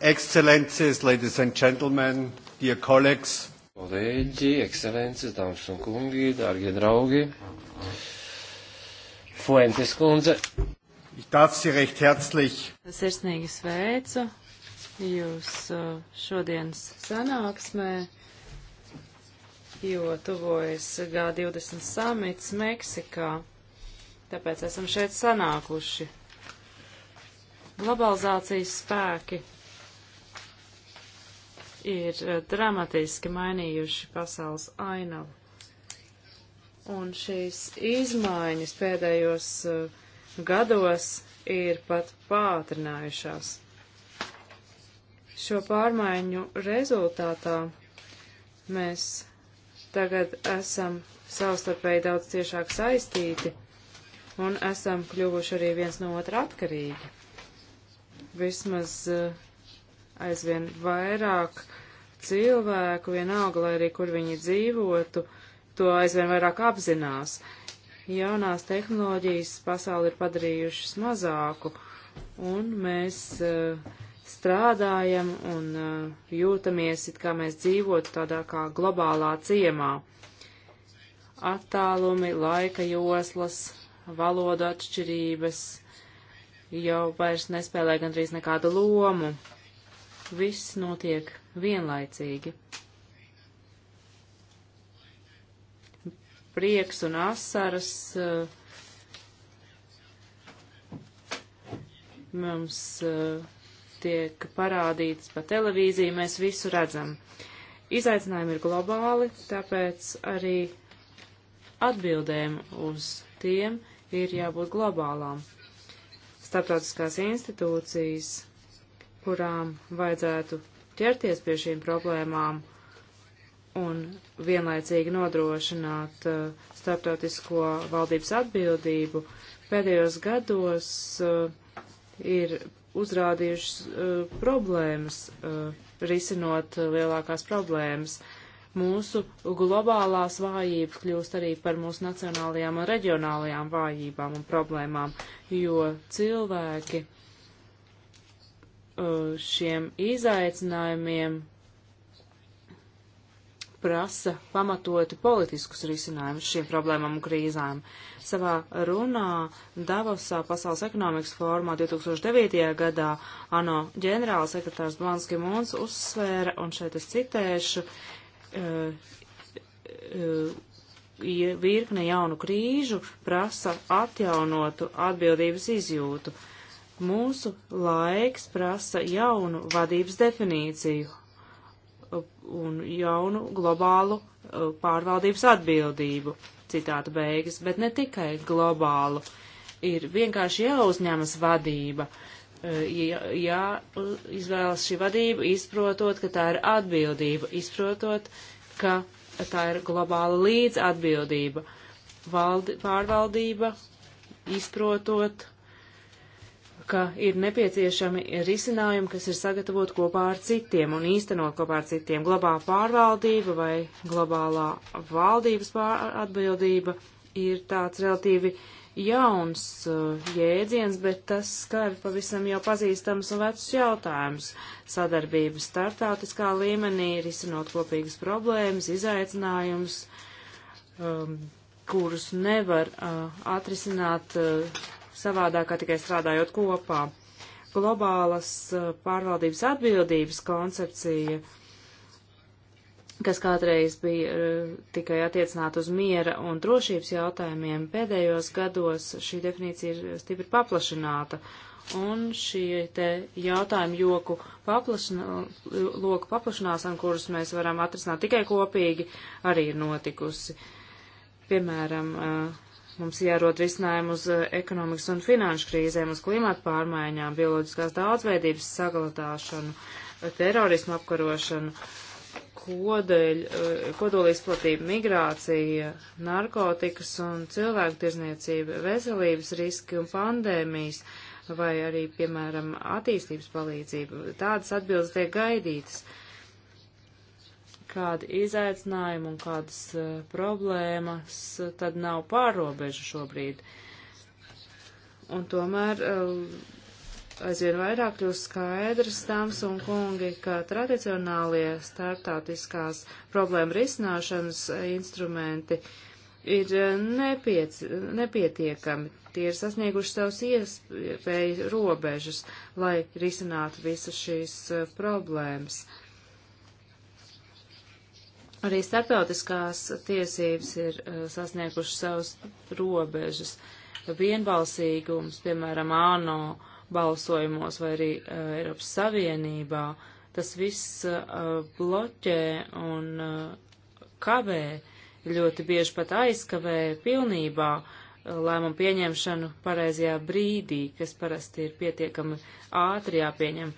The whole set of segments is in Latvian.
Excellences, ladies and gentlemen, dear colleagues. Kolēģi, ekscelences, dāmas un kungi, dārgie draugi. Fuentes kundze. Ich darf Sie recht herzlich. Sirsnīgi sveicu jūs uh, šodienas sanāksmē, jo tuvojas G20 samits Meksikā. Tāpēc esam šeit sanākuši. Globalizācijas spēki ir eh, dramatiski mainījuši pasaules ainavu. Un šīs izmaiņas pēdējos eh, gados ir pat pātrinājušās. Šo pārmaiņu rezultātā mēs tagad esam savstarpēji daudz ciešāk saistīti un esam kļuvuši arī viens no otra atkarīgi. Vismaz uh, aizvien vairāk cilvēku, vienalga, lai arī kur viņi dzīvotu, to aizvien vairāk apzinās. Jaunās tehnoloģijas pasauli ir padarījušas mazāku, un mēs uh, strādājam un uh, jūtamies, it kā mēs dzīvotu tādā kā globālā ciemā. Attālumi, laika joslas, valoda atšķirības jau vairs nespēlē gandrīz nekādu lomu viss notiek vienlaicīgi. Prieks un asaras eh, mums eh, tiek parādītas pa televīziju, mēs visu redzam. Izaicinājumi ir globāli, tāpēc arī atbildēm uz tiem ir jābūt globālām. Starptautiskās institūcijas kurām vajadzētu ķerties pie šīm problēmām un vienlaicīgi nodrošināt uh, starptautisko valdības atbildību, pēdējos gados uh, ir uzrādījušas uh, problēmas, uh, risinot uh, lielākās problēmas. Mūsu globālā svājība kļūst arī par mūsu nacionālajām un reģionālajām vājībām un problēmām, jo cilvēki Uh, šiem izaicinājumiem prasa pamatoti politiskus risinājumus šīm problēmām un krīzām. Savā runā Davosā Pasaules ekonomikas fórumā 2009. gadā ANO ģenerālsekretārs Blanski Mons uzsvēra, un šeit es citēšu, uh, uh, virkne jaunu krīžu prasa atjaunotu atbildības izjūtu Mūsu laiks prasa jaunu vadības definīciju un jaunu globālu uh, pārvaldības atbildību, citāta beigas, bet ne tikai globālu. Ir vienkārši jāuzņemas vadība, uh, jāizvēlas šī vadība, izprotot, ka tā ir atbildība, izprotot, ka tā ir globāla līdzatbildība, valdi, pārvaldība, izprotot, ka ir nepieciešami risinājumi, kas ir sagatavot kopā ar citiem un īstenot kopā ar citiem. Globāla pārvaldība vai globālā valdības atbildība ir tāds relatīvi jauns uh, jēdziens, bet tas skar pavisam jau pazīstams un vecus jautājumus. Sadarbības startautiskā līmenī, risinot kopīgas problēmas, izaicinājumus, um, kurus nevar uh, atrisināt. Uh, savādāk, kā tikai strādājot kopā. Globālas eh, pārvaldības atbildības koncepcija kas kādreiz bija eh, tikai attiecināta uz miera un drošības jautājumiem, pēdējos gados šī definīcija ir stipri paplašināta. Un šī te jautājuma joku paplašana, loku paplašanāsana, kurus mēs varam atrisināt tikai kopīgi, arī ir notikusi. Piemēram, eh, Mums jārod risinājumu uz eh, ekonomikas un finanšu krīzēm, uz klimatu pārmaiņām, bioloģiskās daudzveidības saglabāšanu, terorismu apkarošanu, kodeļ, eh, kodoli izplatība, migrācija, narkotikas un cilvēku tirzniecība, veselības riski un pandēmijas vai arī, piemēram, attīstības palīdzība. Tādas atbildes tiek gaidītas. Uh, kādi izaicinājumi un kādas e, problēmas e, tad nav pārobežu šobrīd. Un tomēr e, aizvien vairāk kļūst skaidrs, dāmas un kungi, ka tradicionālie startautiskās problēma risināšanas instrumenti ir nepiec, nepietiekami. Tie ir sasnieguši savus iespēju robežas, lai risinātu visas šīs problēmas. Uh, Arī starptautiskās tiesības ir uh, sasniegušas savus robežas. Vienbalsīgums, piemēram, ANO balsojumos vai arī uh, Eiropas Savienībā, tas viss uh, bloķē un uh, kavē, ļoti bieži pat aizkavē pilnībā uh, lēmumu pieņemšanu pareizajā brīdī, kas parasti ir pietiekami ātri jāpieņem.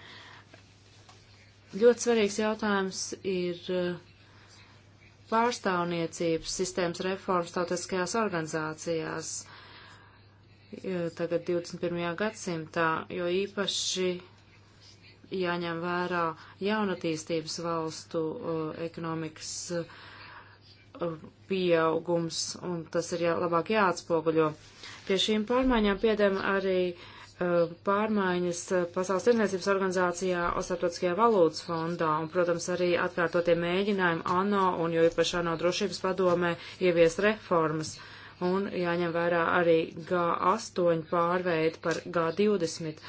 Ļoti svarīgs jautājums ir uh, pārstāvniecības sistēmas reformas tautiskajās organizācijās tagad 21. gadsimtā, jo īpaši jāņem vērā jaunatīstības valstu uh, ekonomikas uh, pieaugums, un tas ir jā, labāk jāatspoguļo. Pie šīm pārmaiņām piedēma arī uh, Eh, pārmaiņas eh, Pasaules tirdzniecības organizācijā un starptautiskajā valūtas fondā, un, protams, arī atkārtotie mēģinājumi ANO un jo īpaši ANO drošības padomē ieviest reformas. Un jāņem vērā arī G8 pārveidi par G20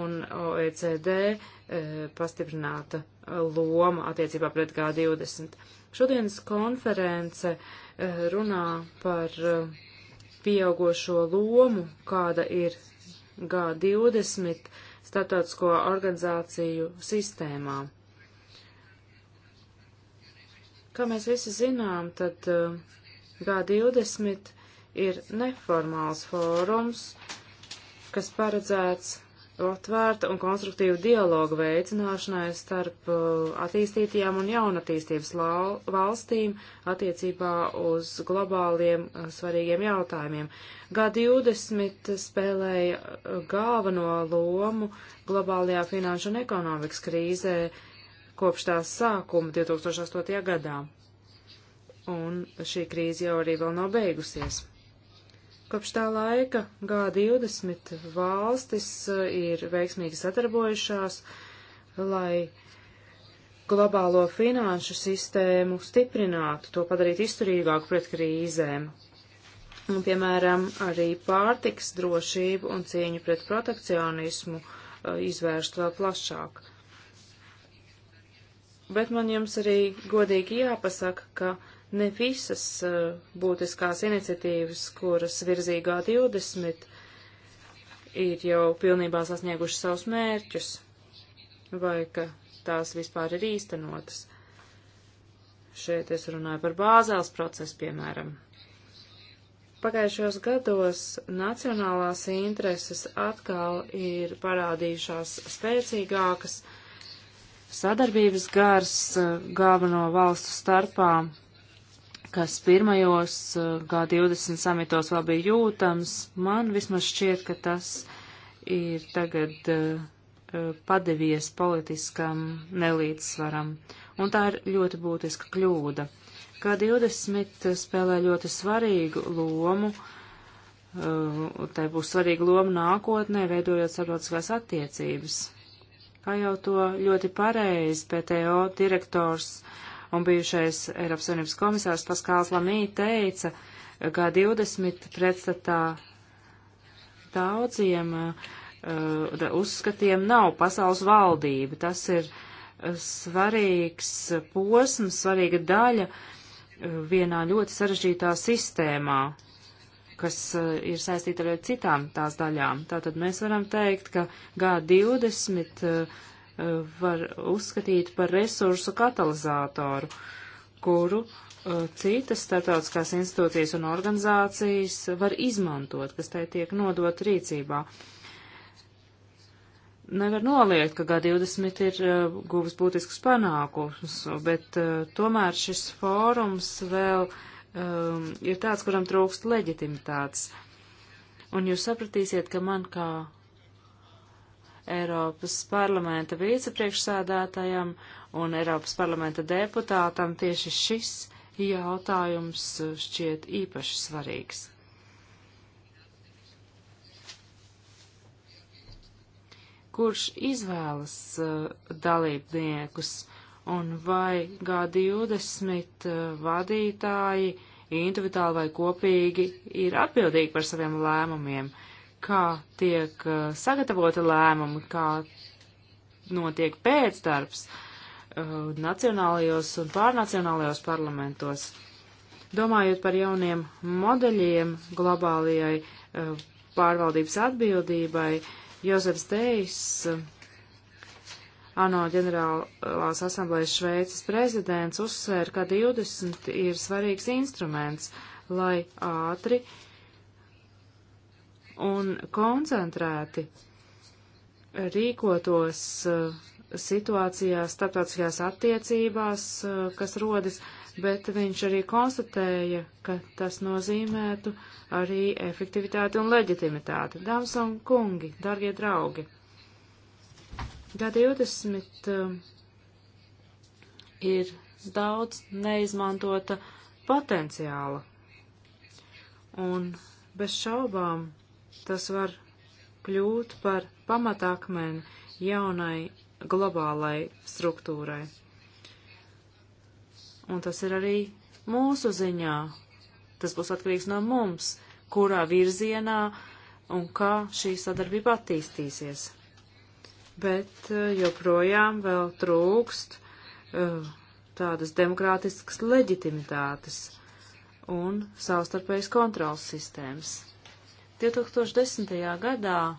un OECD e, eh, pastiprināta loma attiecībā pret G20. Šodienas konference e, runā par e, pieaugošo lomu, kāda ir G20 starptautisko organizāciju sistēmā. Kā mēs visi zinām, tad uh, G20 ir neformāls fórums, kas paredzēts atvērta un konstruktīva dialoga veicināšanai starp uh, attīstītajām un jaunatīstības valstīm attiecībā uz globāliem uh, svarīgiem jautājumiem. G20 spēlēja uh, galveno lomu globālajā finanšu un ekonomikas krīzē kopš tās sākuma 2008. gadā. Un šī krīze jau arī vēl nav beigusies. Kopš tā laika G20 valstis eh, ir veiksmīgi sadarbojušās, lai globālo finanšu sistēmu stiprinātu, to padarīt izturīgāku pret krīzēm. Un, piemēram, arī pārtiks drošību un cieņu pret protekcionismu eh, izvērst vēl plašāk. Bet man jums arī godīgi jāpasaka, ka Ne visas eh, būtiskās iniciatīvas, kuras virzīgā 20, ir jau pilnībā sasniegušas savus mērķus, vai ka tās vispār ir īstenotas. Šeit es runāju par bāzēls procesu, piemēram. Pagājušos gados nacionālās intereses atkal ir parādījušās spēcīgākas, sadarbības gars eh, galveno valstu starpā kas pirmajos eh, G20 samitos vēl bija jūtams, man vismaz šķiet, ka tas ir tagad eh, eh, padevies politiskam nelīdzsvaram. Un tā ir ļoti būtiska kļūda. G20 spēlē ļoti svarīgu lomu, tai būs svarīga loma nākotnē, veidojot starptautiskās attiecības. Kā jau to ļoti pareizi PTO direktors uh, un bijušais Eiropas Savienības komisārs Paskāls Lamī teica, G20 pretstatā daudziem uh, uzskatiem nav pasaules valdība. Tas ir uh, svarīgs posms, svarīga daļa uh, vienā ļoti sarežģītā sistēmā, kas uh, ir saistīta ar citām tās daļām. Tātad mēs varam teikt, ka G20 var uzskatīt par resursu katalizātoru, kuru uh, citas starptautiskās institūcijas un organizācijas var izmantot, kas tai tiek nodot rīcībā. Nevar noliegt, ka G20 ir uh, guvis būtiskus panākumus, bet uh, tomēr šis fórums vēl um, ir tāds, kuram trūkst leģitimitātes. Un jūs sapratīsiet, ka man kā Eiropas parlamenta vicepriekšsēdētājam un Eiropas parlamenta deputātam tieši šis jautājums šķiet īpaši svarīgs. Kurš izvēlas uh, dalībniekus un vai G20 uh, vadītāji individuāli vai kopīgi ir atbildīgi par saviem lēmumiem? kā tiek uh, sagatavota lēmumi, kā notiek pēcdarbs uh, nacionālajos un pārnacionālajos parlamentos. Domājot par jauniem modeļiem globālajai uh, pārvaldības atbildībai, Jozefs Dejs, ANO ģenerālās asamblējas Šveices prezidents, uzsver, ka 20 ir svarīgs instruments, lai ātri uh, un koncentrēti rīkotos uh, situācijās, starptautiskajās attiecībās, uh, kas rodas, bet viņš arī konstatēja, ka tas nozīmētu arī efektivitāti un leģitimitāti. Dāmas un kungi, darbie draugi, G20 uh, ir daudz neizmantota potenciāla. Un bez šaubām tas var kļūt par pamatakmeni jaunai globālai struktūrai. Un tas ir arī mūsu ziņā. Tas būs atkarīgs no mums, kurā virzienā un kā šī sadarbība attīstīsies. Bet eh, joprojām vēl trūkst eh, tādas demokrātiskas leģitimitātes un savstarpējas kontrols sistēmas. 2010. gadā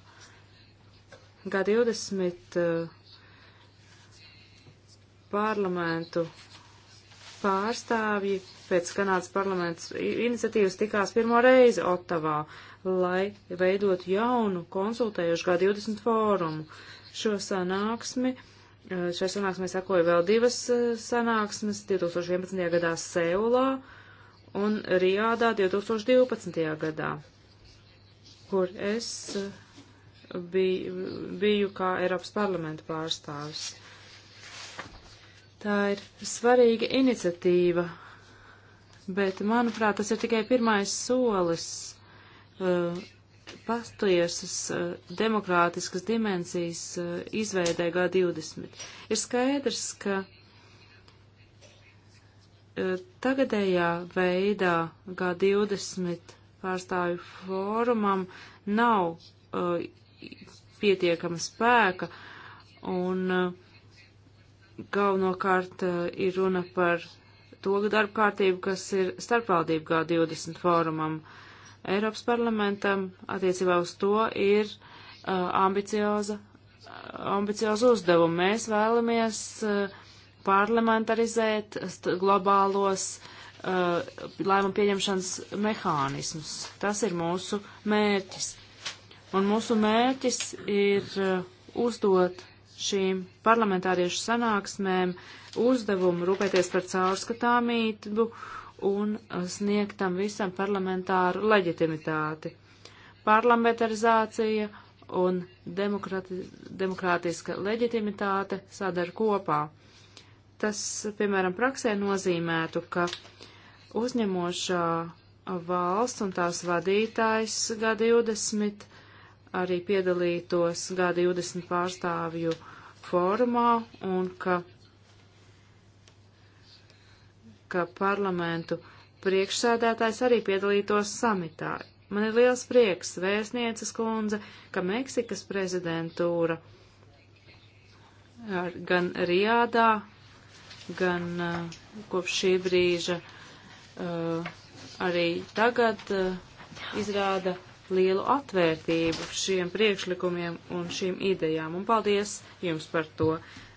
G20 eh, parlamentu pārstāvji pēc Kanādas parlamentas iniciatīvas tikās pirmo reizi Ottavā, lai veidotu jaunu konsultējušu G20 fórumu. Šo sanāksmi, eh, šai sanāksmē sekoja vēl divas eh, sanāksmes 2011. gadā Seulā un Rijādā 2012. gadā kur es eh, biju, biju kā Eiropas parlamenta pārstāvis. Tā ir svarīga iniciatīva, bet, manuprāt, tas ir tikai pirmais solis uh, eh, patiesas uh, eh, demokrātiskas dimensijas uh, izveidē G20. Ir skaidrs, ka tagadējā veidā G20 pārstāvju fórumam nav uh, pietiekama spēka un uh, galvenokārt uh, ir runa par to darbu kārtību, kas ir starpvaldību G20 fórumam. Eiropas parlamentam attiecībā uz to ir uh, ambicioza, uh, ambicioza uzdevuma. Mēs vēlamies uh, parlamentarizēt globālos uh, Uh, lēmumu pieņemšanas mehānismus. Tas ir mūsu mērķis. Un mūsu mērķis ir uh, uzdot šīm parlamentāriešu sanāksmēm uzdevumu rūpēties par caurskatāmību un uh, sniegt tam visam parlamentāru leģitimitāti. Parlamentarizācija un demokrati, demokrātiska leģitimitāte sadara kopā. Tas, piemēram, praksē nozīmētu, ka uh, Uzņemošā valsts un tās vadītājs G20 arī piedalītos G20 pārstāvju fórumā un ka, ka parlamentu priekšsēdētājs arī piedalītos samitā. Man ir liels prieks, vēstnieces kundze, ka Meksikas prezidentūra gan Riādā, gan uh, kopš šī brīža uh, uh, arī tagad uh, izrāda lielu atvērtību šiem priekšlikumiem un šīm idejām, un paldies jums par to.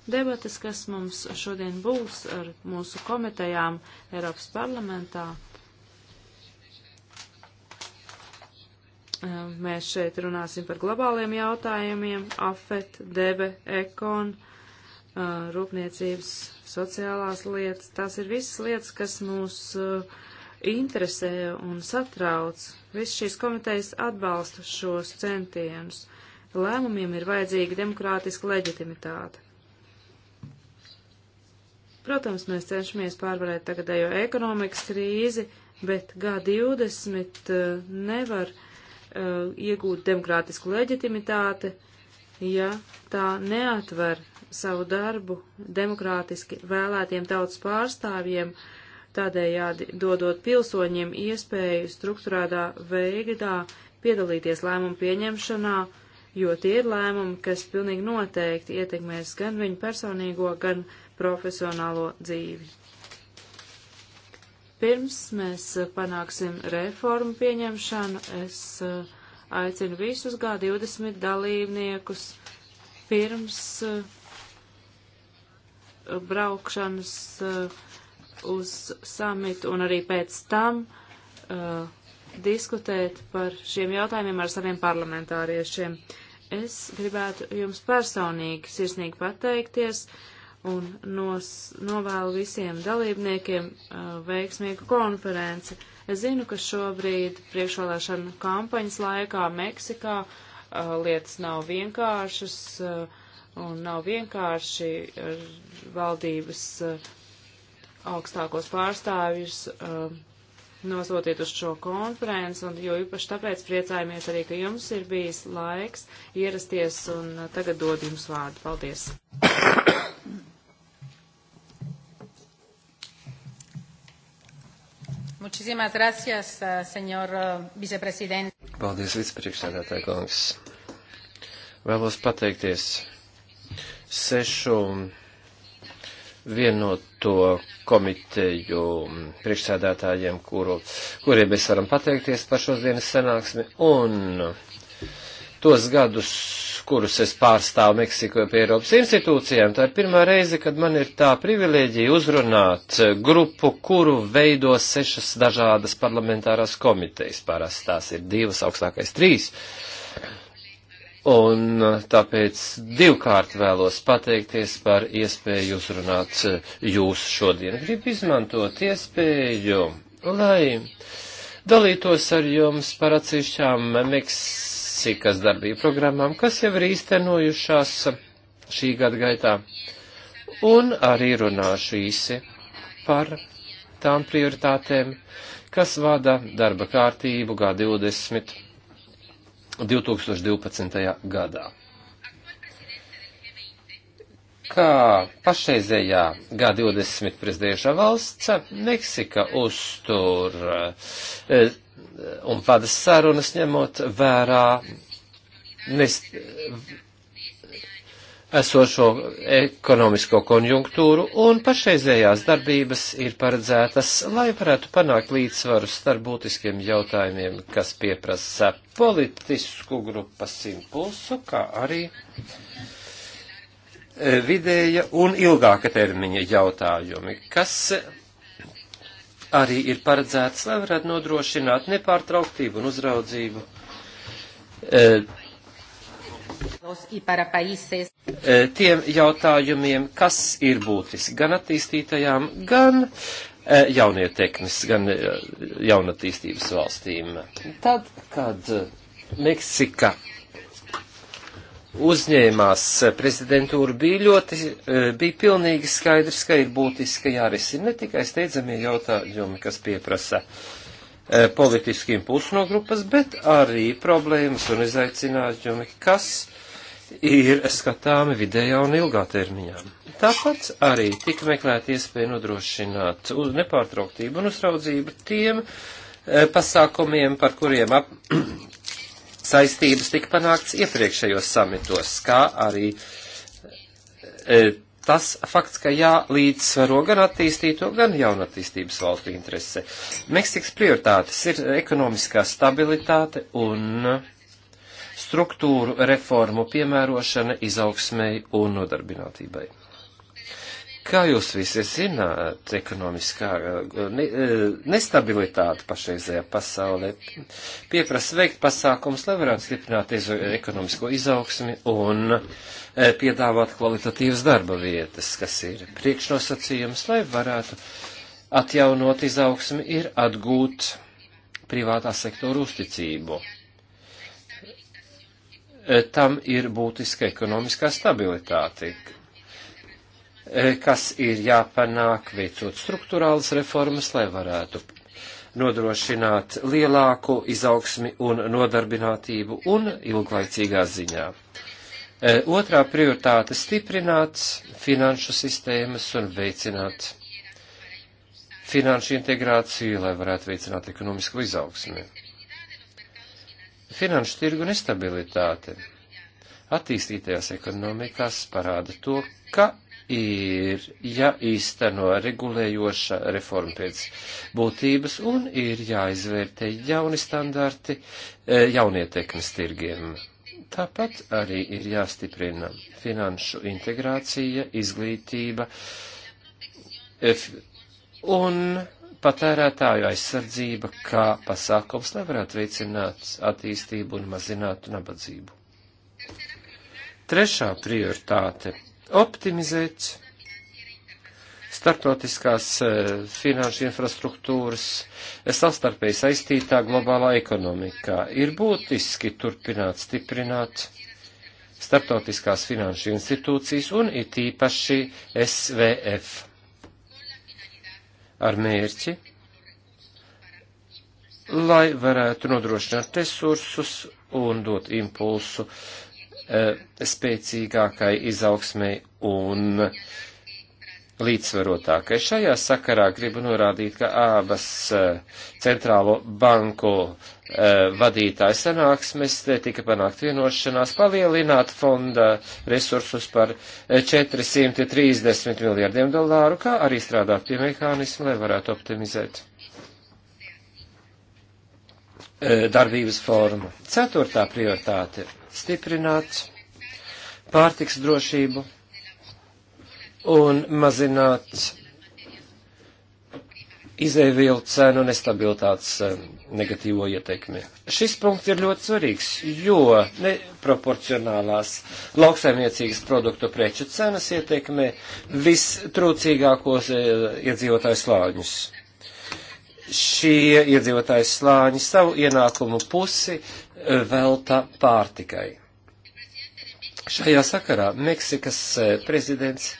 Debates, kas mums šodien būs ar mūsu komitejām Eiropas parlamentā, uh, mēs šeit runāsim par globāliem jautājumiem, AFET, DEBE, EKON, uh, rūpniecības, sociālās lietas. Tās ir visas lietas, kas mūs interesē un satrauc. Viss šīs komitejas atbalsta šos centienus. Lēmumiem ir vajadzīga demokrātiska leģitimitāte. Protams, mēs cenšamies pārvarēt tagadējo ekonomikas krīzi, bet G20 nevar uh, iegūt demokrātisku leģitimitāti, ja tā neatver savu darbu demokrātiski vēlētiem tautas pārstāvjiem, tādējādi dodot pilsoņiem iespēju struktūrādā veidā piedalīties lēmumu pieņemšanā, jo tie ir lēmumi, kas pilnīgi noteikti ietekmēs gan viņu personīgo, gan profesionālo dzīvi. Pirms mēs panāksim reformu pieņemšanu, es uh, aicinu visus G20 dalībniekus pirms uh, braukšanas eh, uz samitu un arī pēc tam uh, diskutēt par šiem jautājumiem ar saviem parlamentāriešiem. Es gribētu jums personīgi sirsnīgi pateikties un nos, novēlu visiem dalībniekiem uh, veiksmīgu konferenci. Es zinu, ka šobrīd priekšvēlēšanu kampaņas laikā Meksikā uh, lietas nav vienkāršas. Uh, un nav vienkārši eh, valdības eh, augstākos pārstāvjus eh, nosūtīt uz šo konferenci, un jo īpaši tāpēc priecājamies arī, ka jums ir bijis laiks ierasties, un tagad dod jums vārdu. Paldies! Muchísimas gracias, señor vicepresidente. Paldies, vicepriekšsēdētāj kungs. Vēlos pateikties sešu vienoto komiteju priekšsēdētājiem, kuru, kuriem mēs varam pateikties par šodienas sanāksmi, un tos gadus, kurus es pārstāvu Meksiko pie Eiropas institūcijām, tā ir pirmā reize, kad man ir tā privilēģija uzrunāt grupu, kuru veido sešas dažādas parlamentārās komitejas. Parasti tās ir divas, augstākais trīs. Uh, Un uh, tāpēc divkārt vēlos pateikties par iespēju uzrunāt uh, jūs šodien. Gribu izmantot iespēju, lai dalītos ar jums par atsevišķām Meksikas darbību programmām, kas jau ir īstenojušās šī gada gaitā. Un arī runāšu īsi par tām prioritātēm, kas vada darba kārtību G20 2012. gadā. Kā pašreizējā G20 prezidējušā valsts, Meksika uztur e, e, un vada sarunas ņemot vērā nest, esošo ekonomisko konjunktūru un pašreizējās darbības ir paredzētas, lai varētu panākt līdzsvaru starp būtiskiem jautājumiem, kas pieprasa politisku grupas impulsu, kā arī e, vidēja un ilgāka termiņa jautājumi, kas arī ir paredzēts, lai varētu nodrošināt nepārtrauktību un uzraudzību e, Eh, tiem jautājumiem, kas ir būtiski gan attīstītajām, gan eh, jaunietekmes, gan eh, jaunatīstības valstīm. Tad, kad Meksika uzņēmās prezidentūru, bija ļoti, bija pilnīgi skaidrs, ka ir būtiski jārisina ne tikai steidzamie jautājumi, kas pieprasa politiski impulsu no grupas, bet arī problēmas un izaicinājumi, kas ir skatāmi vidējā un ilgā termiņā. Tāpat arī tika meklēta iespēja nodrošināt nepārtrauktību un uzraudzību tiem e, pasākumiem, par kuriem ap, saistības tika panākts iepriekšējos samitos, kā arī e, tas fakts, ka jālīdzsvaro gan attīstīto, gan jaunatīstības valstu interese. Meksikas prioritātes ir ekonomiskā stabilitāte un struktūru reformu piemērošana izaugsmēji un nodarbinātībai. Kā jūs visi zināt, ekonomiskā eh, ne, eh, nestabilitāte pašreizējā pasaulē pieprasa veikt pasākums, lai varētu stiprināt izo, ekonomisko izaugsmi un eh, piedāvāt kvalitatīvas darba vietas, kas ir priekšnosacījums, lai varētu atjaunot izaugsmi, ir atgūt privātā sektora uzticību Eh, tam ir būtiska ekonomiskā stabilitāte, eh, kas ir jāpanāk veicot struktūrālas reformas, lai varētu nodrošināt lielāku izaugsmi un nodarbinātību un ilglaicīgā ziņā. Eh, otrā prioritāte - stiprināt finanšu sistēmas un veicināt finanšu integrāciju, lai varētu veicināt ekonomisko izaugsmi. Finanšu tirgu nestabilitāte attīstītajās ekonomikās parāda to, ka ir jāīsteno ja regulējoša reforma pēc būtības un ir jāizvērtē jauni standarti e, jaunietekmes tirgiem. Tāpat arī ir jāstiprina finanšu integrācija, izglītība un patērētāju aizsardzība kā pasākums, lai varētu veicināt attīstību un mazināt nabadzību. Trešā prioritāte - optimizēt startotiskās e, finanšu infrastruktūras e, savstarpēji saistītā globālā ekonomikā. Ir būtiski turpināt stiprināt startotiskās finanšu institūcijas un it īpaši SVF ar mērķi, lai varētu nodrošināt resursus un dot impulsu e, spēcīgākai izaugsmei un e, līdzsvarotākai. Šajā sakarā gribu norādīt, ka abas e, centrālo banku e, vadītāju sanāksmes tika panākt vienošanās palielināt fonda resursus par 430 e, miljardiem dolāru, kā arī strādāt pie mehānismu, lai varētu optimizēt darbības formu. Ceturtā prioritāte - stiprināt pārtiks drošību un mazināt izēvielu cenu nestabilitātes eh, negatīvo ietekmi. Šis punkts ir ļoti svarīgs, jo neproporcionālās lauksaimniecīgas produktu preču cenas ietekmē vistrūcīgākos eh, iedzīvotāju slāņus. Šie iedzīvotāju slāņi savu ienākumu pusi eh, velta pārtikai. Šajā sakarā Meksikas prezidents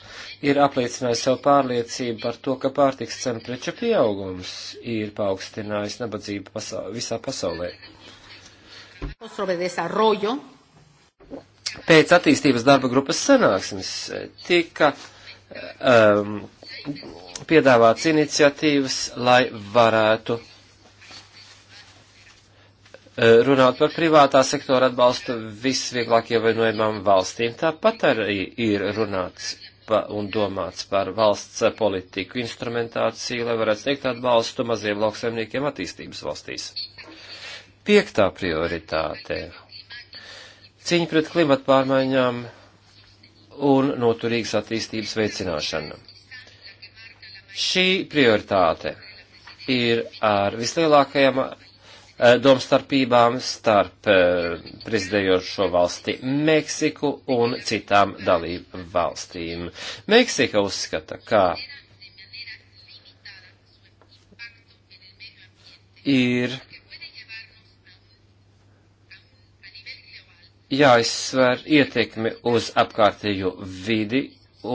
ir apliecinājis savu pārliecību par to, ka pārtiks cenu preču pieaugums ir paaugstinājis nabadzību pasa visā pasaulē. Pēc attīstības darba grupas sanāksmes tika um, piedāvāts iniciatīvas, lai varētu uh, runāt par privātā sektora atbalstu visvieglāk ievainojumām valstīm. Tāpat arī ir runāts pa, un domāts par valsts politiku instrumentāciju, lai varētu sniegt atbalstu maziem lauksaimniekiem attīstības valstīs. Piektā prioritāte - cīņa pret klimatu pārmaiņām un noturīgas attīstības veicināšana. Šī prioritāte ir ar vislielākajām Eh, domstarpībām starp eh, prezidējošo valsti Meksiku un citām dalību valstīm. Meksika uzskata, ka ir jāizsver ietekmi uz apkārtējo vidi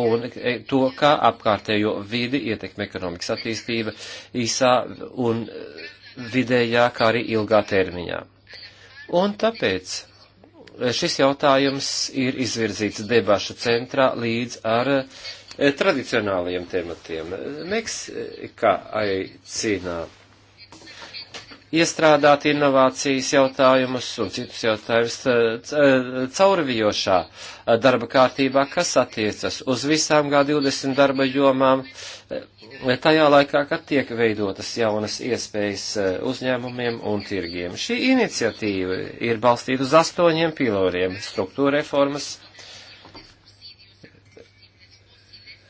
un eh, to, kā apkārtējo vidi ietekmi ekonomikas attīstība īsā un vidējā, kā arī ilgā termiņā. Un tāpēc e, šis jautājums ir izvirzīts debašu centrā līdz ar e, tradicionālajiem tematiem. Meksika aicina iestrādāt inovācijas jautājumus un citus jautājumus eh, eh, caurvijošā eh, darba kārtībā, kas attiecas uz visām G20 darba jomām, tajā laikā, kad tiek veidotas jaunas iespējas uzņēmumiem un tirgiem. Šī iniciatīva ir balstīta uz astoņiem piloriem - struktūra reformas,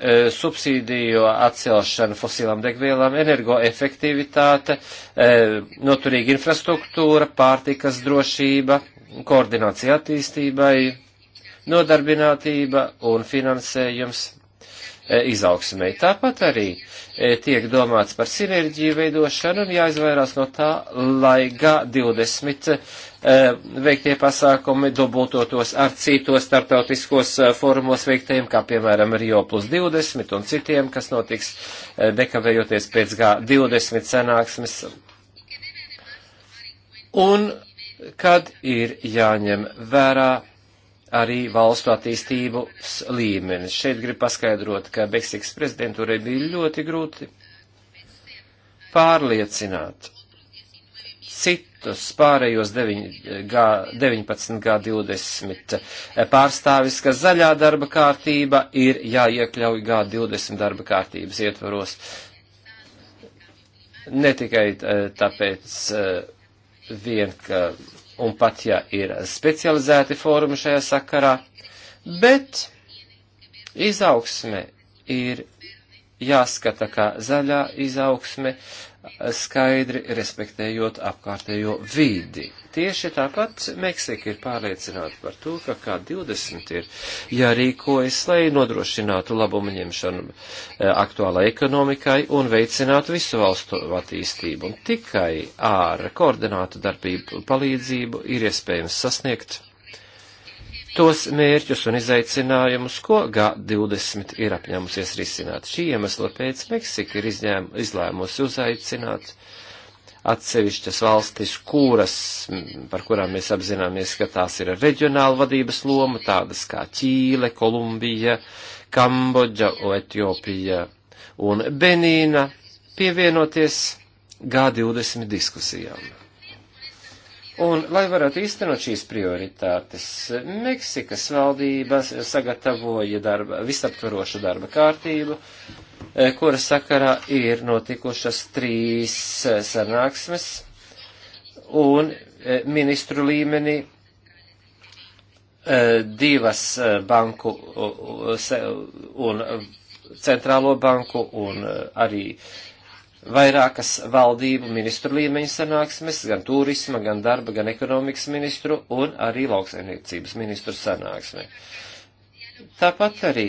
E, subsīdiju atcelšana fosilām degvielām, energoefektivitāte, e, noturīga infrastruktūra, pārtikas drošība, koordinācija attīstībai, nodarbinātība un finansējums E, izaugsmēji. Tāpat arī e, tiek domāts par sinerģiju veidošanu un jāizvairās no tā, lai G20 e, veiktie pasākumi dubultotos ar citos starptautiskos formos veiktajiem, kā piemēram Rio plus 20 un citiem, kas notiks nekavējoties pēc G20 sanāksmes. Un kad ir jāņem vērā arī valstu attīstības līmenis. Šeit grib paskaidrot, ka Meksikas prezidentūrai bija ļoti grūti pārliecināt citus pārējos 9, G, 19, G20 pārstāvis, ka zaļā darba kārtība ir jāiekļauj G20 darba kārtības ietvaros. Ne tikai eh, tāpēc eh, vien, ka un pat ja ir specializēti fórumi šajā sakarā, bet izaugsme ir jāskata kā zaļā izaugsme, skaidri respektējot apkārtējo vīdi. Tieši tāpat Meksika ir pārliecināta par to, ka kā 20 ir jārīkojas, lai nodrošinātu labumu ņemšanu e, aktuālai ekonomikai un veicinātu visu valstu attīstību. Un tikai ar koordinātu darbību palīdzību ir iespējams sasniegt tos mērķus un izaicinājumus, ko G20 ir apņēmusies risināt. Šī iemesla pēc Meksika ir izņēm, izlēmusi uzaicināt atsevišķas valstis, kuras, par kurām mēs apzināmies, ka tās ir reģionāla vadības loma, tādas kā Ķīle, Kolumbija, Kambodža, Etiopija un Benīna, pievienoties G20 diskusijām. Un, lai varētu īstenot šīs prioritātes, Meksikas valdība sagatavoja darba, visaptvarošu darba kārtību, uh, Eh, kura sakarā ir notikušas trīs eh, sanāksmes un eh, ministru līmenī divas banku un centrālo banku un arī vairākas valdību ministru līmeņa sanāksmes, gan turisma, gan darba, gan ekonomikas ministru un arī lauksaimniecības ministru sanāksme. Uh, Tāpat arī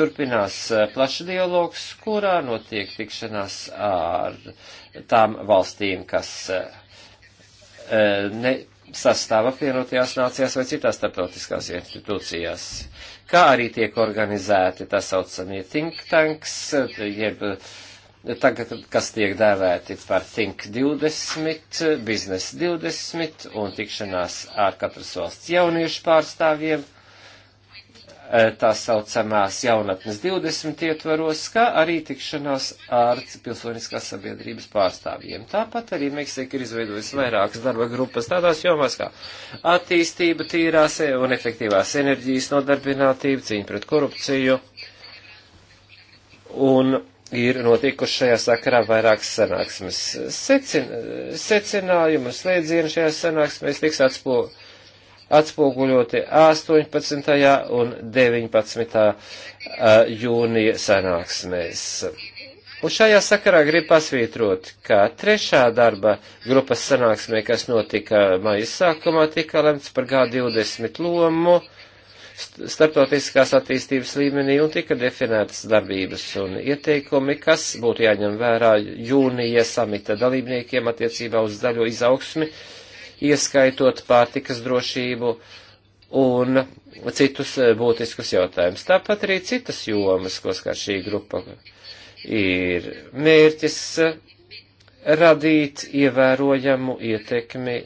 turpinās plaša dialogs, kurā notiek tikšanās ar tām valstīm, kas ne sastāv apvienotajās nācijās vai citās starptautiskās institūcijās, kā arī tiek organizēti tā saucamie think tanks, jeb tagad, kas tiek dēvēti par Think 20, Business 20 un tikšanās ar katras valsts jauniešu pārstāvjiem E, tā saucamās jaunatnes 20 ietvaros, kā arī tikšanās ar pilsoniskās sabiedrības pārstāvjiem. Tāpat arī Meksika ir izveidojusi vairākas darba grupas tādās jomās kā attīstība, tīrās e, un efektīvās enerģijas nodarbinātība, cīņa pret korupciju. Un ir notikuši šajā sakarā vairākas sanāksmes. Secin, secinājumu slēdzienu šajā sanāksmēs tiks atspoguļot atspoguļoti 18. un 19. jūnija sanāksmēs. Un šajā sakarā grib pasvītrot, ka trešā darba grupas sanāksmē, kas notika maija sākumā, tika lemts par G20 lomu starptautiskās attīstības līmenī un tika definētas darbības un ieteikumi, kas būtu jāņem vērā jūnija samita dalībniekiem attiecībā uz zaļo izaugsmi, uh, ieskaitot pārtikas drošību un citus e, būtiskus jautājumus. Tāpat arī citas jomas, ko skar šī grupa, ir mērķis e, radīt ievērojamu ietekmi,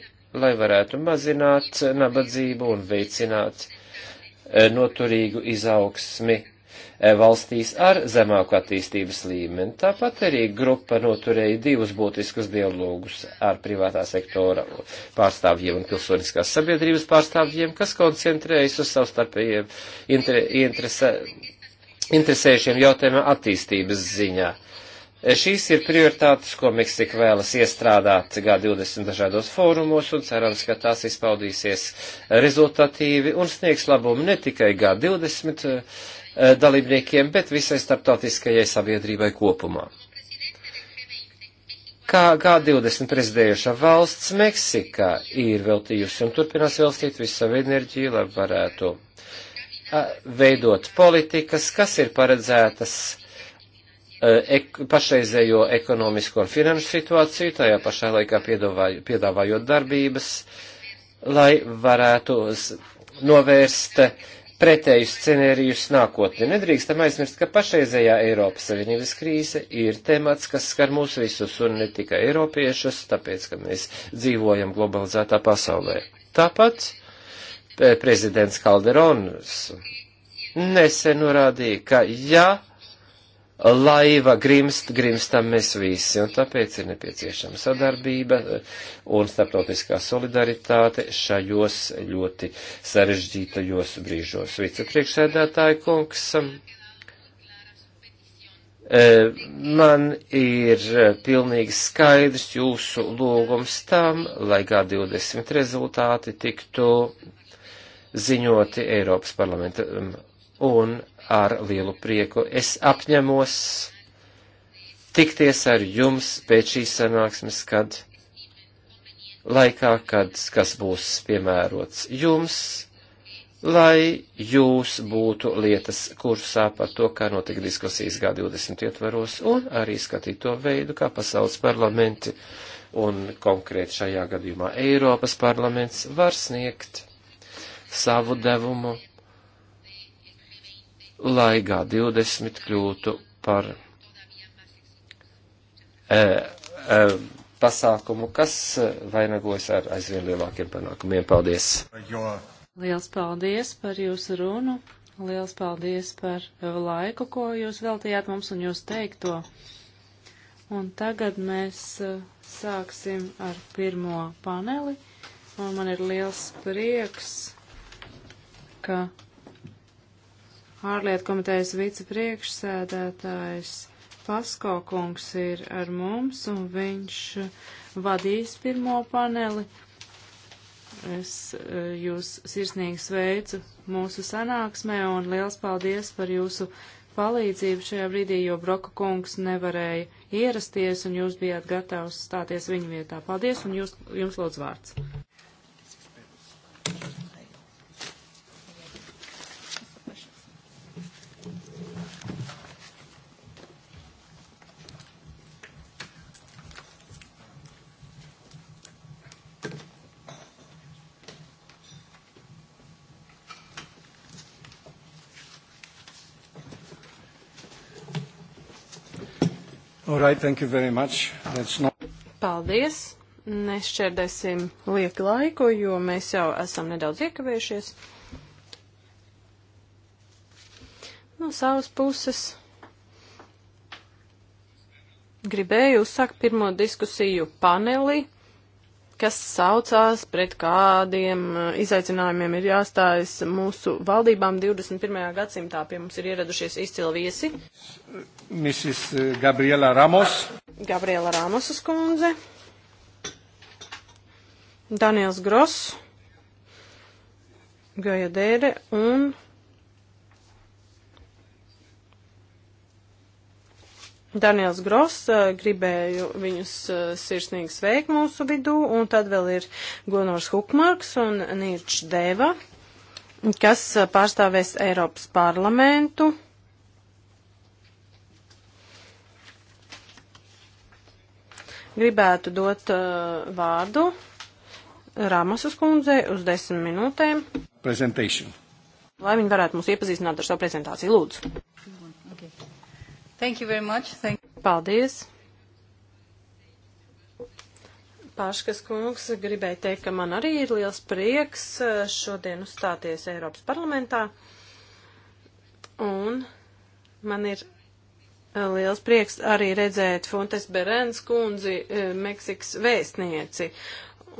lai varētu mazināt nabadzību un veicināt e, noturīgu izaugsmi E, valstīs ar zemāku attīstības līmeni. Tāpat arī grupa noturēja divus būtiskus dialogus ar privātā sektora pārstāvjiem un pilsoniskās sabiedrības pārstāvjiem, kas koncentrējas uz savstarpējiem inter, interese, interesējušiem jautājumiem attīstības ziņā. E, šīs ir prioritātes, ko Meksika vēlas iestrādāt G20 dažādos fórumos un cerams, ka tās izpaudīsies rezultatīvi un sniegs labumu ne tikai G20 Eh, dalībniekiem, bet visai starptautiskajai sabiedrībai kopumā. Kā G20 prezidējuša valsts Meksikā ir veltījusi un turpinās veltīt visu savu enerģiju, lai varētu eh, veidot politikas, kas ir paredzētas eh, ek, pašreizējo ekonomisko un finanšu situāciju, tajā pašā laikā piedāvājot darbības, lai varētu novērst uh, pretējus scenērijus nākotnē. Nedrīkstam aizmirst, ka pašreizējā Eiropas Savienības krīze ir temats, kas skar mūs visus un ne tikai eiropiešus, tāpēc, ka mēs dzīvojam globalizētā pasaulē. Tāpat eh, prezidents Kalderons nesen norādīja, ka ja laiva grimst, grimstam mēs visi, un tāpēc ir nepieciešama sadarbība eh, un starptautiskā solidaritāte šajos ļoti sarežģītajos brīžos. Vicepriekšsēdētāja kungs, eh, man ir eh, pilnīgi skaidrs jūsu lūgums tam, lai G20 rezultāti tiktu ziņoti Eiropas parlamenta un ar lielu prieku. Es apņemos tikties ar jums pēc šīs sanāksmes, kad laikā, kad kas būs piemērots jums, lai jūs būtu lietas kursā par to, kā notika diskusijas G20 ietvaros, un arī skatīt to veidu, kā pasaules parlamenti un konkrēti šajā gadījumā Eiropas parlaments var sniegt savu devumu lai G20 kļūtu par e, e, pasākumu, kas e, vainagojas ar aizvien lielākiem panākumiem. Paldies! Liels paldies par jūsu runu! Liels paldies par e, laiku, ko jūs veltījāt mums un jūs teikto. Un tagad mēs e, sāksim ar pirmo paneli. Un man ir liels prieks, ka ārlietu komitejas vicepriekšsēdētājs Pasko kungs ir ar mums, un viņš vadīs pirmo paneli. Es e, jūs sirsnīgi sveicu mūsu sanāksmē, un liels paldies par jūsu palīdzību šajā brīdī, jo Broka kungs nevarēja ierasties, un jūs bijāt gatavs stāties viņa vietā. Paldies, un jūs, jums lūdzu vārds. Alright, thank you very much. Let's not... Paldies. Nešķērdēsim lieku laiku, jo mēs jau esam nedaudz iekavējušies. No savas puses gribēju uzsākt pirmo diskusiju paneli, kas saucās pret kādiem uh, izaicinājumiem ir jāstājas mūsu valdībām 21. gadsimtā. Pie mums ir ieradušies izcili viesi. Mrs. Eh, Gabriela Ramos. Gabriela Ramosas kundze. Daniels Gross. Gaja Dēre un Daniels Gross, eh, gribēju viņus eh, sirsnīgi sveikt mūsu vidū, un tad vēl ir Gunārs Hukmarks un Nīrčs Deva, kas pārstāvēs Eiropas parlamentu. Gribētu dot uh, vārdu Ramasas kundzei uz desmit minūtēm. Presentation. Lai viņi varētu mūs iepazīstināt ar savu prezentāciju, lūdzu. Okay. Thank you very much. Thank you. Paldies. Paškas kungs, gribēju teikt, ka man arī ir liels prieks uh, šodien uzstāties Eiropas parlamentā. Un man ir Liels prieks arī redzēt Fontes Berens kundzi, eh, Meksikas vēstnieci.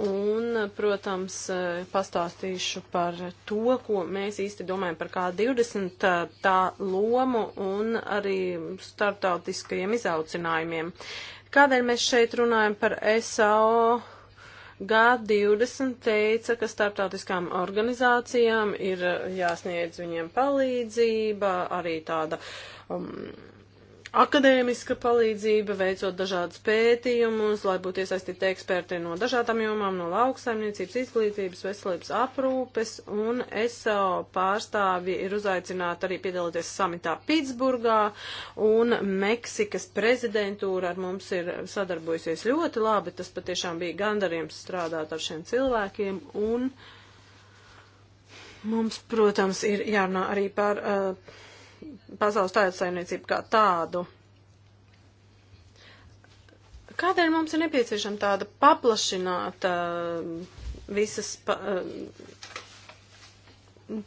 Un, protams, eh, pastāstīšu par to, ko mēs īsti domājam par K20 tā, eh, tā lomu un arī startautiskajiem izaucinājumiem. Kādēļ mēs šeit runājam par SAO? G20 teica, ka starptautiskām organizācijām ir jāsniedz viņiem palīdzība, arī tāda um, akadēmiska palīdzība, veicot dažādus pētījumus, lai būtu iesaistīti eksperti no dažādām jomām, no lauksaimniecības, izglītības, veselības aprūpes, un ESO pārstāvji ir uzaicināti arī piedalīties samitā Pitsburgā, un Meksikas prezidentūra ar mums ir sadarbojusies ļoti labi, tas patiešām bija gandarījums strādāt ar šiem cilvēkiem, un mums, protams, ir jārunā arī par. Uh, pasaules tautsājumniecību kā tādu. Kādēļ mums ir nepieciešama tāda paplašināta uh, visas pa, uh,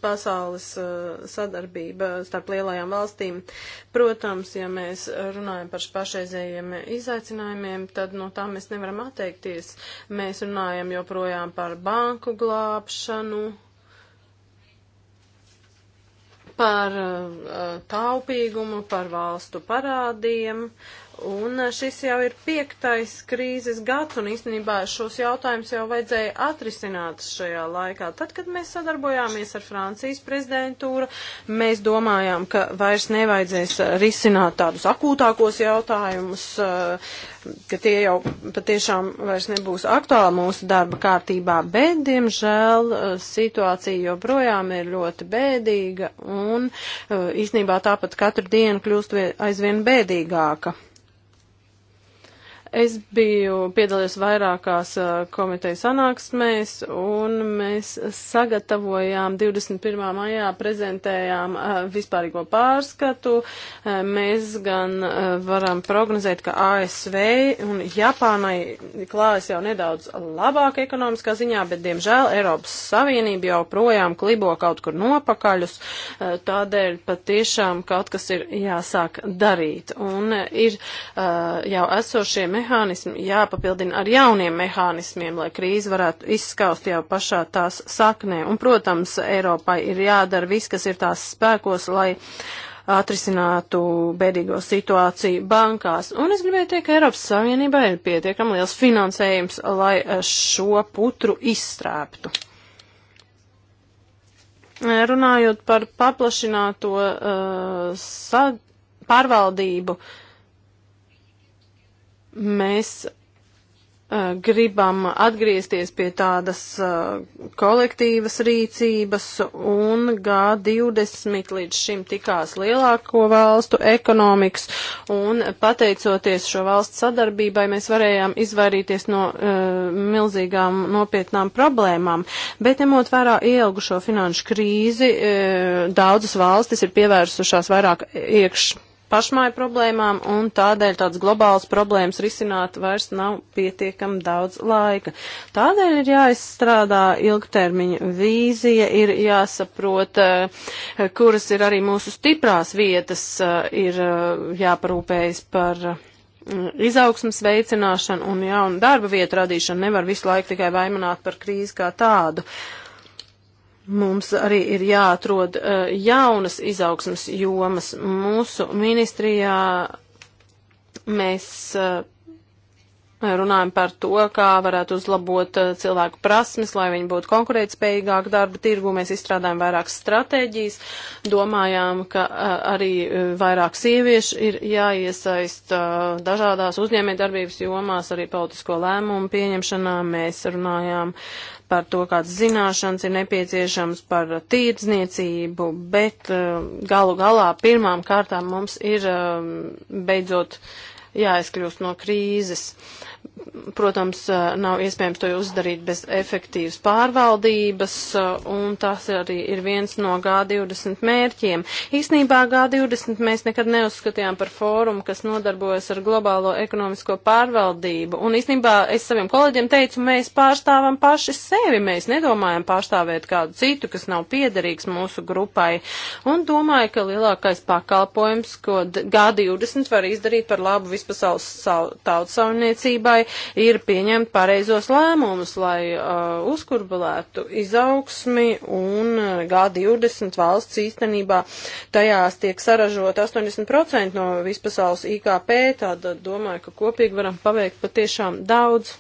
pasaules uh, sadarbība starp lielajām valstīm. Protams, ja mēs runājam par pašreizējiem izaicinājumiem, tad no tā mēs nevaram atteikties. Mēs runājam joprojām par banku glābšanu, par uh, taupīgumu, par valstu parādiem Un eh, šis jau ir piektais krīzes gads, un īstenībā šos jautājumus jau vajadzēja atrisināt šajā laikā. Tad, kad mēs sadarbojāmies ar Francijas prezidentūru, mēs domājām, ka vairs nevajadzēs eh, risināt tādus akūtākos jautājumus, eh, ka tie jau patiešām vairs nebūs aktuāli mūsu darba kārtībā, bet, diemžēl, situācija joprojām ir ļoti bēdīga, un īstenībā tāpat katru dienu kļūst aizvien bēdīgāka. Es biju piedalījies vairākās komitejas sanāksmēs, un mēs sagatavojām 21. maijā prezentējām vispārīgo pārskatu. Mēs gan varam prognozēt, ka ASV un Japānai klājas jau nedaudz labāk ekonomiskā ziņā, bet, diemžēl, Eiropas Savienība jau projām klibo kaut kur nopakaļus, tādēļ patiešām kaut kas ir jāsāk darīt. Un ir jau esošie mērķi mehānismi jāpapildina ar jauniem mehānismiem, lai krīze varētu izskaust jau pašā tās saknē. Un, protams, Eiropai ir jādara viss, kas ir tās spēkos, lai atrisinātu bēdīgo situāciju bankās. Un es gribēju teikt, ka Eiropas Savienībā ir pietiekami liels finansējums, lai šo putru izstrēptu. Runājot par paplašināto uh, pārvaldību, uh, Mēs gribam atgriezties pie tādas kolektīvas rīcības, un G20 līdz šim tikās lielāko valstu ekonomikas, un pateicoties šo valstu sadarbībai, mēs varējām izvairīties no uh, milzīgām nopietnām problēmām. Bet ņemot vērā ielgušo finanšu krīzi, uh, daudzas valstis ir pievērsušās vairāk iekšā pašmāju problēmām, un tādēļ tāds globāls problēmas risināt vairs nav pietiekam daudz laika. Tādēļ ir jāizstrādā ilgtermiņa vīzija, ir jāsaprot, eh, kuras ir arī mūsu stiprās vietas, eh, ir eh, jāparūpējas par izaugsmas veicināšanu un jaunu darba vietu radīšanu nevar visu laiku tikai vaimanāt par krīzi kā tādu. Uh, Mums arī ir jāatrod uh, jaunas izaugsmas jomas. Mūsu ministrijā mēs uh, runājam par to, kā varētu uzlabot uh, cilvēku prasmes, lai viņi būtu konkurētspējīgāki darba tirgu. Mēs izstrādājam vairākas stratēģijas, domājām, ka uh, arī vairāk sieviešu ir jāiesaist dažādās uzņēmē darbības jomās, arī politisko lēmumu pieņemšanā. Mēs runājām par to, kādas zināšanas ir nepieciešams par tīrdzniecību, bet eh, galu galā pirmām kārtām mums ir eh, beidzot jāizkļūst no krīzes. Uh, Protams, eh, nav iespējams to uzdarīt bez efektīvas pārvaldības, eh, un tas arī ir viens no G20 mērķiem. Īsnībā G20 mēs nekad neuzskatījām par fórumu, kas nodarbojas ar globālo ekonomisko pārvaldību, un īsnībā es saviem kolēģiem teicu, mēs pārstāvam paši sevi, mēs nedomājam pārstāvēt kādu citu, kas nav piederīgs mūsu grupai, un domāju, ka lielākais pakalpojums, ko G20 var izdarīt par labu vispasaules tautas saimniecībā, valdībai ir pieņemt pareizos lēmumus, lai uh, uzkurbulētu izaugsmi un G20 valsts īstenībā tajās tiek saražot 80% no vispasaules IKP, tad domāju, ka kopīgi varam paveikt patiešām daudz.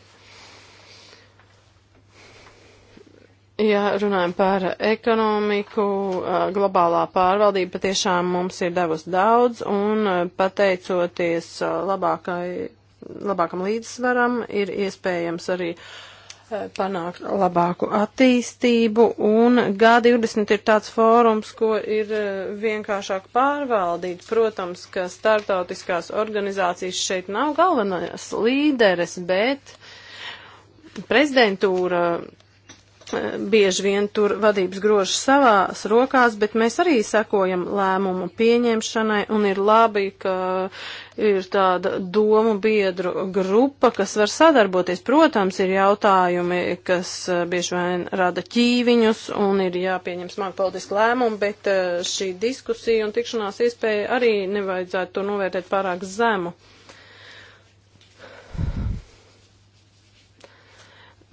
Ja runājam par ekonomiku, uh, globālā pārvaldība patiešām mums ir devusi daudz, un uh, pateicoties uh, labākai labākam līdzsvaram, ir iespējams arī eh, panākt labāku attīstību, un G20 ir tāds fórums, ko ir eh, vienkāršāk pārvaldīt. Protams, ka startautiskās organizācijas šeit nav galvenās līderes, bet prezidentūra eh, bieži vien tur vadības grožas savās rokās, bet mēs arī sekojam lēmumu pieņemšanai un ir labi, ka ir tāda domu biedru grupa, kas var sadarboties. Protams, ir jautājumi, kas eh, bieži vien rada ķīviņus un ir jāpieņem smagi politiski lēmumi, bet eh, šī diskusija un tikšanās iespēja arī nevajadzētu to novērtēt pārāk zemu.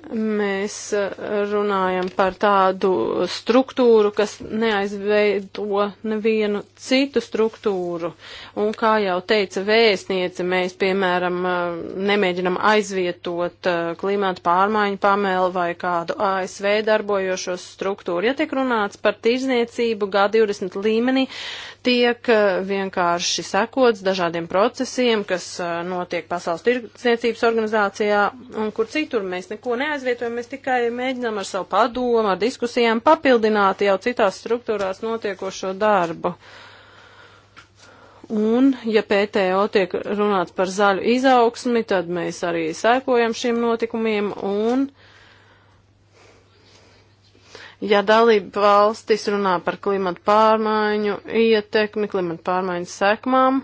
Mēs eh, runājam par tādu struktūru, kas neaizveido nevienu citu struktūru. Un, kā jau teica vēstniece, mēs, piemēram, eh, nemēģinam aizvietot eh, klimata pārmaiņu pamelu vai kādu ASV darbojošos struktūru. Ja tiek runāts par tirzniecību G20 līmenī, tiek eh, vienkārši sekots dažādiem procesiem, kas eh, notiek Pasaules tirdzniecības organizācijā un kur citur mēs neko neaizvietojam, mēs tikai mēģinām ar savu padomu, ar diskusijām papildināt jau citās struktūrās notiekošo darbu. Un, ja PTO tiek runāts par zaļu izaugsmi, tad mēs arī sekojam šiem notikumiem un uh, Ja dalība valstis runā par klimatu pārmaiņu ietekmi, klimatu pārmaiņu sekmām,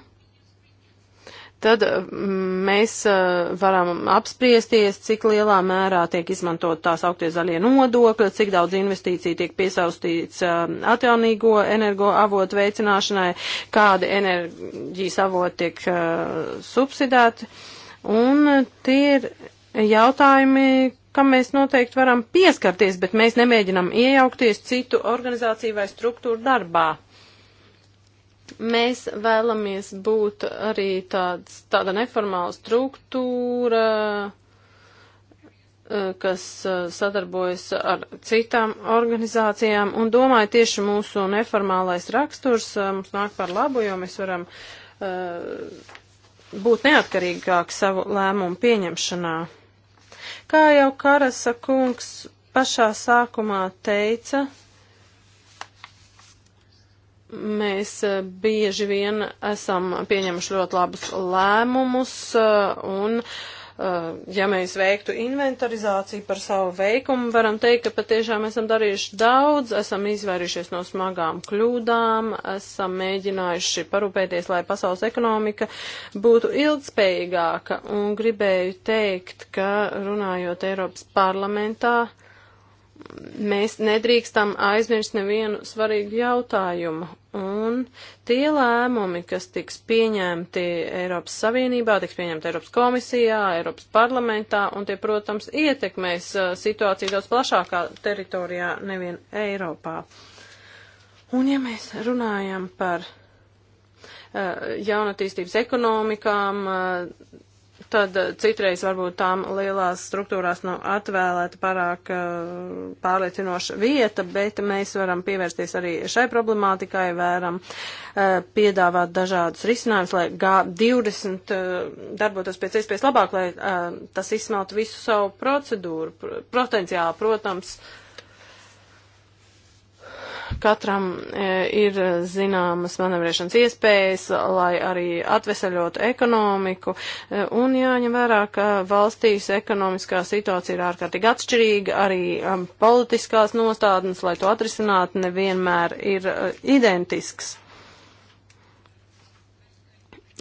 tad mm, mēs eh, varam apspriesties, cik lielā mērā tiek izmantot tās augtie zaļie nodokļi, cik daudz investīciju tiek piesaustīts eh, atjaunīgo energo avotu veicināšanai, kādi enerģijas avoti tiek eh, subsidēti. Un tie ir jautājumi, kam mēs noteikti varam pieskarties, bet mēs nemēģinam iejaukties citu organizāciju vai struktūru darbā. Mēs vēlamies būt arī tāds, tāda neformāla struktūra, eh, kas eh, sadarbojas ar citām organizācijām, un domāju, tieši mūsu neformālais raksturs eh, mums nāk par labu, jo mēs varam uh, būt neatkarīgāki savu lēmumu pieņemšanā. Kā jau Karasa kungs pašā sākumā teica, Mēs e, bieži vien esam pieņemuši ļoti labus lēmumus e, un uh, Uh, ja mēs veiktu inventarizāciju par savu veikumu, varam teikt, ka patiešām esam darījuši daudz, esam izvairījušies no smagām kļūdām, esam mēģinājuši parūpēties, lai pasaules ekonomika būtu ilgspējīgāka. Un gribēju teikt, ka runājot Eiropas parlamentā, mēs nedrīkstam aizmirst nevienu svarīgu jautājumu. Un tie lēmumi, kas tiks pieņemti Eiropas Savienībā, tiks pieņemti Eiropas komisijā, Eiropas parlamentā, un tie, protams, ietekmēs uh, situāciju daudz plašākā teritorijā, nevien Eiropā. Un ja mēs runājam par uh, jaunatīstības ekonomikām, uh, tad eh, citreiz varbūt tām lielās struktūrās nav nu, atvēlēta pārāk eh, pārliecinoša vieta, bet mēs varam pievērsties arī šai problemātikai, varam eh, piedāvāt dažādus risinājumus, lai G20 darbotos pēc iespējas labāk, lai tas izsmeltu visu savu procedūru, potenciālu, protams, Katram e, ir zināmas manevrēšanas iespējas, lai arī atveseļotu ekonomiku, e, un jāņem vērā, ka valstīs ekonomiskā situācija ir ārkārtīgi atšķirīga, arī um, politiskās nostādnes, lai to atrisinātu, nevienmēr ir e, identisks.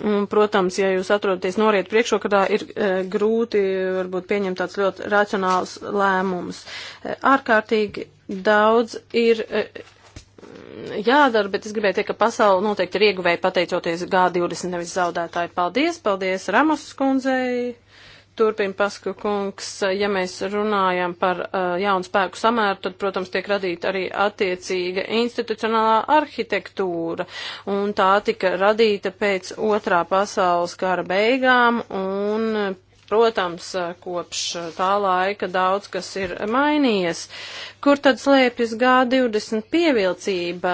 Un, protams, ja jūs atrodaties noriet priekšrokadā, ir e, grūti varbūt pieņemt tāds ļoti racionāls lēmums. E, ārkārtīgi daudz ir e, jādara, bet es gribēju teikt, ka pasauli noteikti ir ieguvēja pateicoties G20, nevis zaudētāji. Paldies, paldies Ramos skundzei. Turpin Pasku kungs, ja mēs runājam par uh, jaunu spēku samēru, tad, protams, tiek radīta arī attiecīga institucionālā arhitektūra, un tā tika radīta pēc otrā pasaules kara beigām, un Protams, kopš tā laika daudz kas ir mainījies. Kur tad slēpjas G20 pievilcība?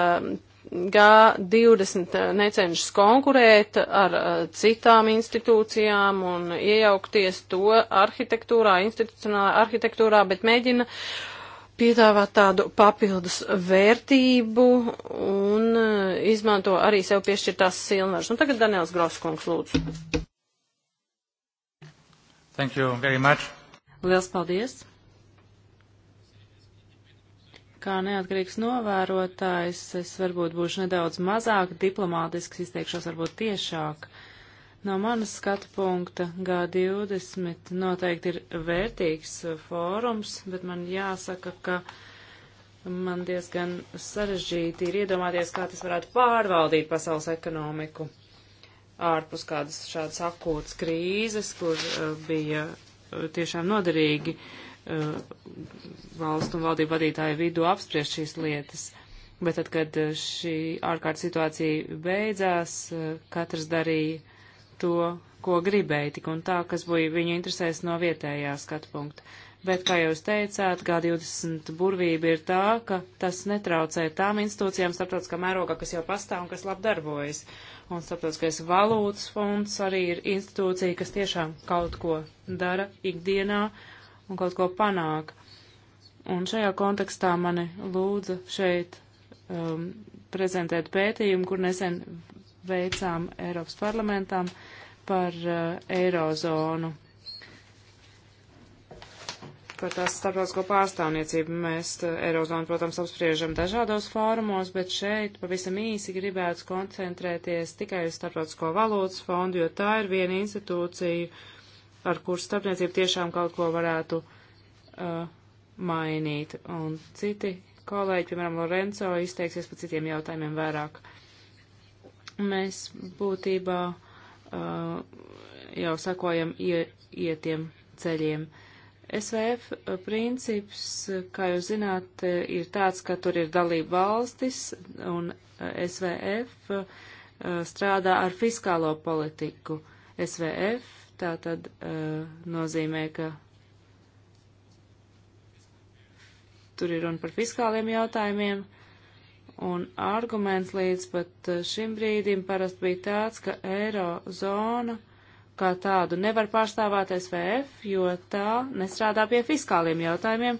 G20 necenšas konkurēt ar citām institūcijām un iejaukties to arhitektūrā, institucionālā arhitektūrā, bet mēģina piedāvāt tādu papildus vērtību un izmanto arī sev piešķirtās silnvaras. Un nu, tagad Daniels Groskungs lūdzu. Thank you very much. Liels paldies! Kā neatkarīgs novērotājs, es varbūt būšu nedaudz mazāk diplomātisks, izteikšos varbūt tiešāk. No manas skatu punkta G20 noteikti ir vērtīgs fórums, bet man jāsaka, ka man diezgan sarežģīti ir iedomāties, kā tas varētu pārvaldīt pasaules ekonomiku ārpus kādas šādas akūtas krīzes, kur uh, bija eh, tiešām noderīgi uh, valstu un valdību vadītāju vidū apspriest šīs lietas. Bet tad, kad šī ārkārtas situācija beidzās, katrs darīja to, ko gribēja, tik un tā, kas bija viņu interesēs no vietējā skatu punkta. Bet, kā jūs teicāt, G20 burvība ir tā, ka tas netraucē tām institūcijām starptautiskā mērogā, kas jau pastāv un kas labi darbojas un starptautiskais valūtas fonds arī ir institūcija, kas tiešām kaut ko dara ikdienā un kaut ko panāk. Un šajā kontekstā mani lūdza šeit um, prezentēt pētījumu, kur nesen veicām Eiropas parlamentam par uh, eirozonu par tās starptautisko pārstāvniecību. Mēs eh, Eirozonu, protams, apspriežam dažādos fórumos, bet šeit pavisam īsi gribētu koncentrēties tikai uz starptautisko valūtas fondu, jo tā ir viena institūcija, ar kur starpniecību tiešām kaut ko varētu uh, mainīt. Un citi kolēģi, piemēram, Lorenzo, izteiksies par citiem jautājumiem vairāk. Mēs būtībā uh, jau sakojam ie, ietiem ceļiem. Uh, SVF eh, princips, eh, kā jūs zināt, eh, ir tāds, ka tur ir dalība valstis un SVF strādā ar fiskālo politiku. SVF tā tad nozīmē, ka tur ir runa par fiskāliem jautājumiem. Un arguments līdz pat šim brīdim parasti bija tāds, ka eirozona zona kā tādu nevar pārstāvāt SVF, jo tā nestrādā pie fiskāliem jautājumiem.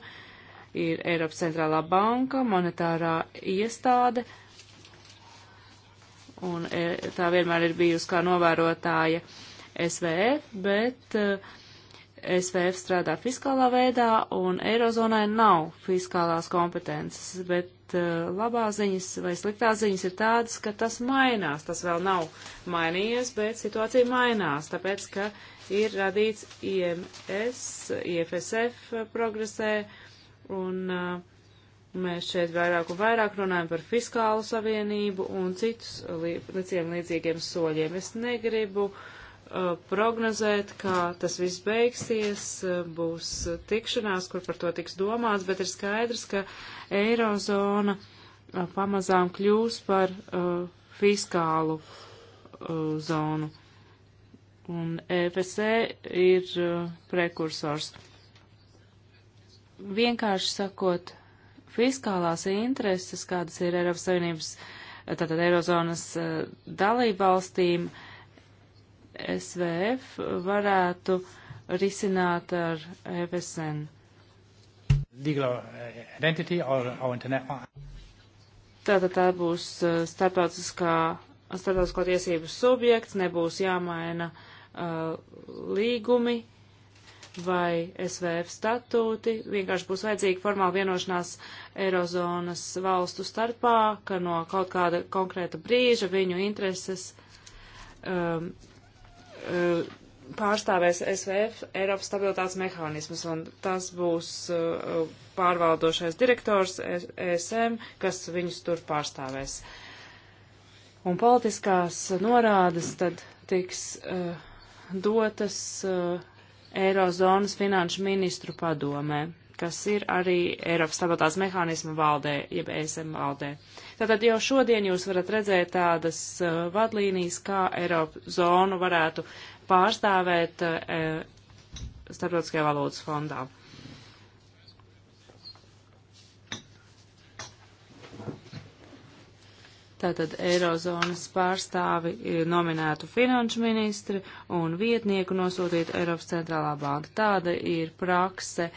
Ir Eiropas centrālā banka, monetārā iestāde, un e, tā vienmēr ir bijusi kā novērotāja SVF, bet uh, SVF strādā fiskālā veidā un Eirozonai nav fiskālās kompetences, bet uh, labā ziņas vai sliktā ziņas ir tādas, ka tas mainās. Tas vēl nav mainījies, bet situācija mainās, tāpēc, ka ir radīts IMS, IFSF progresē un uh, Mēs šeit vairāk un vairāk runājam par fiskālu savienību un citus li citiem līdzīgiem soļiem. Es negribu uh, Uh, prognozēt, kā tas viss beigsies, uh, būs tikšanās, kur par to tiks domāts, bet ir skaidrs, ka eirozona uh, pamazām kļūs par uh, fiskālu uh, zonu. Un EFC ir uh, prekursors. Vienkārši sakot, fiskālās intereses, kādas ir Eiropas Savienības, tātad Eirozonas dalībvalstīm, valstīm, SVF varētu risināt ar FSN. E Legal uh, identity or, or internet. Tātad tā būs uh, starptautiskā, starptautiskā tiesību subjekts, nebūs jāmaina uh, līgumi vai SVF statūti, vienkārši būs vajadzīga formāla vienošanās Eirozonas valstu starpā, ka no kaut kāda konkrēta brīža viņu intereses um, pārstāvēs SVF Eiropas stabilitātes mehānismus, un tas būs uh, pārvaldošais direktors ESM, kas viņus tur pārstāvēs. Un politiskās norādes tad tiks uh, dotas uh, Eirozonas finanšu ministru padomē kas ir arī Eiropas stabilitātes mehānismu valdē, jeb ESM valdē. Tātad jau šodien jūs varat redzēt tādas uh, vadlīnijas, kā Eiropas zonu varētu pārstāvēt uh, e, Starptautiskajā valūtas fondā. Tātad Eirozonas pārstāvi nominētu finanšu ministri un vietnieku nosūtītu Eiropas centrālā banka. Tāda ir prakse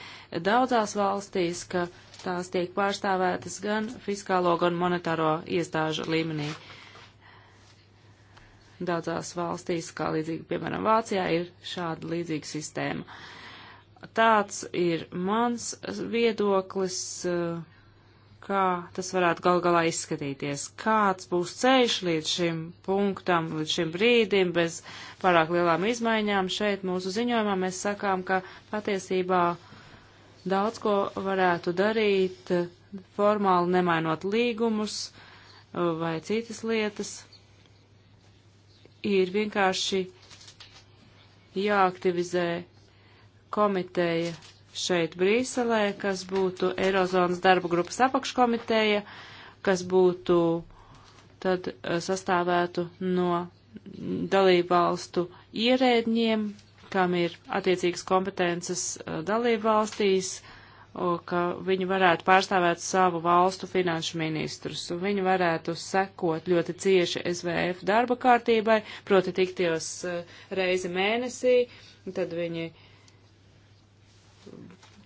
daudzās valstīs, ka tās tiek pārstāvētas gan fiskālo, gan monetāro iestāžu līmenī. Daudzās valstīs, kā līdzīgi, piemēram, Vācijā, ir šāda līdzīga sistēma. Tāds ir mans viedoklis. Uh, kā tas varētu gal galā izskatīties, kāds būs ceļš līdz šim punktam, līdz šim brīdim, bez pārāk lielām izmaiņām. Šeit mūsu ziņojumā mēs sakām, ka patiesībā daudz ko varētu darīt formāli nemainot līgumus uh, vai citas lietas. Ir vienkārši jāaktivizē komiteja šeit Brīselē, kas būtu Eirozonas darba grupas apakškomiteja, kas būtu tad eh, sastāvētu no dalībvalstu ierēdņiem, kam ir attiecīgas kompetences eh, dalībvalstīs, ka viņi varētu pārstāvēt savu valstu finanšu ministrus, un viņi varētu sekot ļoti cieši SVF darba kārtībai, proti tikties eh, reizi mēnesī, tad viņi uh,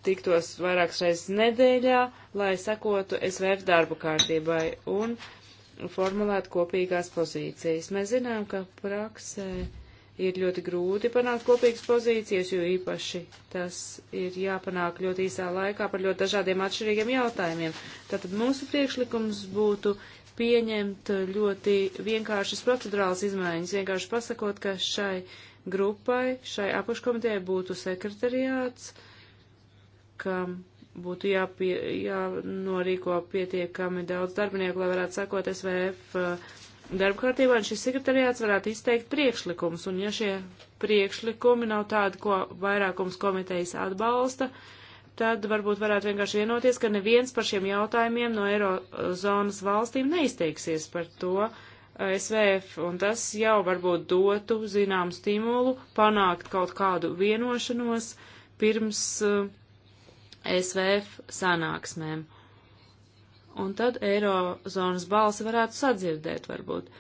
tiktos vairākas reizes nedēļā, lai sekotu SVF darba kārtībai un formulētu kopīgās pozīcijas. Mēs zinām, ka praksē ir ļoti grūti panākt kopīgas pozīcijas, jo īpaši tas ir jāpanāk ļoti īsā laikā par ļoti dažādiem atšķirīgiem jautājumiem. Tātad mūsu priekšlikums būtu pieņemt ļoti vienkāršas procedurālas izmaiņas, vienkārši pasakot, ka šai grupai, šai apakškomitejai būtu sekretariāts, ka būtu jāpie, jānorīko pietiekami daudz darbinieku, lai varētu sakot SVF uh, darba kārtībā, un šis sekretariāts varētu izteikt priekšlikumus, un ja šie priekšlikumi nav tādi, ko vairākums komitejas atbalsta, tad varbūt varētu vienkārši vienoties, ka neviens par šiem jautājumiem no Eirozonas valstīm neizteiksies par to uh, SVF, un tas jau varbūt dotu zinām stimulu panākt kaut kādu vienošanos pirms uh, SVF sanāksmēm. Un tad Eirozonas balsi varētu sadzirdēt varbūt.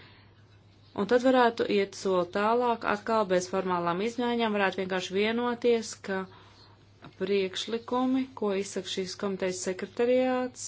Un tad varētu iet soli tālāk, atkal bez formālām izmaiņām varētu vienkārši vienoties, ka priekšlikumi, ko izsaka šīs komitejas sekretariāts,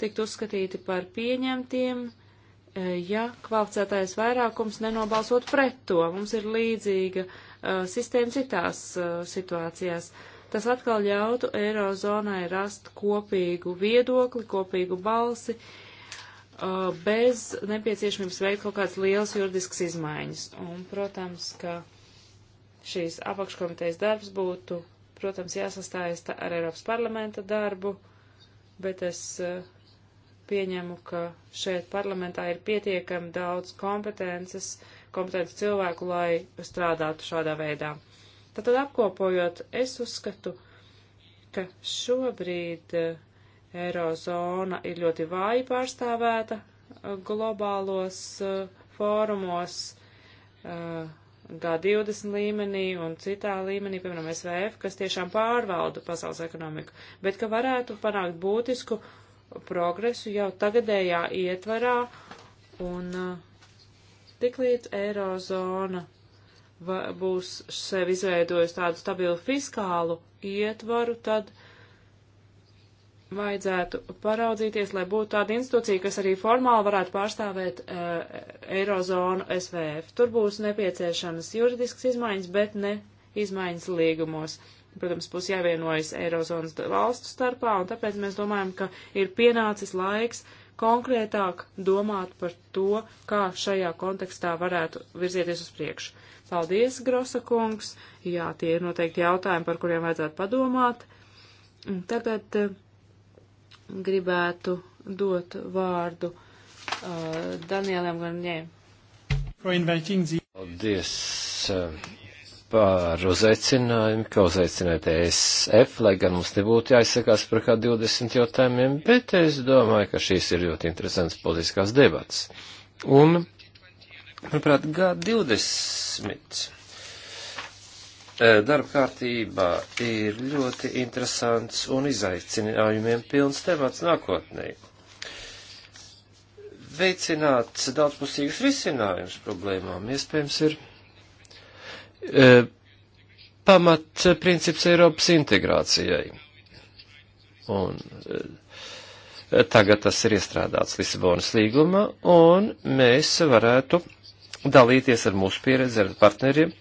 tikt uzskatīti par pieņemtiem, e, ja kvalificētais vairākums nenobalsot pret to. Mums ir līdzīga uh, sistēma citās uh, situācijās. Uh, Tas atkal ļautu Eirozonai rast kopīgu viedokli, kopīgu balsi, uh, bez nepieciešamības veikt kaut kādas lielas juridiskas izmaiņas. Un, protams, ka šīs apakškomitejas darbs būtu, protams, jāsastājas ar Eiropas parlamenta darbu, bet es uh, pieņemu, ka šeit parlamentā ir pietiekami daudz kompetences, kompetences cilvēku, lai strādātu šādā veidā. Tad, tad apkopojot, es uzskatu, ka šobrīd eh, Eirozona ir ļoti vāji pārstāvēta eh, globālos eh, fórumos, G20 līmenī un citā līmenī, piemēram, SVF, kas tiešām pārvalda pasaules ekonomiku, bet ka varētu panākt būtisku progresu jau tagadējā ietvarā un tiklīdz Eirozona va, būs sev izveidojusi tādu stabilu fiskālu ietvaru, tad vajadzētu paraudzīties, lai būtu tāda institūcija, kas arī formāli varētu pārstāvēt e, Eirozonu SVF. Tur būs nepieciešamas juridiskas izmaiņas, bet ne izmaiņas līgumos. Protams, būs jāvienojas Eirozonas valstu starpā, un tāpēc mēs domājam, ka ir pienācis laiks konkrētāk domāt par to, kā šajā kontekstā varētu virzieties uz priekšu. Paldies, Grosa kungs! Jā, tie ir noteikti jautājumi, par kuriem vajadzētu padomāt. Tagad eh, gribētu dot vārdu uh, Danielam Garnē. Paldies! Eh, par uzaicinājumu, ka uzaicināt ESF, lai gan mums nebūtu jāizsakās par kā 20 jautājumiem, bet es domāju, ka šīs ir ļoti interesants politiskās debats. Un, manuprāt, G20 e, darba kārtībā ir ļoti interesants un izaicinājumiem pilns temats nākotnē veicināt daudzpusīgus risinājumus problēmām iespējams ir E, pamat e, princips Eiropas integrācijai. Un e, tagad tas ir iestrādāts Lisabonas līgumā, un mēs varētu dalīties ar mūsu pieredzi, ar partneriem,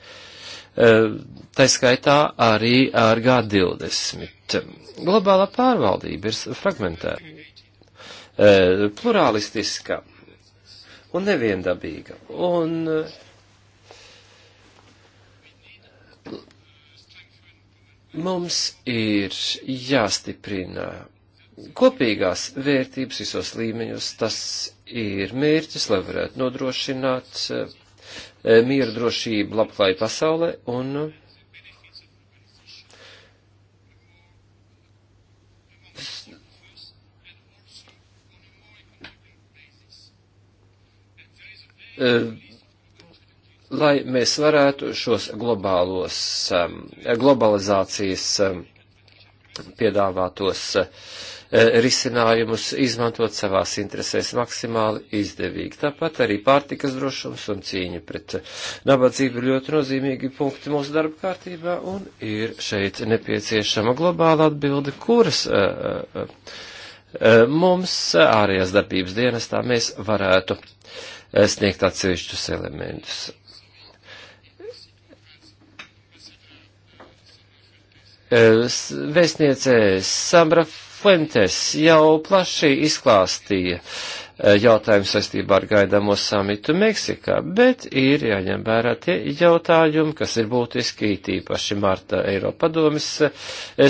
tā skaitā arī ar G20. Globālā pārvaldība ir fragmentēta, plurālistiska un neviendabīga. Un, uh, Mums ir jāstiprina kopīgās vērtības visos līmeņos. Tas ir mērķis, lai varētu nodrošināt eh, mieru, drošību, labklājību pasaulē un Uh, lai mēs varētu šos globālos, um, globalizācijas um, piedāvātos uh, risinājumus izmantot savās interesēs maksimāli izdevīgi. Tāpat arī pārtikas drošums un cīņa pret nabadzību ir ļoti nozīmīgi punkti mūsu darba kārtībā un ir šeit nepieciešama globāla atbilde, kuras uh, uh, mums ārējās darbības dienestā mēs varētu sniegt atsevišķus elementus. Vēstniece Sambra Fuentes jau plaši izklāstīja e, jautājumu saistībā ar gaidāmo samitu Meksikā, bet ir jāņem vērā tie jautājumi, kas ir būtiski, tīpaši Marta Eiropadomis e,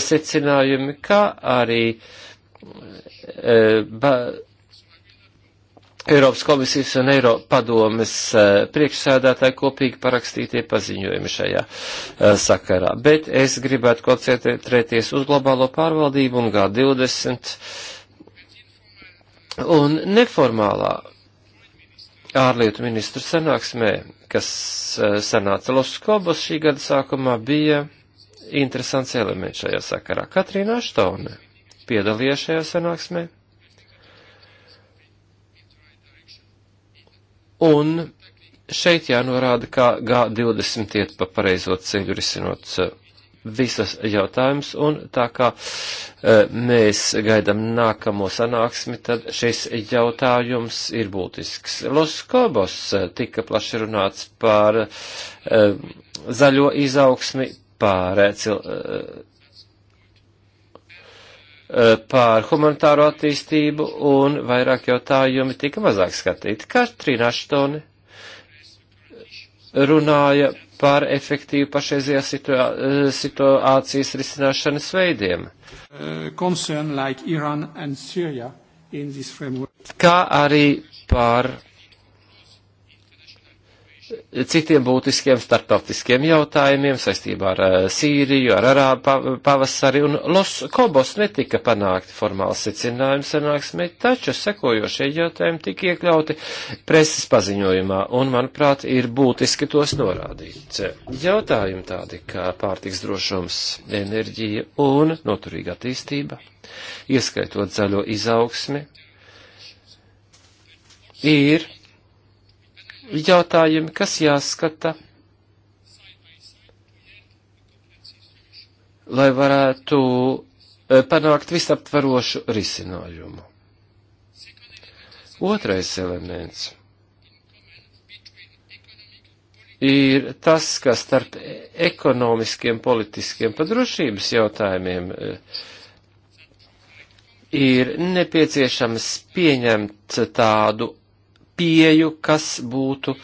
secinājumi, kā arī e, ba, Eiropas komisijas un Eiropa padomes eh, priekšsēdētāji kopīgi parakstītie paziņojumi šajā eh, sakarā. Bet es gribētu koncentrēties uz globālo pārvaldību un G20 un neformālā ārlietu ministru sanāksmē, kas eh, sanāca Loskobos šī gada sākumā, bija interesants elements šajā sakarā. Katrīna Aštone piedalījās šajā sanāksmē Un šeit jānorāda, ka G20 iet pa pareizo ceļu risinot eh, visas jautājumus, un tā kā e, mēs gaidām nākamo sanāksmi, tad šis jautājums ir būtisks. Loskobos eh, tika plaši runāts par e, zaļo izaugsmi, par e, cil, Eh, pār humanitāro attīstību un vairāk jautājumi tika mazāk skatīti. Katrīna Aštoni runāja par efektīvu pašreizajā situā eh, situācijas risināšanas veidiem. Eh, Kā arī par citiem būtiskiem starptautiskiem jautājumiem saistībā ar eh, Sīriju, ar Arābu pavasari, un Los Kobos netika panākti formāli secinājumi sanāksmē, taču sekojošie jautājumi tika iekļauti preses paziņojumā, un, manuprāt, ir būtiski tos norādīt. Jautājumi tādi kā pārtiks drošums, enerģija un noturīga attīstība, ieskaitot zaļo izaugsmi, ir jautājumi, kas jāskata, lai varētu eh, panākt visaptvarošu risinājumu. Otrais elements ir tas, ka starp ekonomiskiem, politiskiem, padrošības jautājumiem eh, ir nepieciešams pieņemt tādu pieju, kas būtu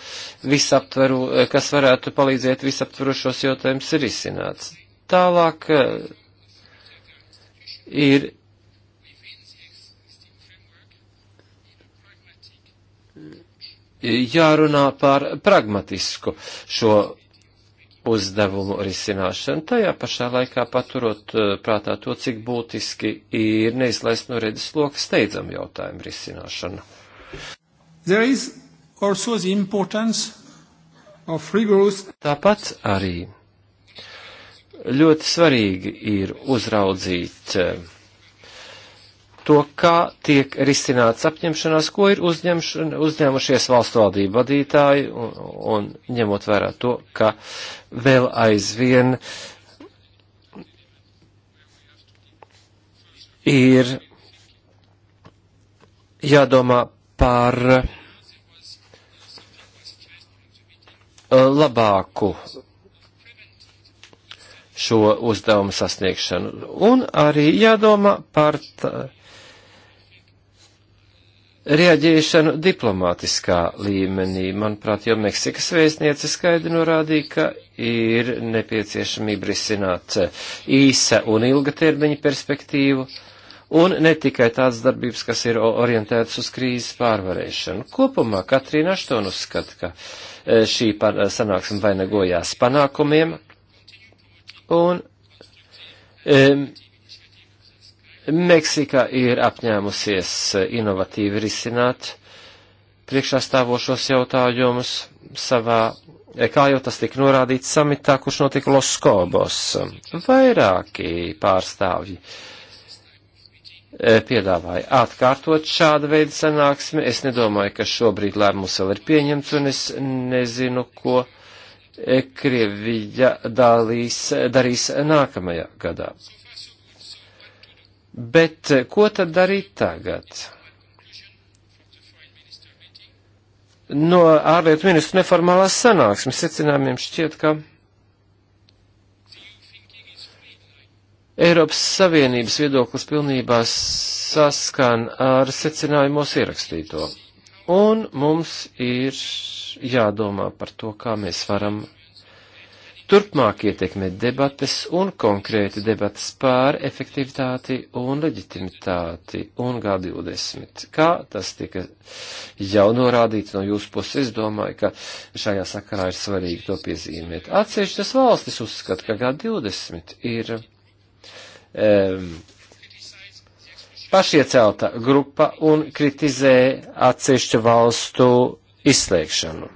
visaptveru, kas varētu palīdzēt visaptverošos jautājumus ir izcināts. Tālāk eh, ir jārunā par pragmatisku šo uzdevumu risināšanu, tajā pašā laikā paturot eh, prātā to, cik būtiski ir neizlaist no redzes lokas steidzam jautājumu risināšanu. There is also the importance of rigorous. Tāpat arī ļoti svarīgi ir uzraudzīt eh, to, kā tiek risināts apņemšanās, ko ir uzņēmušies valstu valdību vadītāji, un, un ņemot vērā to, ka vēl aizvien ir jādomā par eh, labāku šo uzdevumu sasniegšanu. Un arī jādomā par reaģēšanu diplomātiskā līmenī. Manuprāt, jau Meksikas vēstniece skaidri norādīja, ka ir nepieciešamība risināt īsa un ilga termiņa perspektīvu. Uh, un ne tikai tādas darbības, kas ir orientētas uz krīzes pārvarēšanu. Kopumā Katrīna Aštona uzskata, ka e, šī sanāksme vainagojās panākumiem, un um, Meksika ir apņēmusies e, inovatīvi risināt priekšā stāvošos jautājumus savā kā jau tas tika norādīts samitā, kurš notika Loskobos. Vairāki pārstāvji E, piedāvāja atkārtot šādu veidu sanāksmi. Es nedomāju, ka šobrīd lēmums vēl ir pieņemts, un es nezinu, ko e, Krievija dalīs, darīs nākamajā gadā. Bet e, ko tad darīt tagad? No ārlietu ministru neformālās sanāksmes secinājumiem šķiet, ka Eiropas Savienības viedoklis pilnībā saskan ar secinājumos ierakstīto. Un mums ir jādomā par to, kā mēs varam turpmāk ietekmēt debates un konkrēti debates pār efektivitāti un leģitimitāti un G20. Kā tas tika jau norādīts no jūsu puses, es domāju, ka šajā sakarā ir svarīgi to piezīmēt. Atsevišķas valstis uzskata, ka G20 ir um, pašiecelta grupa un kritizē atsevišķu valstu izslēgšanu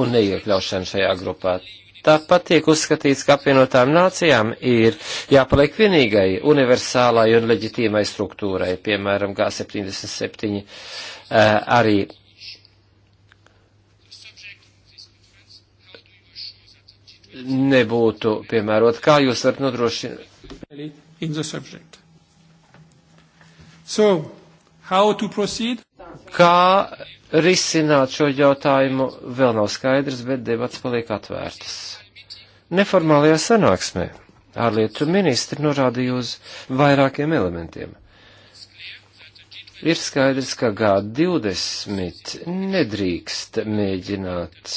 un neiekļaušanu šajā grupā. Tāpat tiek uzskatīts, ka apvienotām nācijām ir jāpaliek vienīgai universālai un leģitīmai struktūrai, piemēram, G77 eh, arī nebūtu piemērot. Kā jūs varat nodrošināt? So, kā risināt šo jautājumu vēl nav skaidrs, bet debats paliek atvērtas. Neformālajā sanāksmē ārlietu ministri norādīja uz vairākiem elementiem. Ir skaidrs, ka G20 nedrīkst mēģināt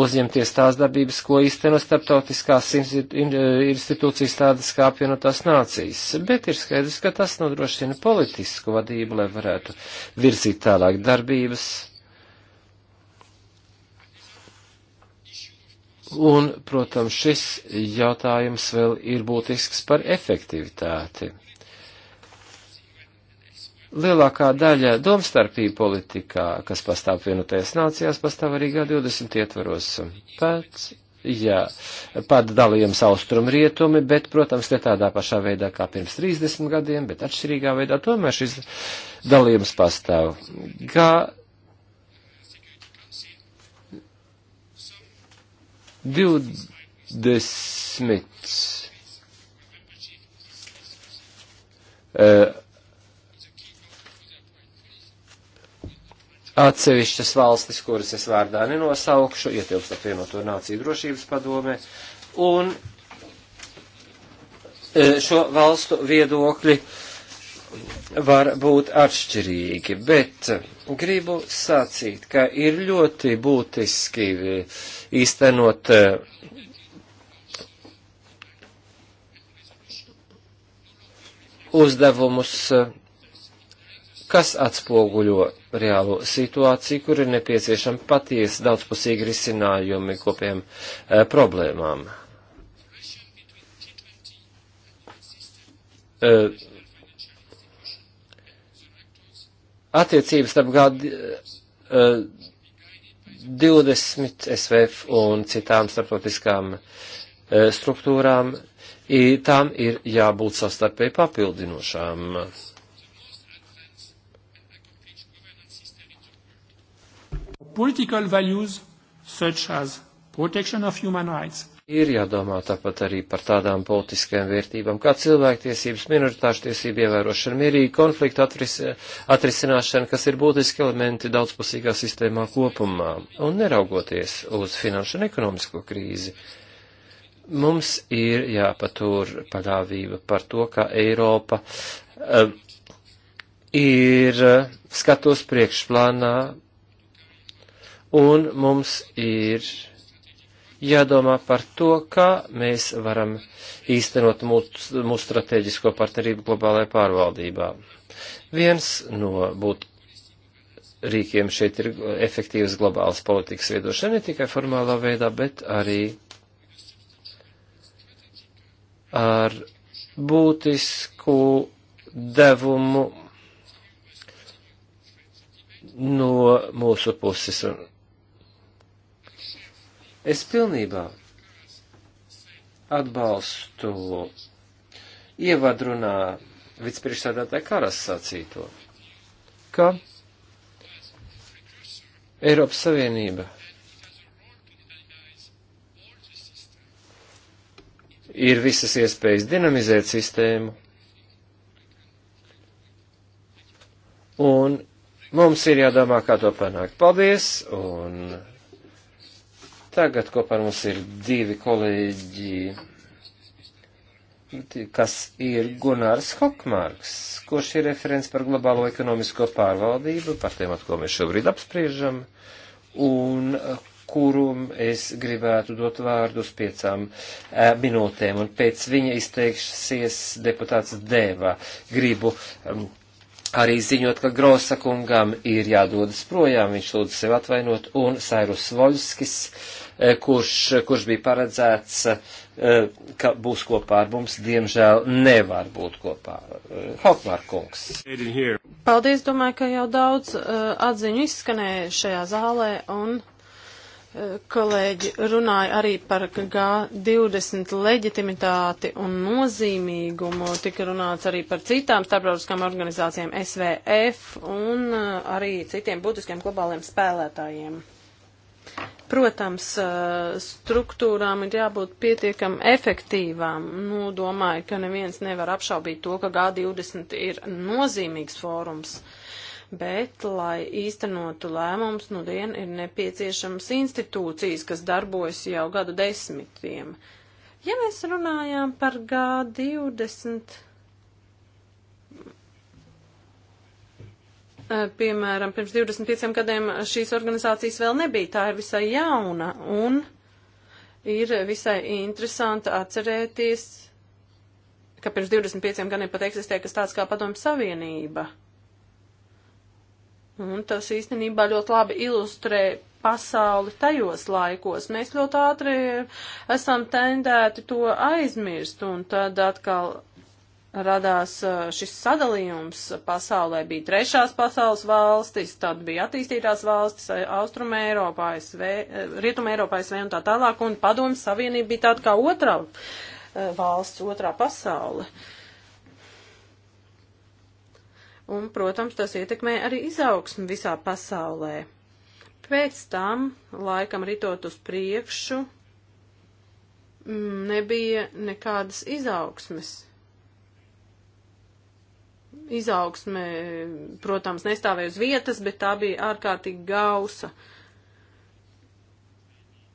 uzņemties tās darbības, ko īsteno starptautiskās eh, institūcijas tādas kā apvienotās nācijas. Bet ir skaidrs, ka tas nodrošina politisku vadību, lai varētu virzīt tālāk darbības. Un, protams, šis jautājums vēl ir būtisks par efektivitāti lielākā daļa domstarpību politikā, kas pastāv vienotajās nācijās, pastāv arī G20 ietvaros. Pēc, jā, pat dalījums austrumu rietumi, bet, protams, ne tādā pašā veidā kā pirms 30 gadiem, bet atšķirīgā veidā tomēr šis dalījums pastāv. G20. Uh, atsevišķas valstis, kuras es vārdā nenosaukšu, ietilpst apvienoto nāciju drošības padomē, un e, šo valstu viedokļi var būt atšķirīgi, bet gribu sacīt, ka ir ļoti būtiski īstenot e, uzdevumus e, kas atspoguļo reālo situāciju, kur ir nepieciešami patiesi daudzpusīgi risinājumi kopiem e, problēmām. E, attiecības starp gadu e, 20 SVF un citām starptautiskām e, struktūrām, i, tām ir jābūt sastarpēji papildinošām. E, political values such as protection of human rights. Ir jādomā tāpat arī par tādām politiskajām vērtībām, kā cilvēktiesības, minoritāšu tiesību ievērošana, mierīga konflikta atris, atrisināšana, kas ir būtiski elementi daudzpusīgā sistēmā kopumā. Un neraugoties uz finanšu un ekonomisko krīzi, mums ir jāpatur paļāvība par to, ka Eiropa uh, ir eh, skatos priekšplānā Un mums ir jādomā par to, kā mēs varam īstenot mūsu, mūsu strateģisko partnerību globālajā pārvaldībā. Viens no būt rīkiem šeit ir efektīvas globālas politikas veidošana ne tikai formālā veidā, bet arī ar būtisku devumu no mūsu puses. Un Es pilnībā atbalstu ievadrunā vicepriekšsēdētāja Karas sacīto, ka Eiropas Savienība ir visas iespējas dinamizēt sistēmu, un mums ir jādomā, kā to panākt. Paldies, un Tagad kopā mums ir divi kolēģi, kas ir Gunārs Hokmārks, kurš ir referents par globālo ekonomisko pārvaldību, par tēmatu, ko mēs šobrīd apspriežam, un kurum es gribētu dot vārdu uz piecām e, minūtēm, un pēc viņa izteiksies deputāts Dēvā. Gribu um, arī ziņot, ka Grosa kungam ir jādodas projām, viņš lūdzu sev atvainot, un Sairus Voļskis Eh, kurš, kurš bija paredzēts, eh, ka būs kopā ar mums, diemžēl nevar būt kopā. Eh, Hokmār kungs. Paldies, domāju, ka jau daudz atziņu izskanēja šajā zālē un kolēģi runāja arī par G20 leģitimitāti un nozīmīgumu. Tika runāts arī par citām starptautiskām organizācijām SVF un arī citiem būtiskiem globāliem spēlētājiem. Protams, eh, struktūrām ir jābūt pietiekam efektīvām. Nu, domāju, ka neviens nevar apšaubīt to, ka G20 ir nozīmīgs fórums. Bet, lai īstenotu lēmums, nu dien ir nepieciešams institūcijas, kas darbojas jau gadu desmitiem. Ja mēs runājām par G20 Eh, piemēram, pirms 25 gadiem šīs organizācijas vēl nebija, tā ir visai jauna un ir visai interesanti atcerēties, ka pirms 25 gadiem pat eksistēja kas tāds kā padomu savienība. Un tas īstenībā ļoti labi ilustrē pasauli tajos laikos. Mēs ļoti ātri esam tendēti to aizmirst, un tad atkal radās šis sadalījums pasaulē. Bija trešās pasaules valstis, tad bija attīstītās valstis, Austrum Eiropā, SV, Rietum Eiropā, SV un tā tālāk, un Padomju Savienība bija tāda kā otrā valsts, otrā pasaule. Un, protams, tas ietekmē arī izaugsmu visā pasaulē. Pēc tam, laikam ritot uz priekšu, mm, nebija nekādas izaugsmes izaugsme, protams, nestāvēja uz vietas, bet tā bija ārkārtīgi gausa.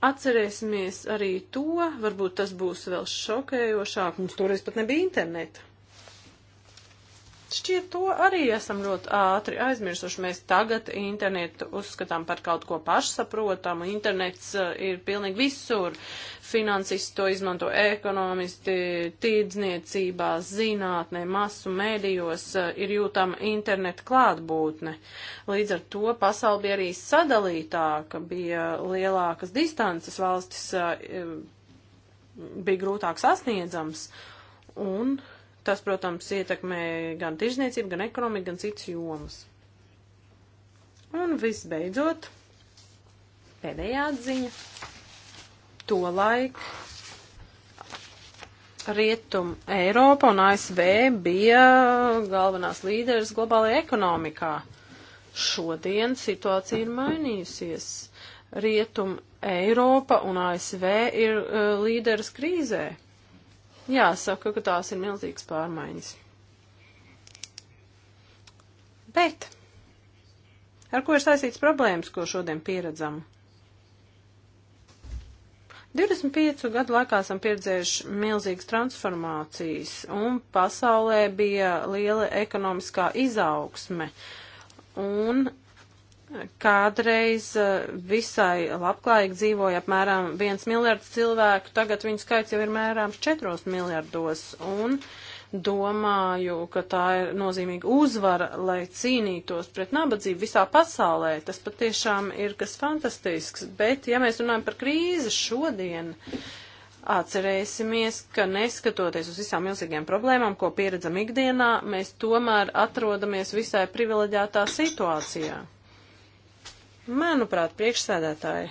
Atcerēsimies arī to, varbūt tas būs vēl šokējošāk, mums toreiz pat nebija interneta. Šķiet, to arī esam ļoti ātri aizmirsuši. Mēs tagad internetu uzskatām par kaut ko pašsaprotamu. Internets uh, ir pilnīgi visur. Finansisti to izmanto, ekonomisti, tīdzniecībā, zinātnē, masu mēdījos uh, ir jūtama interneta klātbūtne. Līdz ar to pasauli bija arī sadalītāka, bija lielākas distances valstis, uh, bija grūtāk sasniedzams. Un Tas, protams, ietekmē gan tirzniecību, gan ekonomiku, gan citas jomas. Un visbeidzot, pēdējā atziņa. Tolaik Rietum Eiropa un ASV bija galvenās līderes globālajā ekonomikā. Šodien situācija ir mainījusies. Rietum Eiropa un ASV ir uh, līderes krīzē. Jāsaka, ka tās ir milzīgas pārmaiņas. Bet ar ko ir saistīts problēmas, ko šodien pieredzam? 25 gadu laikā esam pieredzējuši milzīgas transformācijas, un pasaulē bija liela ekonomiskā izaugsme. Un kādreiz eh, visai labklājīgi dzīvoja apmēram 1 miljards cilvēku, tagad viņu skaits jau ir mērāms 4 miljardos. Un domāju, ka tā ir nozīmīga uzvara, lai cīnītos pret nabadzību visā pasaulē. Tas patiešām ir kas fantastisks. Bet, ja mēs runājam par krīzi šodien, Atcerēsimies, ka neskatoties uz visām milzīgiem problēmām, ko pieredzam ikdienā, mēs tomēr atrodamies visai privileģētā situācijā. Manuprāt, priekšsēdētāji,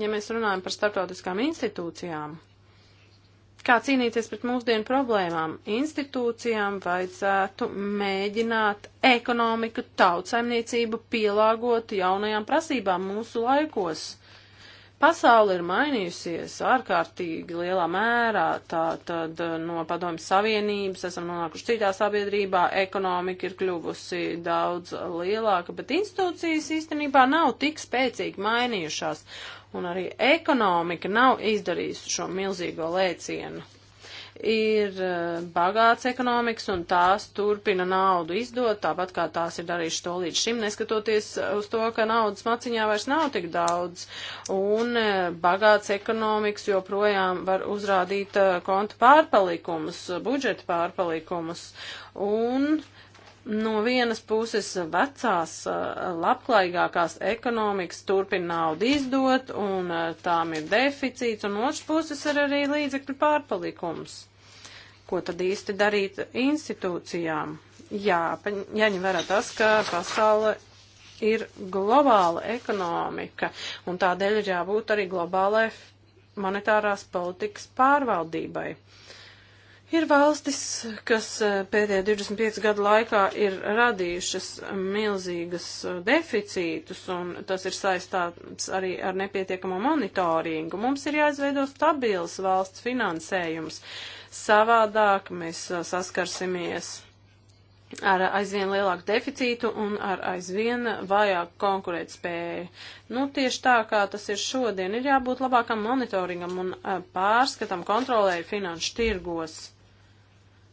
ja mēs runājam par starptautiskām institūcijām, kā cīnīties pret mūsdienu problēmām, institūcijām vajadzētu mēģināt ekonomiku, tautsaimniecību pielāgot jaunajām prasībām mūsu laikos. Pasaule ir mainījusies ārkārtīgi lielā mērā, tā tad eh, no padomjas savienības esam nonākuši citā sabiedrībā, ekonomika ir kļuvusi daudz lielāka, bet institūcijas īstenībā nav tik spēcīgi mainījušās, un arī ekonomika nav izdarījusi šo milzīgo lēcienu ir eh, bagāts ekonomikas un tās turpina naudu izdot, tāpat kā tās ir darījuši to līdz šim, neskatoties uz to, ka naudas maciņā vairs nav tik daudz. Un eh, bagāts ekonomikas joprojām var uzrādīt eh, kontu pārpalikumus, budžeta pārpalikumus. Un no vienas puses vecās, labklājīgākās ekonomikas turpina naudu izdot, un tām ir deficīts, un otrs puses ir arī līdzekļu pārpalikums. Ko tad īsti darīt institūcijām? Jā, jāņem vērā tas, ka pasaule ir globāla ekonomika, un tādēļ ir jābūt arī globālai monetārās politikas pārvaldībai. Uh, Ir valstis, kas eh, pēdējā 25 gadu laikā ir radījušas milzīgas eh, deficītus, un tas ir saistāts arī ar nepietiekamo monitoringu. Mums ir jāizveido stabils valsts finansējums. Savādāk mēs eh, saskarsimies ar aizvien lielāku deficītu un ar aizvien vajāku konkurētspēju. Nu, tieši tā, kā tas ir šodien, ir jābūt labākam monitoringam un pārskatam kontrolēju finanšu tirgos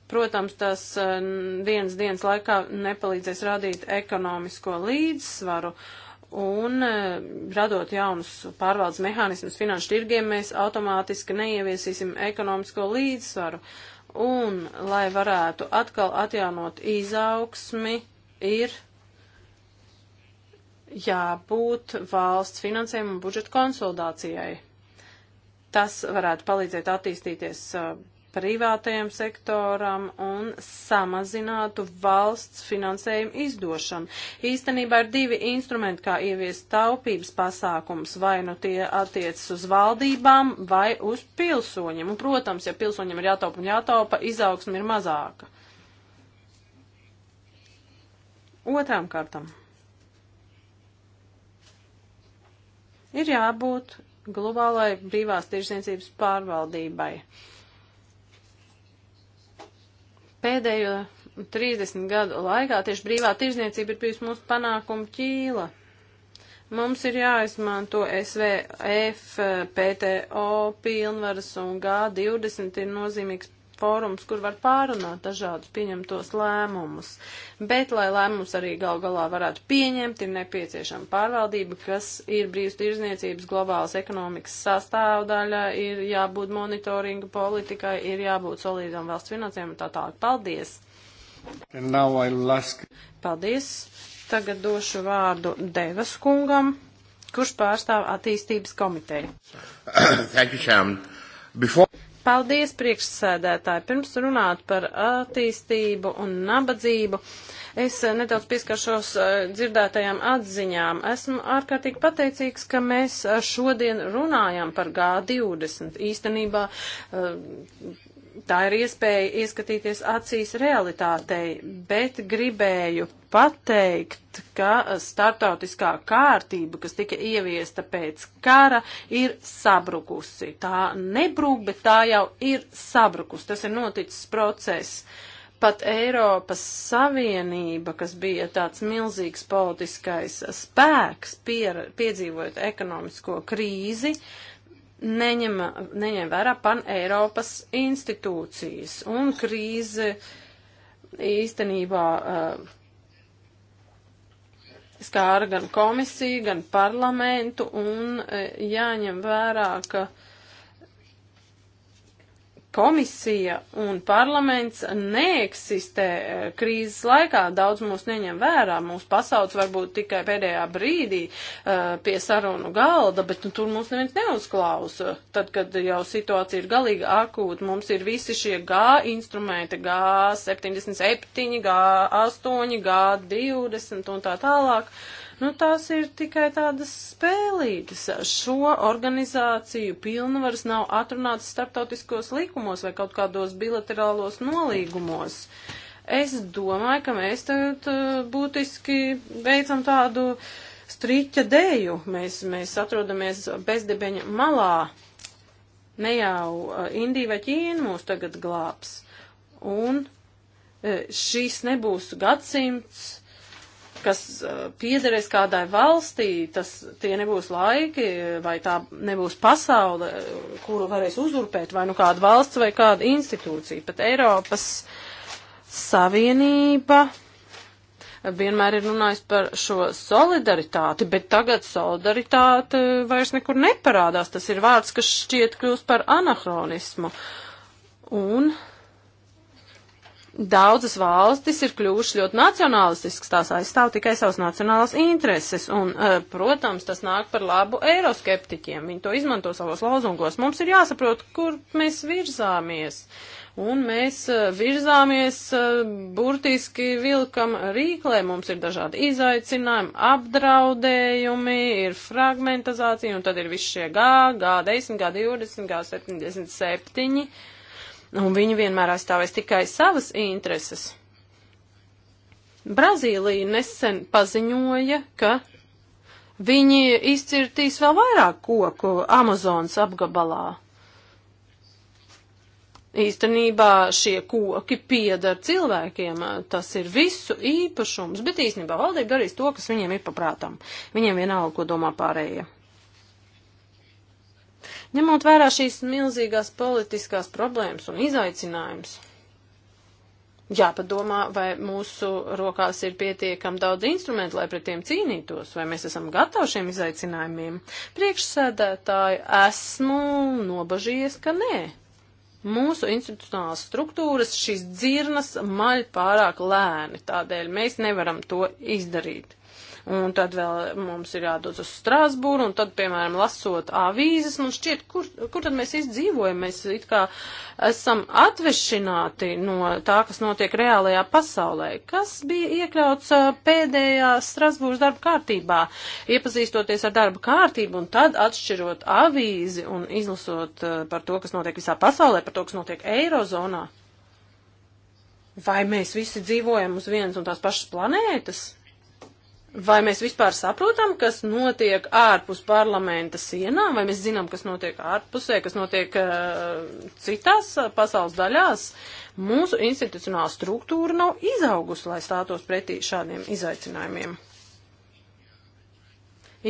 Protams, tas dienas eh, dienas laikā nepalīdzēs radīt ekonomisko līdzsvaru. Un eh, radot jaunus pārvaldes mehānismus finanšu tirgiem, mēs automātiski neieviesīsim ekonomisko līdzsvaru. Un, lai varētu atkal atjaunot izaugsmi, ir jābūt valsts finansējuma budžeta konsolidācijai. Tas varētu palīdzēt attīstīties eh, privātajam sektoram un samazinātu valsts finansējumu izdošanu. Īstenībā ir divi instrumenti, kā ieviest taupības pasākums, vai nu tie attiecas uz valdībām vai uz pilsoņiem. Un, protams, ja pilsoņiem ir jātaupa un jātaupa, izaugsme ir mazāka. Otrām kārtām. Ir jābūt globālai brīvās tirzniecības pārvaldībai. Uh, Pēdējo 30 gadu laikā tieši brīvā tirzniecība ir bijusi mūsu panākuma ķīla. Mums ir jāizmanto SVF, PTO pilnvaras un G20 ir nozīmīgs fórums, kur var pārunāt dažādus pieņemtos lēmumus. Bet, lai lēmumus arī gal galā varētu pieņemt, ir nepieciešama pārvaldība, kas ir brīvstirdzniecības globālas ekonomikas sastāvdaļa, ir jābūt monitoringa politikai, ir jābūt solīdām valsts finansēm un tā tālāk. Paldies! Paldies! Tagad došu vārdu Devas kungam, kurš pārstāv attīstības komiteju. Thank you, Chairman. Before... Paldies, priekšsēdētāji. Pirms runāt par attīstību un nabadzību, es nedaudz pieskaršos eh, dzirdētajām atziņām. Esmu ārkārtīgi pateicīgs, ka mēs eh, šodien runājam par G20. Īstenībā eh, Tā ir iespēja ieskatīties acīs realitātei, bet gribēju pateikt, ka startautiskā kārtība, kas tika ieviesta pēc kara, ir sabrukusi. Tā nebrūk, bet tā jau ir sabrukusi. Tas ir noticis process. Pat Eiropas Savienība, kas bija tāds milzīgs politiskais spēks, pier, piedzīvojot ekonomisko krīzi, uh, neņem, neņem vērā pan-Eiropas institūcijas un krīze īstenībā uh, skāra gan komisiju, gan parlamentu un uh, jāņem vērā, ka komisija un parlaments neeksistē eh, krīzes laikā, daudz mūs neņem vērā, mūs pasauc varbūt tikai pēdējā brīdī eh, pie sarunu galda, bet nu, tur mūs neviens neuzklausa. Tad, kad jau situācija ir galīgi akūta, mums ir visi šie G instrumenti, G77, G8, G20 un tā tālāk. Uh, Nu, tās ir tikai tādas spēlītas. Šo organizāciju pilnvaras nav atrunātas starptautiskos likumos vai kaut kādos bilaterālos nolīgumos. Es domāju, ka mēs tagad uh, būtiski veicam tādu striķa dēju. Mēs, mēs atrodamies bezdebeņa malā. Ne jau uh, Indija vai Ķīna mūs tagad glābs. Un uh, šīs nebūs gadsimts kas eh, piederēs kādai valstī, tas tie nebūs laiki, vai tā nebūs pasaule, eh, kuru varēs uzurpēt, vai nu kāda valsts vai kāda institūcija. Pat Eiropas Savienība vienmēr ir runājis par šo solidaritāti, bet tagad solidaritāte vairs nekur neparādās. Tas ir vārds, kas šķiet kļūst par anahronismu. Un Daudzas valstis ir kļuvušas ļoti nacionālistiskas, tās aizstāv tikai savas nacionālas intereses, un, eh, protams, tas nāk par labu eiroskeptiķiem. Viņi to izmanto savos lozungos. Mums ir jāsaprot, kur mēs virzāmies un mēs eh, virzāmies eh, burtiski vilkam rīklē, mums ir dažādi izaicinājumi, apdraudējumi, ir fragmentizācija, un tad ir viss šie G, G10, G20, G77 un viņi vienmēr aizstāvēs tikai savas intereses. Brazīlija nesen paziņoja, ka viņi izcirtīs vēl vairāk koku Amazonas apgabalā. Īstenībā šie koki piedara cilvēkiem, tas ir visu īpašums, bet īstenībā valdība darīs to, kas viņiem ir paprātam. Viņiem vienalga, ko domā pārējie. Ņemot vērā šīs milzīgās politiskās problēmas un izaicinājumus, jāpadomā, vai mūsu rokās ir pietiekam daudz instrumentu, lai pret tiem cīnītos, vai mēs esam gatavi šiem izaicinājumiem. Priekšsēdētāji esmu nobažījies, ka nē. Mūsu institucionālās struktūras šīs dzirnas maļ pārāk lēni, tādēļ mēs nevaram to izdarīt un tad vēl mums ir jādodas uz Strāsbūru, un tad, piemēram, lasot avīzes, nu šķiet, kur, kur tad mēs izdzīvojam, mēs it kā esam atvešināti no tā, kas notiek reālajā pasaulē. Kas bija iekļauts pēdējā Strāsbūras darba kārtībā? Iepazīstoties ar darba kārtību un tad atšķirot avīzi un izlasot par to, kas notiek visā pasaulē, par to, kas notiek Eirozonā. Vai mēs visi dzīvojam uz vienas un tās pašas planētas? Vai mēs vispār saprotam, kas notiek ārpus parlamenta sienām, vai mēs zinām, kas notiek ārpusē, kas notiek uh, citās eh, pasaules daļās? Mūsu institucionāla struktūra nav izaugusi, lai stātos pretī šādiem izaicinājumiem.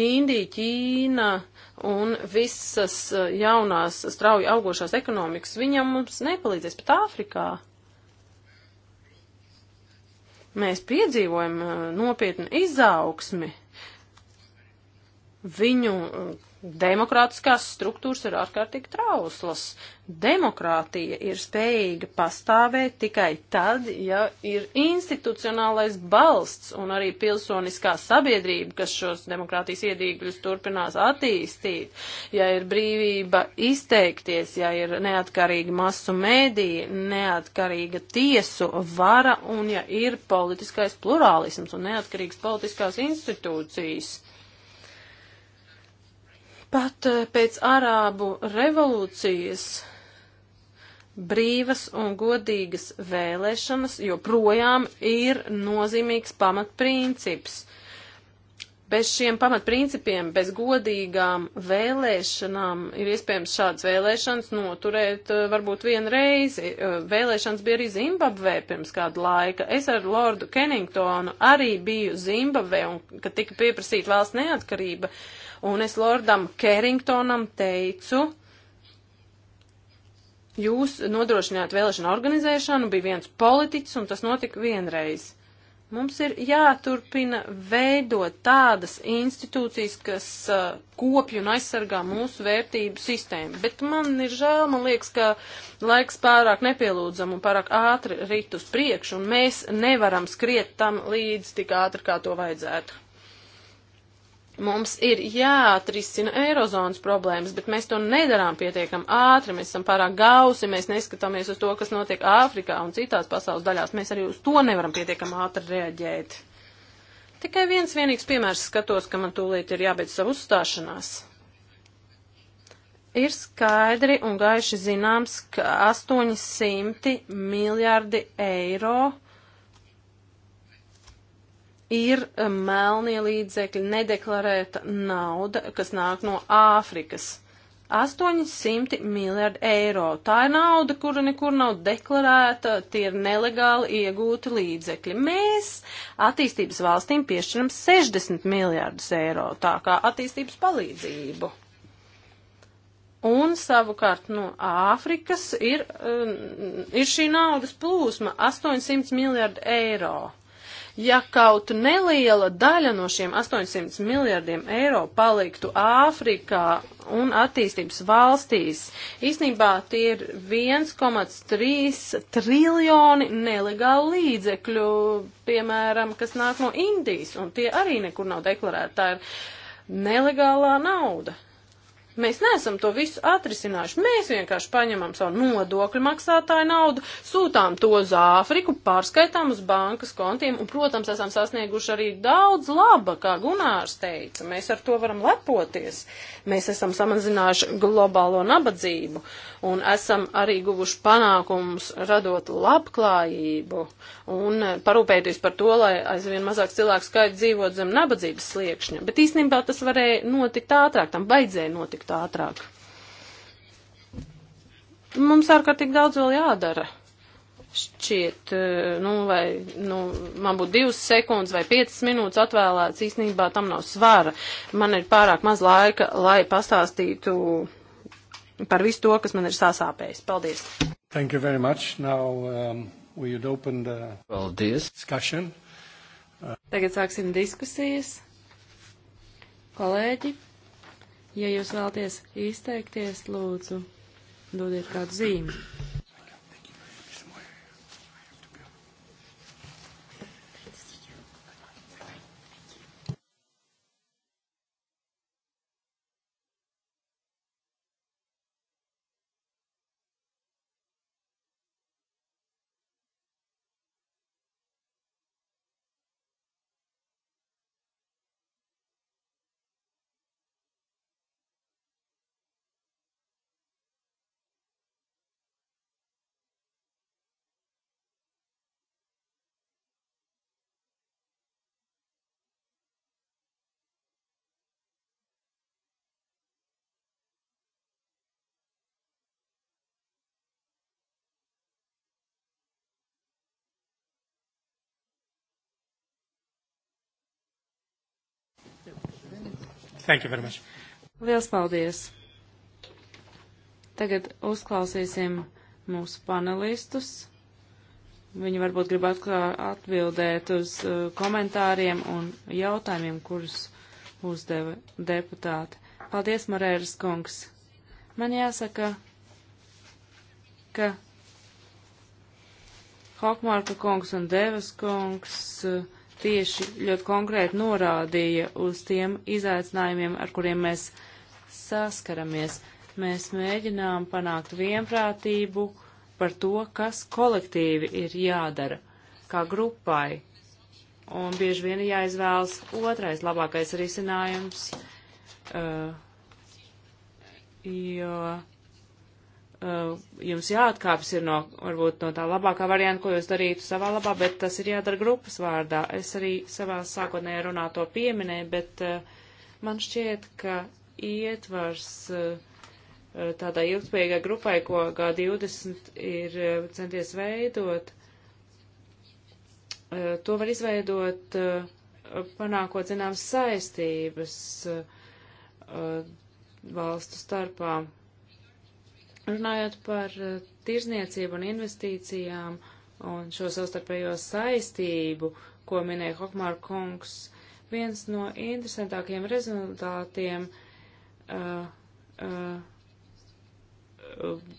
Indija, Ķīna un visas eh, jaunās strauji augošās ekonomikas viņam mums nepalīdzēs pat Āfrikā. Uh, Mēs piedzīvojam uh, nopietnu izaugsmi viņu uh, demokrātiskās struktūras ir ārkārtīgi trauslas. Demokrātija ir spējīga pastāvēt tikai tad, ja ir institucionālais balsts un arī pilsoniskā sabiedrība, kas šos demokrātijas iedīgļus turpinās attīstīt, ja ir brīvība izteikties, ja ir neatkarīga masu mēdīja, neatkarīga tiesu vara un ja ir politiskais plurālisms un neatkarīgas politiskās institūcijas. Pat eh, pēc Arābu revolūcijas brīvas un godīgas vēlēšanas joprojām ir nozīmīgs pamatprincips. Bez šiem pamatprincipiem, bez godīgām vēlēšanām ir iespējams šādas vēlēšanas noturēt eh, varbūt vienu reizi. Eh, vēlēšanas bija arī Zimbabvē pirms kāda laika. Es ar Lordu Keningtonu arī biju Zimbabvē, un kad tika pieprasīta valsts neatkarība, uh, Un es Lordam Keringtonam teicu, jūs nodrošināt vēlēšanu organizēšanu, bija viens politiķis, un tas notika vienreiz. Mums ir jāturpina veidot tādas institūcijas, kas uh, kopj un aizsargā mūsu vērtību sistēmu. Bet man ir žēl, man liekas, ka laiks pārāk nepielūdzam un pārāk ātri rit uz priekšu, un mēs nevaram skriet tam līdzi tik ātri, kā to vajadzētu. Mums ir jāatrisina eirozonas problēmas, bet mēs to nedarām pietiekam ātri, mēs esam pārāk gausi, mēs neskatāmies uz to, kas notiek Āfrikā un citās pasaules daļās, mēs arī uz to nevaram pietiekam ātri reaģēt. Tikai viens vienīgs piemērs skatos, ka man tūlīt ir jābeidz savu uzstāšanās. Ir skaidri un gaiši zināms, ka 800 miljardi eiro ir eh, melnie līdzekļi, nedeklarēta nauda, kas nāk no Āfrikas. 800 miljardi eiro. Tā ir nauda, kura nekur nav deklarēta, tie ir nelegāli iegūti līdzekļi. Mēs attīstības valstīm piešķiram 60 miljardus eiro, tā kā attīstības palīdzību. Un savukārt no Āfrikas ir, eh, ir šī naudas plūsma 800 miljardi eiro ja kaut neliela daļa no šiem 800 miljardiem eiro paliktu Āfrikā un attīstības valstīs, īsnībā tie ir 1,3 triljoni nelegālu līdzekļu, piemēram, kas nāk no Indijas, un tie arī nekur nav deklarēti. Tā ir nelegālā nauda. Mēs neesam to visu atrisinājuši. Mēs vienkārši paņemam savu nodokļu maksātāju naudu, sūtām to uz Āfriku, pārskaitām uz bankas kontiem un, protams, esam sasnieguši arī daudz laba, kā Gunārs teica. Mēs ar to varam lepoties. Mēs esam samazinājuši globālo nabadzību un esam arī guvuši panākumus radot labklājību. Uh, un parūpēties par to, lai aizvien mazāk cilvēku skaits dzīvot zem nabadzības sliekšņa. Bet īstenībā tas varēja notikt ātrāk, tam baidzēja notikt ātrāk. Mums ārkārtīgi daudz vēl jādara šķiet, eh, nu, vai, nu, man būtu divas sekundes vai piecas minūtes atvēlēts, īstenībā tam nav svara. Man ir pārāk maz laika, lai pastāstītu par visu to, kas man ir sasāpējis. Paldies! Thank you very much. Now, um... Paldies! Discussion. Tagad sāksim diskusijas. Kolēģi, ja jūs vēlaties izteikties, lūdzu, dodiet kādu zīmi. Thank you very much. Liels paldies. Tagad uzklausīsim mūsu panelistus. Viņi varbūt grib atbildēt uz uh, komentāriem un jautājumiem, kurus uzdeva deputāti. Paldies, Marēras kungs. Man jāsaka, ka Hokmārka kungs un Devas kungs uh, tieši ļoti konkrēti norādīja uz tiem izaicinājumiem, ar kuriem mēs saskaramies. Mēs mēģinām panākt vienprātību par to, kas kolektīvi ir jādara, kā grupai. Un bieži vien jāizvēlas otrais labākais risinājums, uh, jo Eh, jums jāatkāpjas ir no, varbūt no tā labākā varianta, ko jūs darītu savā labā, bet tas ir jādara grupas vārdā. Es arī savā sākotnējā runā to pieminēju, bet eh, man šķiet, ka ietvars eh, tādai ilgspējīgai grupai, ko G20 ir centies veidot, to var izveidot panākot zināmas saistības valstu starpā. Runājot par eh, tirzniecību un investīcijām un šo savstarpējo saistību, ko minēja Hokmāra kungs, viens no interesantākajiem rezultātiem uh, uh,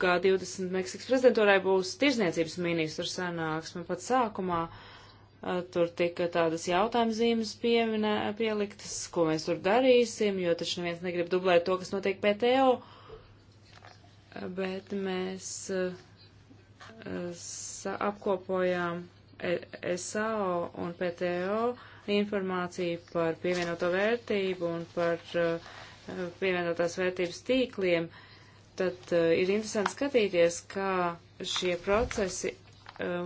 G20 Meksikas prezidentūrai būs tirzniecības ministru sanāksme. Pat sākumā uh, tur tika tādas jautājumzīmes pieminē, pieliktas, ko mēs tur darīsim, jo taču neviens negrib dublēt to, kas notiek PTO. Uh, bet mēs eh, apkopojām e-, e SAO un PTO informāciju par pievienoto vērtību un par eh, pievienotās vērtības tīkliem, tad eh, ir interesanti skatīties, kā šie procesi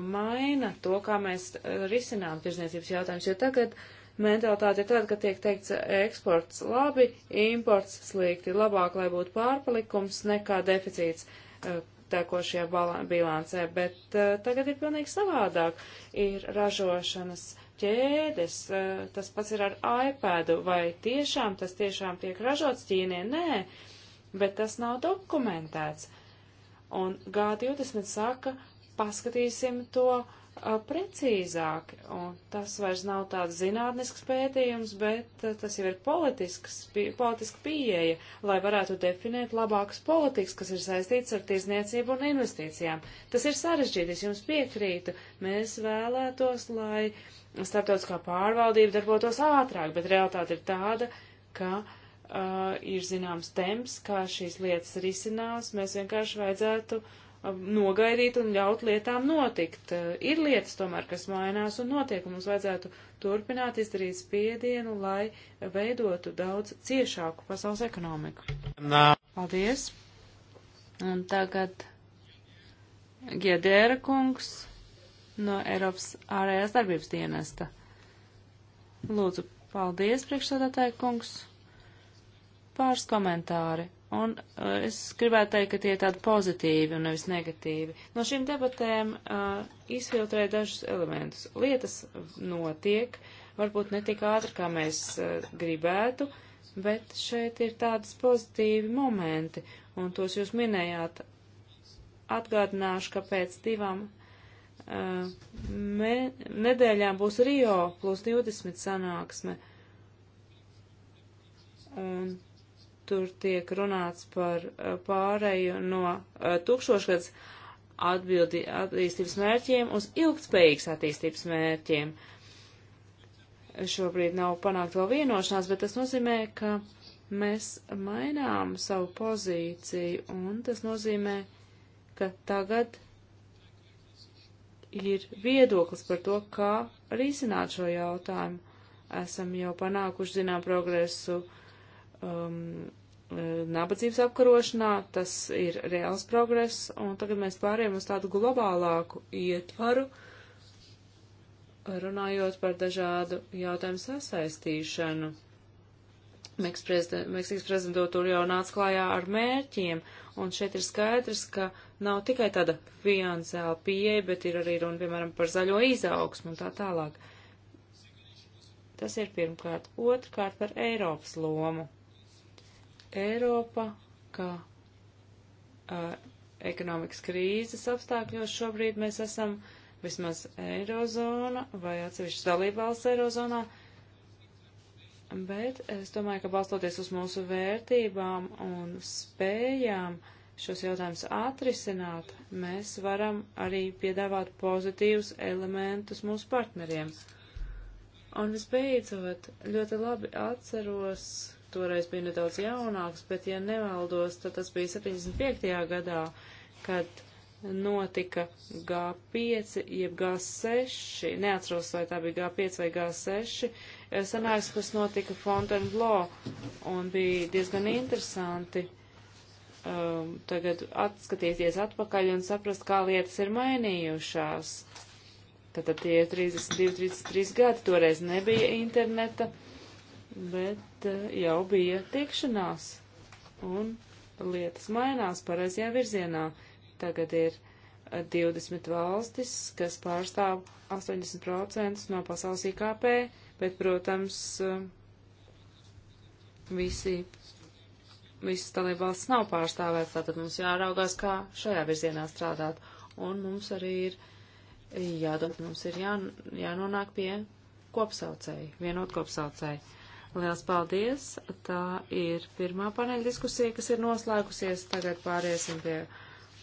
maina to, kā mēs risinām tirzniecības jautājumus, jo tagad uh, mentalitāte ir tāda, ka tiek teikts eksports labi, imports slikti, labāk, lai būtu pārpalikums nekā deficīts eh, tekošajā bilancē, bet uh, tagad ir pilnīgi savādāk. Ir ražošanas ķēdes, uh, tas pats ir ar iPadu, vai tiešām tas tiešām tiek ražots Ķīnē? Nē, bet tas nav dokumentēts. Un G20 saka, paskatīsim to uh, Uh, precīzāk, un tas vairs nav tāds zinātnisks pētījums, bet uh, tas jau ir politiska pieeja, lai varētu definēt labākas politikas, kas ir saistīts ar tiesniecību un investīcijām. Tas ir sarežģīti, es jums piekrītu. Mēs vēlētos, lai starptautiskā pārvaldība darbotos ātrāk, bet realitāte ir tāda, ka uh, ir zināms temps, kā šīs lietas risinās. Mēs vienkārši vajadzētu uh, nogaidīt un ļaut lietām notikt. Ir lietas tomēr, kas mainās un notiek, un mums vajadzētu turpināt izdarīt spiedienu, lai veidotu daudz ciešāku pasaules ekonomiku. Nā. Paldies! Un tagad Giedēra kungs no Eiropas ārējās darbības dienesta. Lūdzu, paldies, priekšsādātāja kungs! Pāris komentāri Un uh, es gribētu teikt, ka tie ir tādi pozitīvi un nevis negatīvi. No šīm debatēm uh, eh, izfiltrē dažus elementus. Lietas notiek, varbūt ne tik ātri, kā mēs uh, gribētu, bet šeit ir tādas pozitīvi momenti, un tos jūs minējāt. Atgādināšu, ka pēc divām uh, me, nedēļām būs Rio plus 20 sanāksme. Un Tur tiek runāts par eh, pārēju no eh, tūkstošgads atbildi attīstības mērķiem uz ilgtspējīgas attīstības mērķiem. Šobrīd nav panākt vēl vienošanās, bet tas nozīmē, ka mēs mainām savu pozīciju, un tas nozīmē, ka tagad ir viedoklis par to, kā risināt šo jautājumu. Esam jau panākuši zinām progresu uh, um, nabadzības apkarošanā, tas ir reāls progress, un tagad mēs pārējām uz tādu globālāku ietvaru, runājot par dažādu jautājumu sasaistīšanu. Meksikas prezidentūra jau nāca klājā ar mērķiem, un šeit ir skaidrs, ka nav tikai tāda finansiāla pieeja, bet ir arī runa, piemēram, par zaļo izaugsmu un tā tālāk. Tas ir pirmkārt. Otrkārt par Eiropas lomu Eiropa, ka uh, ekonomikas krīzes apstākļos šobrīd mēs esam vismaz Eirozona vai atsevišķas dalībvalsts Eirozonā, bet es domāju, ka balstoties uz mūsu vērtībām un spējām šos jautājumus atrisināt, mēs varam arī piedāvāt pozitīvus elementus mūsu partneriem. Un visbeidzot, ļoti labi atceros, toreiz bija nedaudz jaunāks, bet, ja nevaldos, tad tas bija 75. gadā, kad notika G5, jeb G6, neatceros, vai tā bija G5 vai G6, eh, sanāks, kas notika Fontainebleau, un bija diezgan interesanti um, tagad atskatīties atpakaļ un saprast, kā lietas ir mainījušās. Tātad tie ir 32, 33 gadi, toreiz nebija interneta, bet eh, jau bija tikšanās un lietas mainās pareizajā virzienā. Tagad ir 20 eh, valstis, kas pārstāv 80% no pasaules IKP, bet, protams, eh, visi, visas dalībvalstis nav pārstāvētas, tātad mums jāraugās, kā šajā virzienā strādāt. Un mums arī ir jādod, mums ir jā, jānonāk pie kopsaucēji, vienot kopsaucēji. Liels paldies! Tā ir pirmā paneļa diskusija, kas ir noslēgusies. Tagad pāriesim pie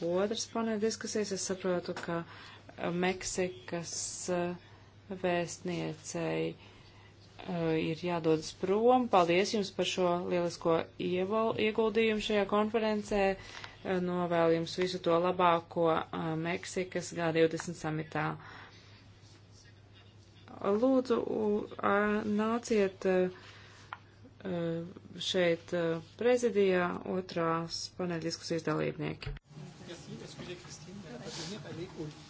otras paneļa diskusijas. Es saprotu, ka Meksikas uh, vēstniecei uh, ir jādodas prom. Paldies jums par šo lielisko ieguldījumu šajā konferencē. Uh, novēlu jums visu to labāko Meksikas G20 samitā lūdzu, nāciet Uh, šeit uh, prezidijā otrās paneļdiskusijas dalībnieki. Merci, excusez Christine, parce que vous n'avez pas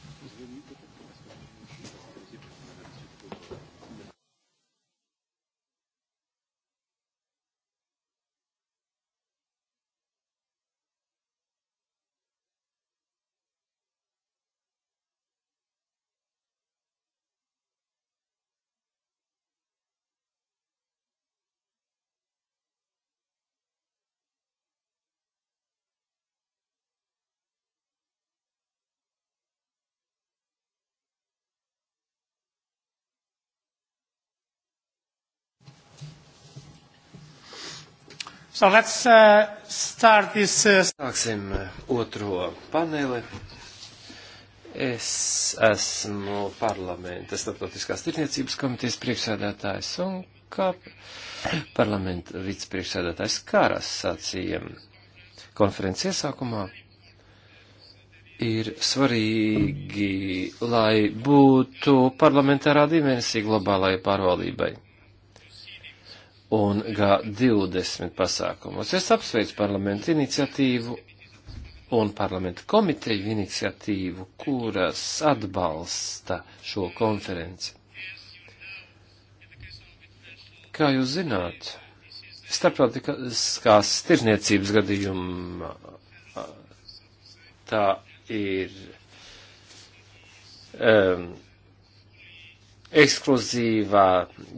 So let's uh, start this. Uh... Sāksim uh, otro paneli. Es esmu parlamenta starptautiskās tirniecības komitejas priekšsēdētājs un kā parlamenta vicepriekšsēdētājs Kāras sacīja konferences iesākumā. Ir svarīgi, lai būtu parlamentārā dimensija globālajai pārvaldībai un G20 pasākumos. Es apsveicu parlamentu iniciatīvu un parlamentu komiteju iniciatīvu, kuras atbalsta šo konferenci. Kā jūs zināt, starptautiskās tirzniecības gadījumā tā ir um, ekskluzīvā,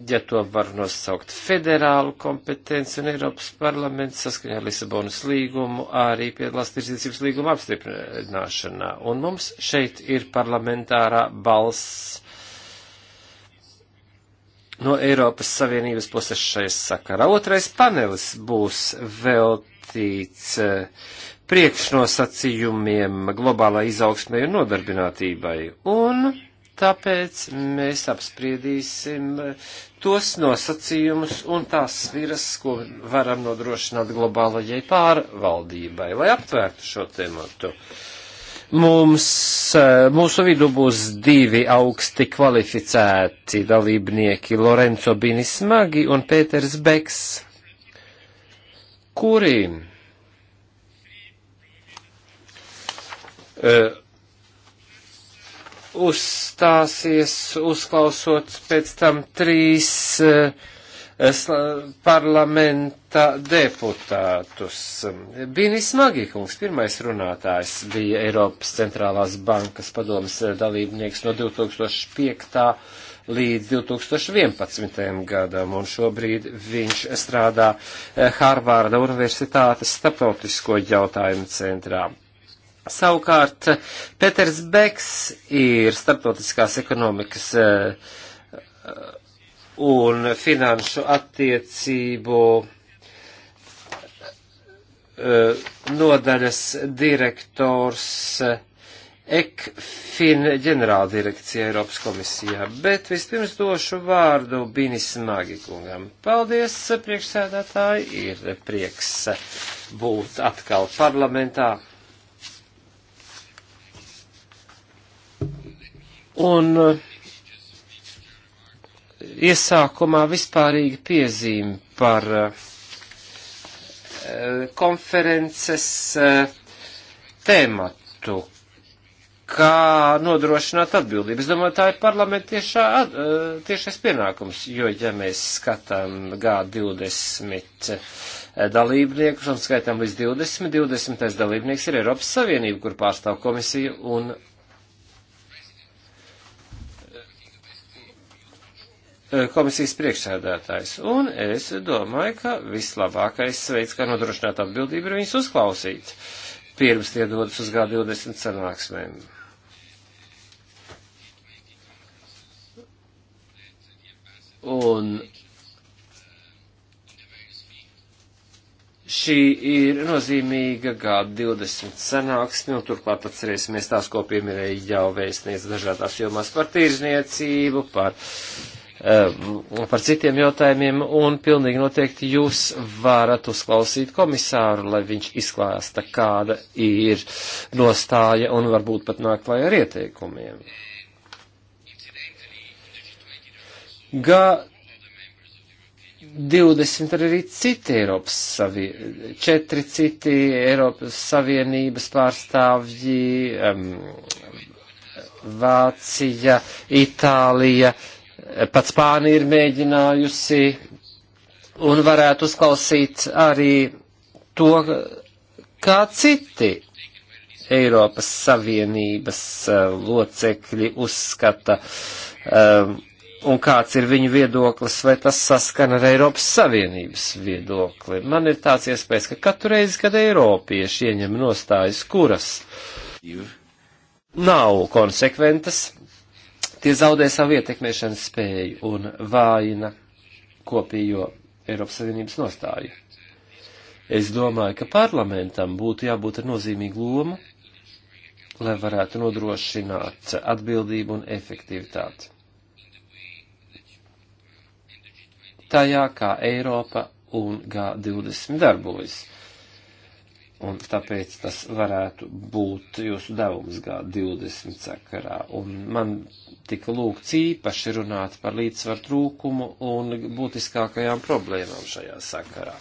ja to var nosaukt, federālu kompetenci un Eiropas parlaments saskaņā ar Lisabonas līgumu arī piedalās tirdzniecības līguma apstiprināšanā. Un mums šeit ir parlamentārā balss no Eiropas Savienības puses šais sakarā. Otrais panelis būs veltīts eh, priekšnosacījumiem globālai izaugsmē un nodarbinātībai. Un Tāpēc mēs apspriedīsim tos nosacījumus un tās sviras, ko varam nodrošināt globālajai pārvaldībai, lai aptvērtu šo tematu. Mums, eh, mūsu vidū būs divi augsti kvalificēti dalībnieki - Lorenzo Binismagi un Pēters Beks, kuri uh, uzstāsies, uzklausot pēc tam trīs eh, parlamenta deputātus. Binis Magikungs, pirmais runātājs, bija Eiropas centrālās bankas padomas dalībnieks no 2005 līdz 2011. gadam, un šobrīd viņš strādā Hārvārda eh, Universitātes starptautisko jautājumu centrā. Savukārt Peters Beks ir starptautiskās ekonomikas eh, un finanšu attiecību eh, nodaļas direktors ECFIN eh, ģenerāldirekcija Eiropas komisijā, bet vispirms došu vārdu Binis Magikungam. Paldies, priekšsēdētāji, ir prieks būt atkal parlamentā Un eh, iesākumā vispārīga piezīme par eh, konferences eh, tēmatu, kā nodrošināt atbildību. Es domāju, tā ir parlamenta tiešā, tiešais pienākums, jo, ja mēs skatām G20 dalībniekus un skaitām līdz 20, 20. dalībnieks ir Eiropas Savienība, kur pārstāv komisija un Eh, komisijas priekšsēdētājs. Un es domāju, ka vislabākais veids, kā nodrošināt atbildību, ir viņus uzklausīt, pirms tie dodas uz G20 sanāksmēm. Un šī ir nozīmīga G20 sanāksme, un turklāt atcerēsimies tās, ko pieminēja jau vēstniec dažādās jomās par tirzniecību, par uh, Eh, par citiem jautājumiem, un pilnīgi noteikti jūs varat uzklausīt komisāru, lai viņš izklāsta, kāda ir nostāja, un varbūt pat nāk klāj ar ieteikumiem. Gā 20 ir arī citi Eiropas Savienības, četri citi Eiropas Savienības pārstāvji, um, Vācija, Itālija, uh, pat Spānija ir mēģinājusi, un varētu uzklausīt arī to, kā citi Eiropas Savienības eh, locekļi uzskata, um, un kāds ir viņu viedoklis, vai tas saskana ar Eiropas Savienības viedokli. Man ir tāds iespējas, ka katru reizi, kad Eiropieši ieņem nostājas, kuras nav konsekventas, tie zaudē savu ietekmēšanas spēju un vājina kopījo Eiropas Savienības nostāju. Es domāju, ka parlamentam būtu jābūt ar nozīmīgu lomu, lai varētu nodrošināt atbildību un efektivitāti. Tajā kā Eiropa un G20 darbojas. Un tāpēc tas varētu būt jūsu devums G20 sakarā. Un man tika lūgts īpaši runāt par līdzsvaru trūkumu un būtiskākajām problēmām šajā sakarā.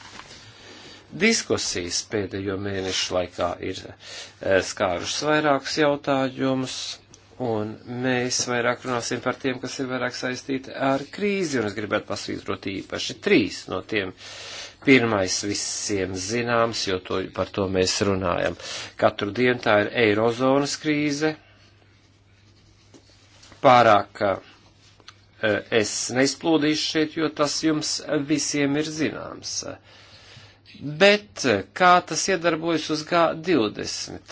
Diskusijas pēdējo mēnešu laikā ir eh, skārušas vairākus jautājumus, un mēs vairāk runāsim par tiem, kas ir vairāk saistīti ar krīzi, un es gribētu pasvītrot īpaši trīs no tiem. Uh, Pirmais visiem zināms, jo to, par to mēs runājam. Katru dienu tā ir eirozonas krīze. Pārāk e, es neizplūdīšu šeit, jo tas jums visiem ir zināms. Bet e, kā tas iedarbojas uz G20?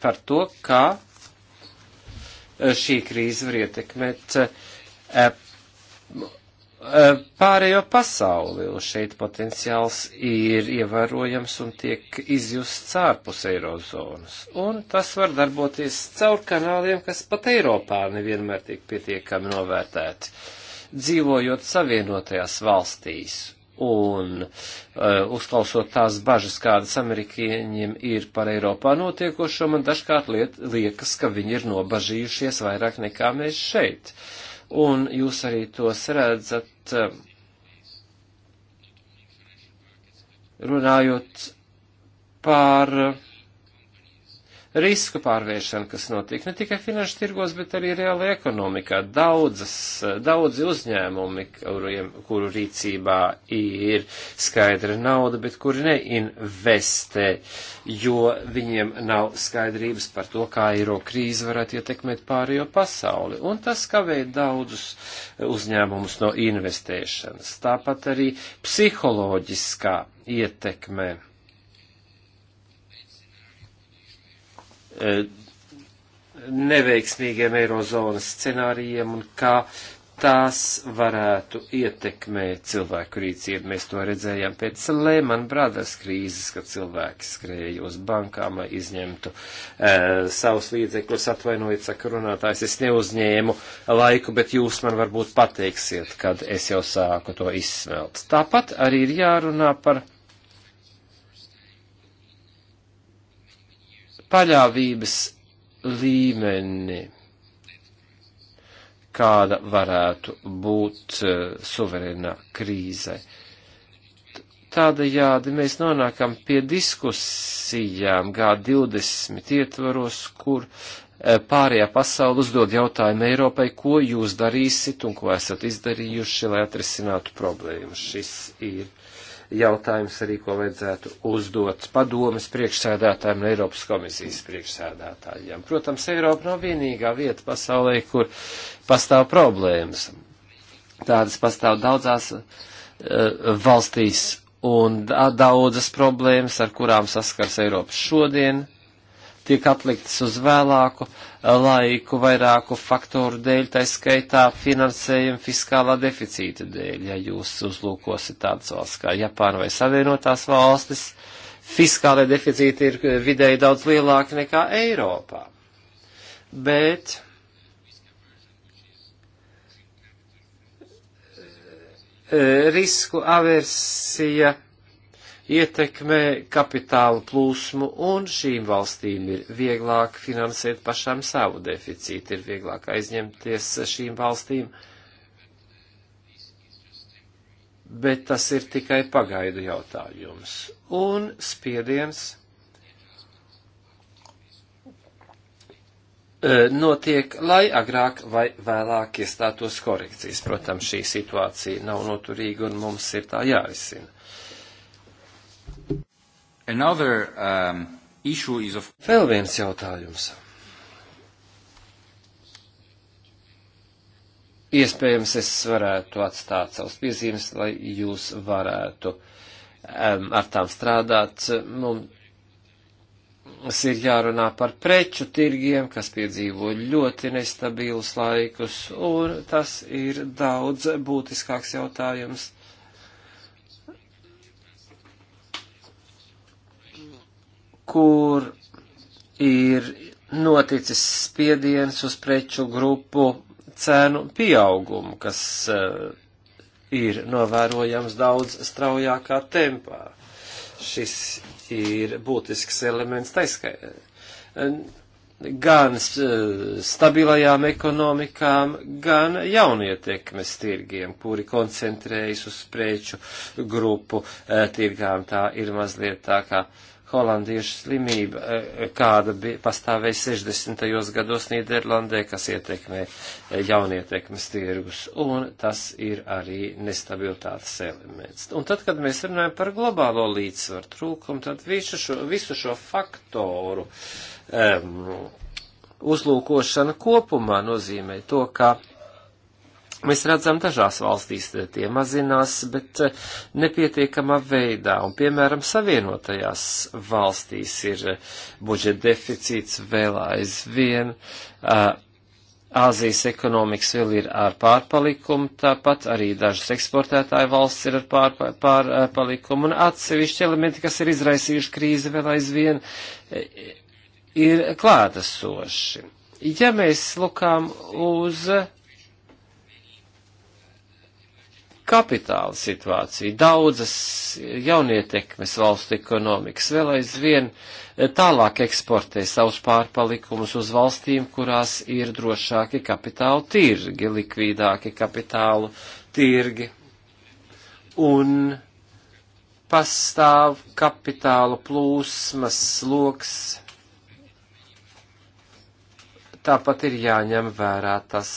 Par to, kā e, šī krīze var ietekmēt Eh, pārējo pasauli, un šeit potenciāls ir ievērojams un tiek izjusts ārpus eirozonas. Un tas var darboties caur kanāliem, kas pat Eiropā nevienmēr tiek pietiekami novērtēti, dzīvojot savienotajās valstīs un uh, uzklausot tās bažas, kādas amerikāņiem ir par Eiropā notiekošo, man dažkārt liet, liekas, ka viņi ir nobažījušies vairāk nekā mēs šeit. Uh, un jūs arī tos redzat, eh, runājot par riska pārviešana, kas notiek ne tikai finanšu tirgos, bet arī reāla ekonomikā. Daudzas, daudzi uzņēmumi, kuriem, kuru rīcībā ir skaidra nauda, bet kuri neinvestē, jo viņiem nav skaidrības par to, kā eiro krīze varētu ietekmēt pārējo pasauli. Un tas kavē daudzus uzņēmumus no investēšanas. Tāpat arī psiholoģiskā ietekme neveiksmīgiem eirozonas scenārijiem un kā tās varētu ietekmēt cilvēku rīcību. Mēs to redzējām pēc Lehman Brothers krīzes, kad cilvēki skrēja uz bankām, lai izņemtu e, savus līdzekļus, atvainojiet, saka runātājs, es neuzņēmu laiku, bet jūs man varbūt pateiksiet, kad es jau sāku to izsmelt. Tāpat arī ir jārunā par paļāvības līmeni, kāda varētu būt eh, suverēnā krīze. Tādējādi mēs nonākam pie diskusijām G20 ietvaros, kur eh, pārējā pasaule uzdod jautājumu Eiropai, ko jūs darīsit un ko esat izdarījuši, lai atrisinātu problēmas. Šis ir jautājums arī, ko vajadzētu uzdot padomas priekšsēdētājiem un Eiropas komisijas priekšsēdētājiem. Protams, Eiropa nav vienīgā vieta pasaulē, kur pastāv problēmas. Tādas pastāv daudzās uh, valstīs un daudzas problēmas, ar kurām saskars Eiropas šodien, tiek atliktas uz vēlāku eh, laiku vairāku faktoru dēļ, tā skaitā finansējuma fiskālā deficīta dēļ, ja jūs uzlūkosiet tādas valsts kā Japāna vai Savienotās valstis, fiskālai deficīti ir eh, vidēji daudz lielāki nekā Eiropā. Bet eh, risku aversija ietekmē kapitālu plūsmu, un šīm valstīm ir vieglāk finansēt pašām savu deficītu, ir vieglāk aizņemties šīm valstīm, bet tas ir tikai pagaidu jautājums. Un spiediens e, notiek, lai agrāk vai vēlāk iestātos korekcijas. Protams, šī situācija nav noturīga un mums ir tā jārisina. Another, um, issue is of... Vēl viens jautājums. Iespējams, es varētu atstāt savus piezīmes, lai jūs varētu um, ar tām strādāt. Mums ir jārunā par preču tirgiem, kas piedzīvo ļoti nestabilus laikus, un tas ir daudz būtiskāks jautājums kur ir noticis spiediens uz preču grupu cēnu pieaugumu, kas uh, ir novērojams daudz straujākā tempā. Šis ir būtisks elements taiskai. Gan eh, stabilajām ekonomikām, gan jaunietekmes tirgiem, kuri koncentrējas uz preču grupu eh, tirgām. Tā ir mazliet tā kā uh, holandiešu slimība, e, e, kāda bija pastāvēja 60. gados Nīderlandē, kas ietekmē e, jaunietekmes tirgus, un tas ir arī nestabilitātes elements. Un tad, kad mēs runājam par globālo līdzsvaru trūkumu, tad visu šo, visu šo faktoru um, uzlūkošana kopumā nozīmē to, ka Mēs redzam, dažās valstīs tie mazinās, bet eh, nepietiekamā veidā, un piemēram, savienotajās valstīs ir eh, budžeta deficīts vēl aizvien, eh, Āzijas ekonomikas vēl ir ar pārpalikumu, tāpat arī dažas eksportētāju valsts ir ar pārpa, pārpalikumu, un atsevišķi elementi, kas ir izraisījuši krīzi vēl aizvien, ir klātesoši. Ja mēs lukām uz kapitāla situācija, daudzas jaunietekmes valstu ekonomikas vēl aizvien eh, tālāk eksportē savus pārpalikumus uz valstīm, kurās ir drošāki kapitāla tirgi, likvīdāki kapitāla tirgi. Un pastāv kapitāla plūsmas sloks. Tāpat ir jāņem vērā tas,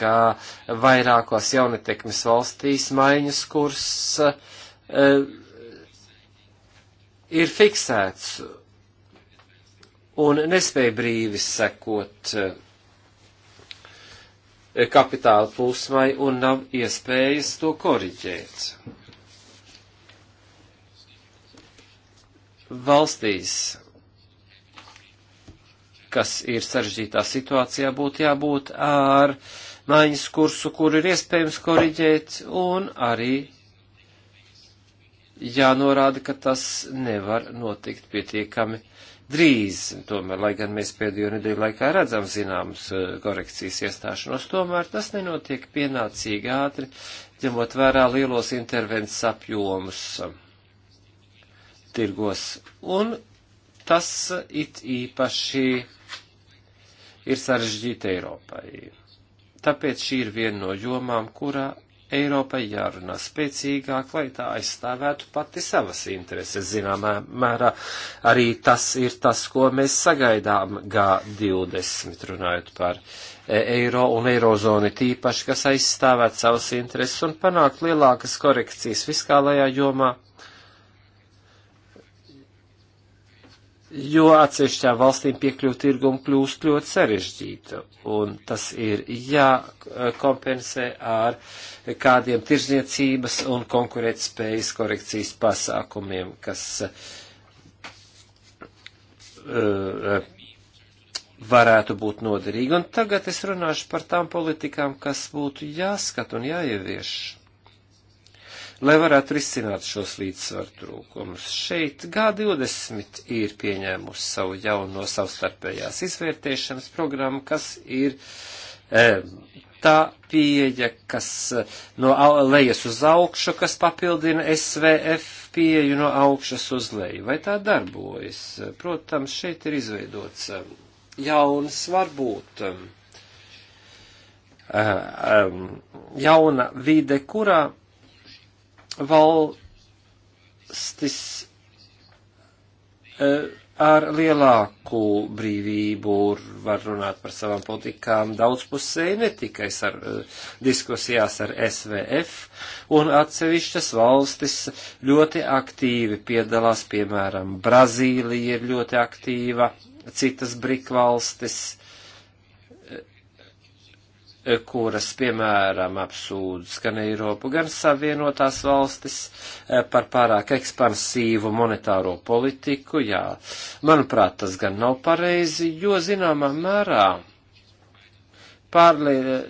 ka vairākos jaunatekmes valstīs maiņas kurs e, ir fiksēts un nespēja brīvi sekot e, kapitāla plūsmai un nav iespējas to koriģēt. Valstīs, kas ir sarežģītā situācijā, būtu jābūt ar uh, mājas kursu, kur ir iespējams koriģēt, un arī jānorāda, ka tas nevar notikt pietiekami drīz. Tomēr, lai gan mēs pēdējo nedēļu laikā redzam zināmas eh, korekcijas iestāšanos, tomēr tas nenotiek pienācīgi ātri, ņemot vērā lielos intervences apjomus eh, tirgos. Un tas it īpaši ir sarežģīti Eiropai. Tāpēc šī ir viena no jomām, kurā Eiropai jārunā spēcīgāk, lai tā aizstāvētu pati savas intereses. Zināmā mērā arī tas ir tas, ko mēs sagaidām G20 runājot par e, eiro un eirozoni tīpaši, kas aizstāvētu savas intereses un panākt lielākas korekcijas fiskālajā jomā jo atsevišķām valstīm piekļūt tirgumu kļūst ļoti sarežģīta, un tas ir jākompensē ar kādiem tirzniecības un konkurētspējas korekcijas pasākumiem, kas uh, varētu būt noderīgi. Un tagad es runāšu par tām politikām, kas būtu jāskat un jāievieš lai varētu risināt šos līdzsvaru trūkumus. Šeit G20 ir pieņēmusi savu jauno savstarpējās izvērtēšanas programmu, kas ir e, tā pieeja, kas no lejas uz augšu, kas papildina SVF pieeju no augšas uz leju. Vai tā darbojas? Protams, šeit ir izveidots jauns varbūt. Um, jauna vide, kurā valstis eh, ar lielāku brīvību var runāt par savām politikām daudzpusēji, ne tikai ar eh, diskusijās ar SVF, un atsevišķas valstis ļoti aktīvi piedalās, piemēram, Brazīlija ir ļoti aktīva, citas brikvalstis kuras, piemēram, apsūdz gan Eiropu, gan Savienotās valstis e, par pārāk ekspansīvu monetāro politiku. Jā, manuprāt, tas gan nav pareizi, jo zināmā mērā pārlie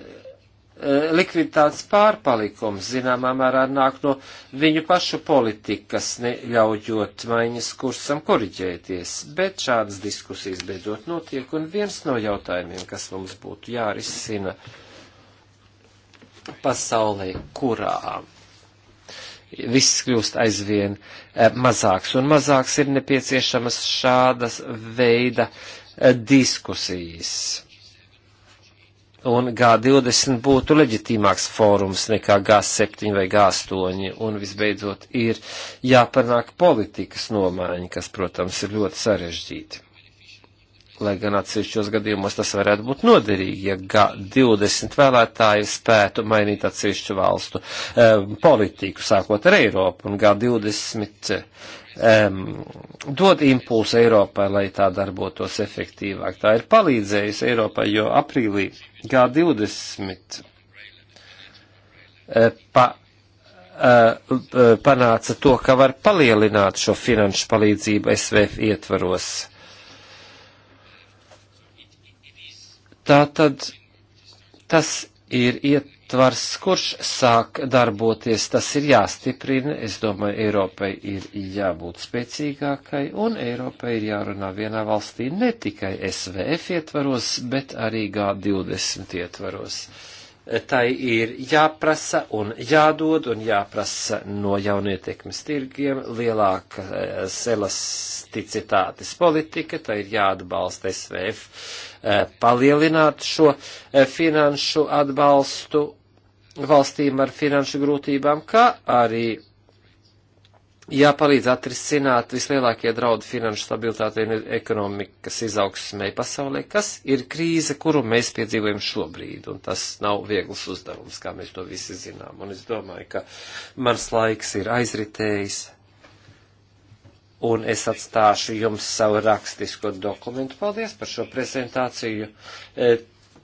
Eh, likviditātes pārpalikums zināmā mērā nāk no viņu pašu politikas, neļaujot maiņas kursam koriģēties. Bet šādas diskusijas beidzot notiek, un viens no jautājumiem, kas mums būtu jārisina pasaulē, kurā viss kļūst aizvien eh, mazāks un mazāks, ir nepieciešamas šādas veida eh, diskusijas un G20 būtu leģitīmāks fórums nekā G7 vai G8, un visbeidzot ir jāpanāk politikas nomaiņa, kas, protams, ir ļoti sarežģīti. Lai gan atsevišķos gadījumos tas varētu būt noderīgi, ja G20 vēlētāji spētu mainīt atsevišķu valstu e, politiku, sākot ar Eiropu, un G20 um, dod impulsu Eiropai, lai tā darbotos efektīvāk. Tā ir palīdzējusi Eiropai, jo aprīlī G20 eh, pa, eh, panāca to, ka var palielināt šo finanšu palīdzību SVF ietvaros. Tā tad tas ir ietvars, kurš sāk darboties, tas ir jāstiprina. Es domāju, Eiropai ir jābūt spēcīgākai, un Eiropai ir jārunā vienā valstī ne tikai SVF ietvaros, bet arī G20 ietvaros. Uh, tai ir jāprasa un jādod un jāprasa no jaunietekmes tirgiem lielāka eh, elasticitātes politika, tai ir jāatbalsta SVF eh, palielināt šo eh, finanšu atbalstu valstīm ar finanšu grūtībām, kā arī jāpalīdz atrisināt vislielākie draudi finanšu stabilitātei un ekonomikas izaugsmēji pasaulē, kas ir krīze, kuru mēs piedzīvojam šobrīd, un tas nav viegls uzdevums, kā mēs to visi zinām, un es domāju, ka mans laiks ir aizritējis, un es atstāšu jums savu rakstisko dokumentu. Paldies par šo prezentāciju. Eh,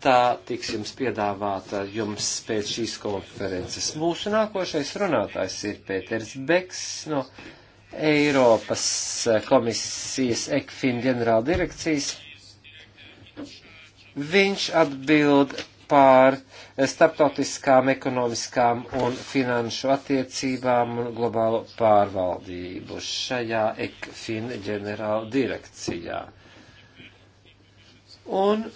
tā tiks jums piedāvāta jums pēc šīs konferences. Mūsu nākošais runātājs ir Pēters Beks no Eiropas komisijas ECFIN ģenerāldirekcijas. Viņš atbild pār starptautiskām ekonomiskām un finanšu attiecībām un globālo pārvaldību šajā ECFIN ģenerāldirekcijā. Un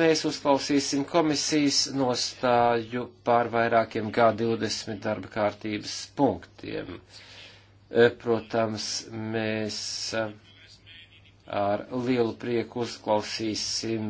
Mēs uzklausīsim komisijas nostāju pār vairākiem G20 darba kārtības punktiem. E, protams, mēs ar lielu prieku uzklausīsim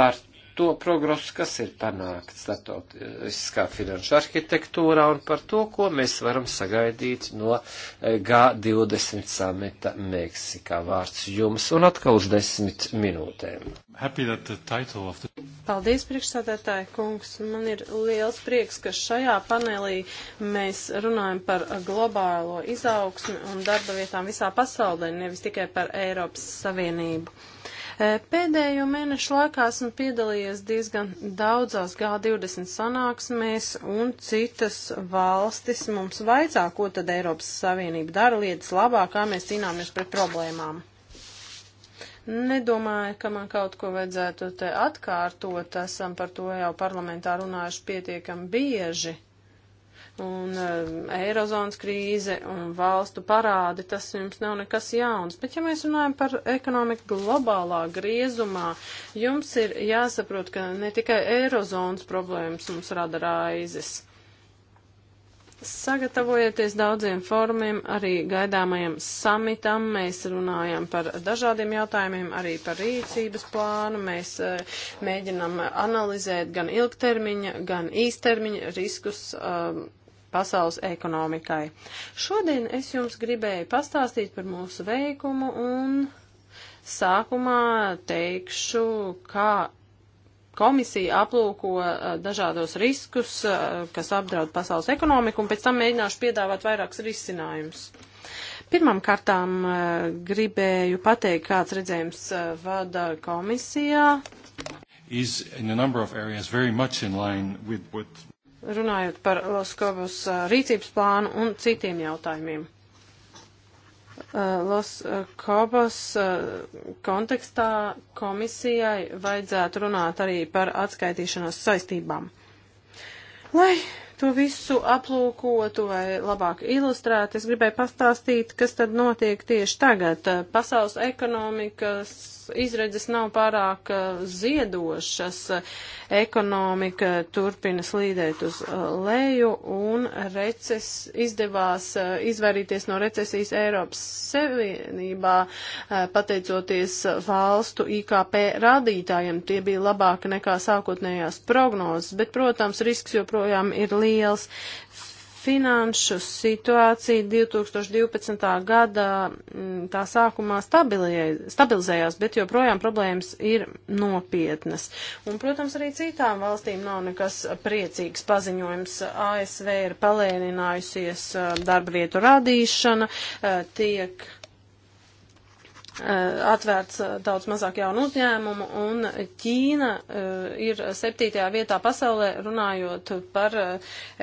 par to progresu, kas ir panākts statotiskā finanšu arhitektūrā un par to, ko mēs varam sagaidīt no eh, G20 samita Meksikā. Vārds jums un atkal uz desmit minūtēm. The... Paldies, priekšsādātāji kungs. Man ir liels prieks, ka šajā panelī mēs runājam par globālo izaugsmi un darba vietām visā pasaulē, nevis tikai par Eiropas Savienību. E, pēdējo mēnešu laikā esmu piedalījies diezgan daudzās G20 sanāksmēs, un citas valstis mums vaicā, ko tad Eiropas Savienība dara lietas labā, kā mēs cīnāmies pret problēmām. Nedomāju, ka man kaut ko vajadzētu te atkārtot, esam par to jau parlamentā runājuši pietiekami bieži un eh, eirozonas krīze un valstu parādi, tas jums nav nekas jauns. Bet ja mēs runājam par ekonomiku globālā griezumā, jums ir jāsaprot, ka ne tikai eirozonas problēmas mums rada raizes. Sagatavojieties daudziem formiem, arī gaidāmajam samitam. Mēs runājam par dažādiem jautājumiem, arī par rīcības plānu. Mēs uh, mēģinam analizēt gan ilgtermiņa, gan īstermiņa riskus. Uh, pasaules ekonomikai. Šodien es jums gribēju pastāstīt par mūsu veikumu un sākumā teikšu, kā komisija aplūko uh, dažādos riskus, uh, kas apdraud pasaules ekonomiku, un pēc tam mēģināšu piedāvāt vairākus risinājumus. Pirmām kārtām uh, gribēju pateikt, kāds redzējums vada komisijā. Is in a number of areas very much in line with what runājot par Loskavas rīcības plānu un citiem jautājumiem. Los Kobos kontekstā komisijai vajadzētu runāt arī par atskaitīšanos saistībām. Lai to visu aplūkotu vai labāk ilustrētu, es gribēju pastāstīt, kas tad notiek tieši tagad. Pasaules ekonomikas izredzes nav pārāk eh, ziedošas, ekonomika turpina slīdēt uz eh, leju un reces, izdevās eh, izvairīties no recesijas Eiropas Savienībā, pateicoties valstu IKP rādītājiem. Tie bija labāki nekā sākotnējās prognozes, bet, protams, risks joprojām ir liels finanšu situācija 2012. gada mm, tā sākumā stabilizējās, bet joprojām problēmas ir nopietnas. Un, protams, arī citām valstīm nav nekas priecīgs paziņojums. ASV ir palēninājusies darba vietu radīšana, tiek Eh, atvērts eh, daudz mazāk jaunu uzņēmumu, un Ķīna eh, ir septītajā vietā pasaulē runājot par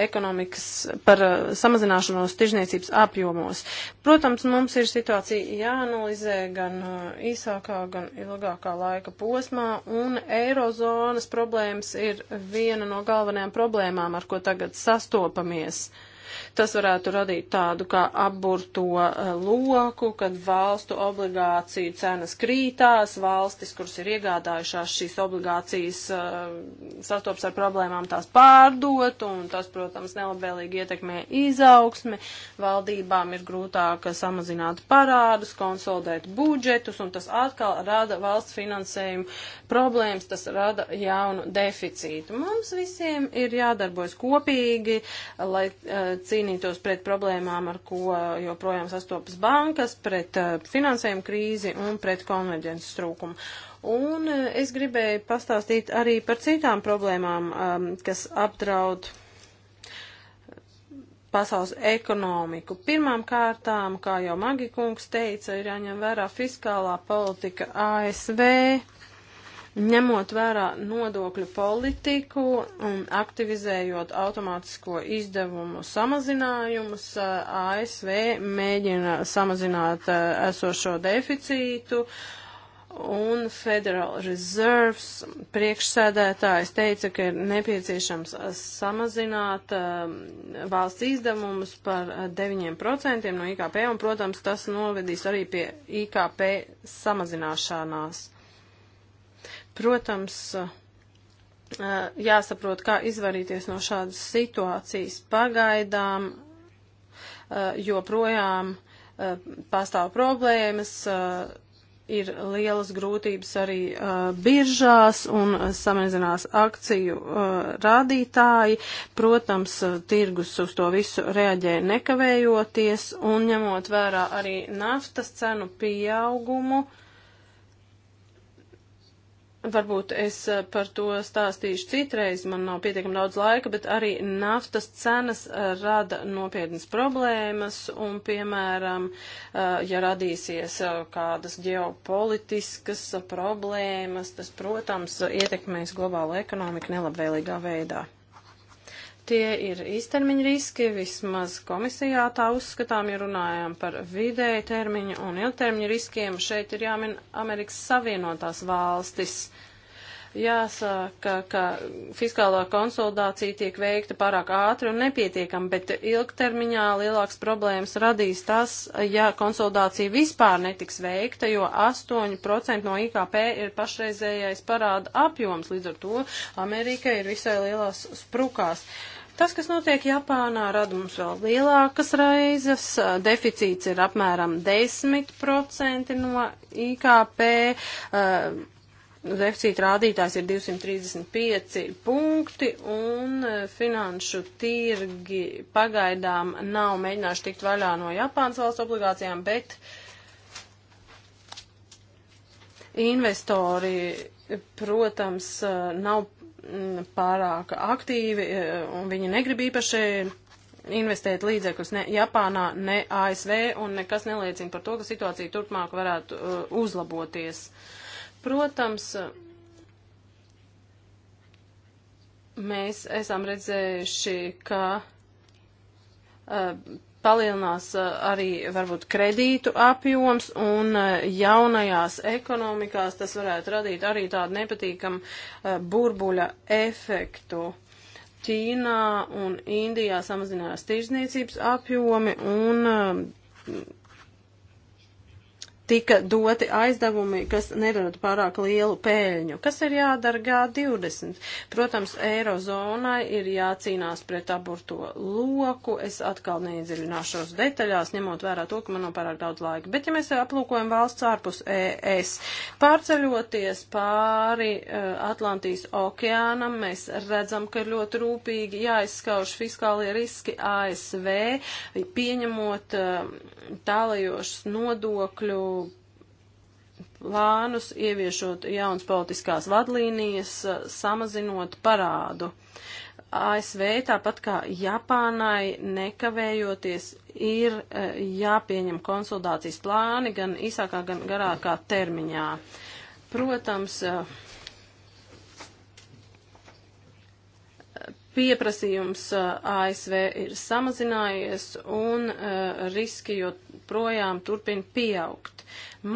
ekonomikas, par samazināšanos tirzniecības apjomos. Protams, mums ir situācija jāanalizē gan īsākā, gan ilgākā laika posmā, un eirozonas problēmas ir viena no galvenajām problēmām, ar ko tagad sastopamies. Uh, Tas varētu radīt tādu kā apburto eh, loku, kad valstu obligāciju cenas krītās, valstis, kuras ir iegādājušās šīs obligācijas, eh, sastops ar problēmām tās pārdot, un tas, protams, nelabvēlīgi ietekmē izaugsmi. Valdībām ir grūtāk samazināt parādus, konsolidēt budžetus, un tas atkal rada valsts finansējumu problēmas, tas rada jaunu deficītu. Mums visiem ir jādarbojas kopīgi, lai uh, cīnītos cīnītos pret problēmām, ar ko uh, joprojām sastopas bankas, pret uh, finansējuma krīzi un pret konverģences trūkumu. Un uh, es gribēju pastāstīt arī par citām problēmām, um, kas apdraud pasaules ekonomiku. Pirmām kārtām, kā jau Magikungs teica, ir jāņem vērā fiskālā politika ASV Ņemot vērā nodokļu politiku un aktivizējot automātisko izdevumu samazinājumus, ASV mēģina samazināt eh, esošo deficītu un Federal Reserves priekšsēdētājs teica, ka ir nepieciešams samazināt um, valsts izdevumus par 9% eh, no IKP, un, protams, tas novedīs arī pie IKP samazināšanās. Protams, eh, jāsaprot, kā izvarīties no šādas situācijas pagaidām, eh, joprojām eh, pastāv problēmas, ir lielas grūtības arī uh, biržās un samazinās akciju uh, rādītāji. Protams, uh, tirgus uz to visu reaģē nekavējoties un ņemot vērā arī naftas cenu pieaugumu. Uh, Varbūt es eh, par to stāstīšu citreiz, man nav pietiekami daudz laika, bet arī naftas cenas eh, rada nopietnas problēmas, un, piemēram, eh, ja radīsies kādas ģeopolitiskas problēmas, tas, protams, ietekmēs globālo ekonomiku nelabvēlīgā veidā tie ir īstermiņa riski, vismaz komisijā tā uzskatām, ja runājām par vidēju termiņu un ilgtermiņa riskiem, šeit ir jāmin Amerikas Savienotās valstis. Jāsaka, ka fiskālā konsolidācija tiek veikta pārāk ātri un nepietiekami, bet ilgtermiņā lielāks problēmas radīs tas, ja konsolidācija vispār netiks veikta, jo 8% no IKP ir pašreizējais parāda apjoms, līdz ar to Amerika ir visai lielās sprukās. Uh, Tas, kas notiek Japānā, rada mums vēl lielākas raizes. Deficīts ir apmēram 10% no IKP. Deficīta rādītājs ir 235 punkti un finanšu tirgi pagaidām nav mēģinājuši tikt vaļā no Japānas valsts obligācijām, bet investori, protams, nav Mm, pārāk aktīvi e, un viņi negrib īpaši investēt līdzekļus ne Japānā, ne ASV un nekas neliecina par to, ka situācija turpmāk varētu e, uzlaboties. Protams, mēs esam redzējuši, ka e, palielinās eh, arī varbūt kredītu apjoms un eh, jaunajās ekonomikās tas varētu radīt arī tādu nepatīkamu eh, burbuļa efektu. Ķīnā un Indijā samazinājās tirzniecības apjomi un tika doti aizdevumi, kas nerada pārāk lielu pēļņu. Kas ir jādara G20? Protams, Eirozonai ir jācīnās pret aburto loku. Es atkal neiedziļināšos detaļās, ņemot vērā to, ka man nav pārāk daudz laika. Bet, ja mēs aplūkojam valsts ārpus ES, pārceļoties pāri uh, Atlantijas okeānam, mēs redzam, ka ir ļoti rūpīgi jāizskauž fiskālie riski ASV, pieņemot uh, tālajošas nodokļu plānus, ieviešot jaunas politiskās vadlīnijas, eh, samazinot parādu. ASV, tāpat kā Japānai, nekavējoties ir eh, jāpieņem konsultācijas plāni gan īsākā, gan garākā termiņā. Protams, eh, pieprasījums ASV ir samazinājies un uh, riski joprojām turpina pieaugt.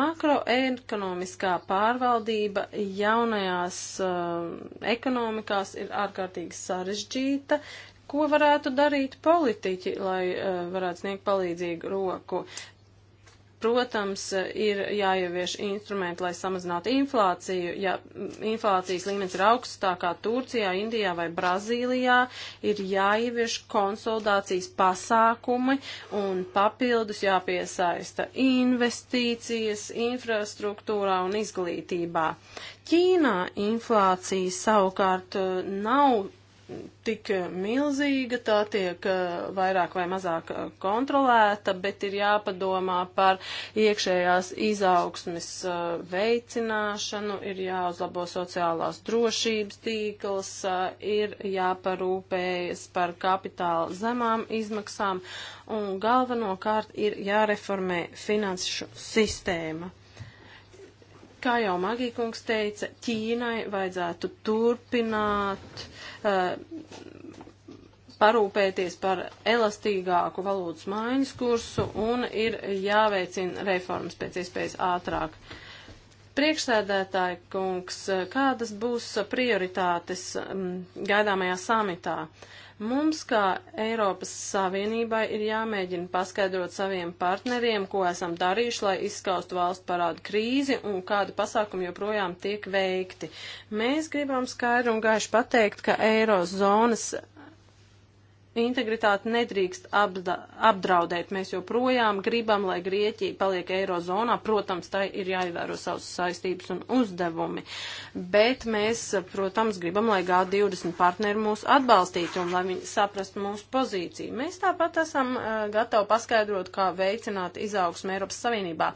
Makroekonomiskā pārvaldība jaunajās uh, ekonomikās ir ārkārtīgi sarežģīta. Ko varētu darīt politiķi, lai uh, varētu sniegt palīdzīgu roku? Protams, ir jāievieš instrumenti, lai samazinātu inflāciju. Ja inflācijas līmenis ir augsts, tā kā Turcijā, Indijā vai Brazīlijā, ir jāievieš konsolidācijas pasākumi un papildus jāpiesaista investīcijas infrastruktūrā un izglītībā. Ķīnā inflācija savukārt eh, nav tik milzīga, tā tiek eh, vairāk vai mazāk eh, kontrolēta, bet ir jāpadomā par iekšējās izaugsmes eh, veicināšanu, ir jāuzlabo sociālās drošības tīkls, ir jāparūpējas par kapitāla zemām izmaksām un galvenokārt ir jāreformē finanšu sistēma. Kā jau Magīkungs teica, Ķīnai vajadzētu turpināt uh, parūpēties par elastīgāku valūtas maiņas kursu un ir jāveicina reformas pēc iespējas ātrāk. Priekšsēdētāji kungs, uh, kādas būs prioritātes um, gaidāmajā samitā? Uh, Mums, kā Eiropas Savienībai, ir jāmēģina paskaidrot saviem partneriem, ko esam darījuši, lai izskaustu valstu parādu krīzi un kādi pasākumi joprojām tiek veikti. Mēs gribam skaidri un gaiši pateikt, ka Eirozonas integritāti nedrīkst apda, apdraudēt. Mēs joprojām gribam, lai Grieķija paliek eirozonā. Protams, tai ir jāievēro savas saistības un uzdevumi. Bet mēs, protams, gribam, lai G20 partneri mūs atbalstītu un lai viņi saprastu mūsu pozīciju. Mēs tāpat esam uh, gatavi paskaidrot, kā veicināt izaugsmu Eiropas Savienībā.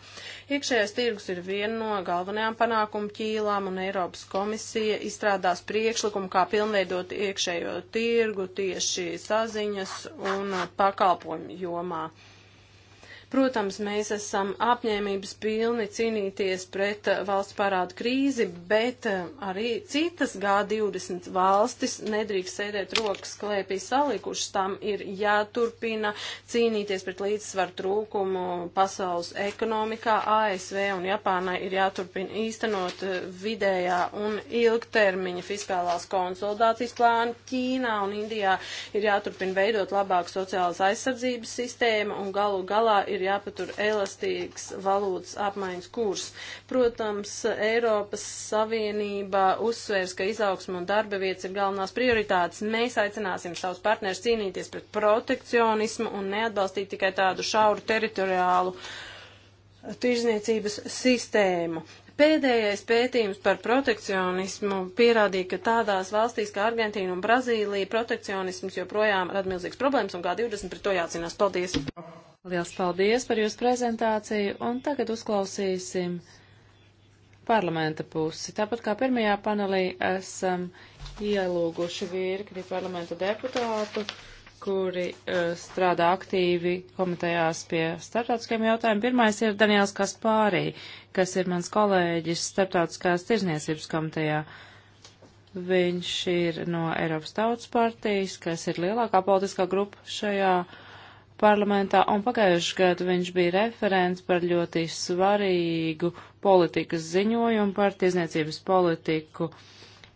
Iekšējais tirgus ir viena no galvenajām panākumu ķīlām un Eiropas komisija izstrādās priekšlikumu, kā pilnveidot iekšējo tirgu tieši saz saziņas un uh, pakalpojumu jomā. Protams, mēs esam apņēmības pilni cīnīties pret eh, valsts parādu krīzi, bet eh, arī citas G20 valstis nedrīkst sēdēt rokas klēpī salikušas. Tam ir jāturpina cīnīties pret līdzsvaru trūkumu pasaules ekonomikā. ASV un Japānai ir jāturpina īstenot eh, vidējā un ilgtermiņa fiskālās konsolidācijas plānu. Ķīnā un Indijā ir jāturpina veidot labāku sociālas aizsardzības sistēmu un galu galā ir ir jāpatur elastīgs valūtas apmaiņas kurs. Protams, Eiropas Savienība uzsvērs, ka izaugsma un darba vietas ir galvenās prioritātes. Mēs aicināsim savus partnerus cīnīties pret protekcionismu un neatbalstīt tikai tādu šauru teritoriālu tirzniecības sistēmu. Pēdējais pētījums par protekcionismu pierādīja, ka tādās valstīs kā Argentīna un Brazīlija protekcionisms joprojām rada milzīgas problēmas un kā 20 pret to jācīnās. Paldies! Liels paldies par jūsu prezentāciju un tagad uzklausīsim parlamenta pusi. Tāpat kā pirmajā panelī esam ielūguši virkni parlamenta deputātu kuri uh, strādā aktīvi komitejās pie starptautiskiem jautājumiem. Pirmais ir Daniels Kaspārī, kas ir mans kolēģis starptautiskās tirzniecības komitejā. Viņš ir no Eiropas Tautas partijas, kas ir lielākā politiskā grupa šajā parlamentā, un pagājušajā gadā viņš bija referents par ļoti svarīgu politikas ziņojumu par tirzniecības politiku. Uh,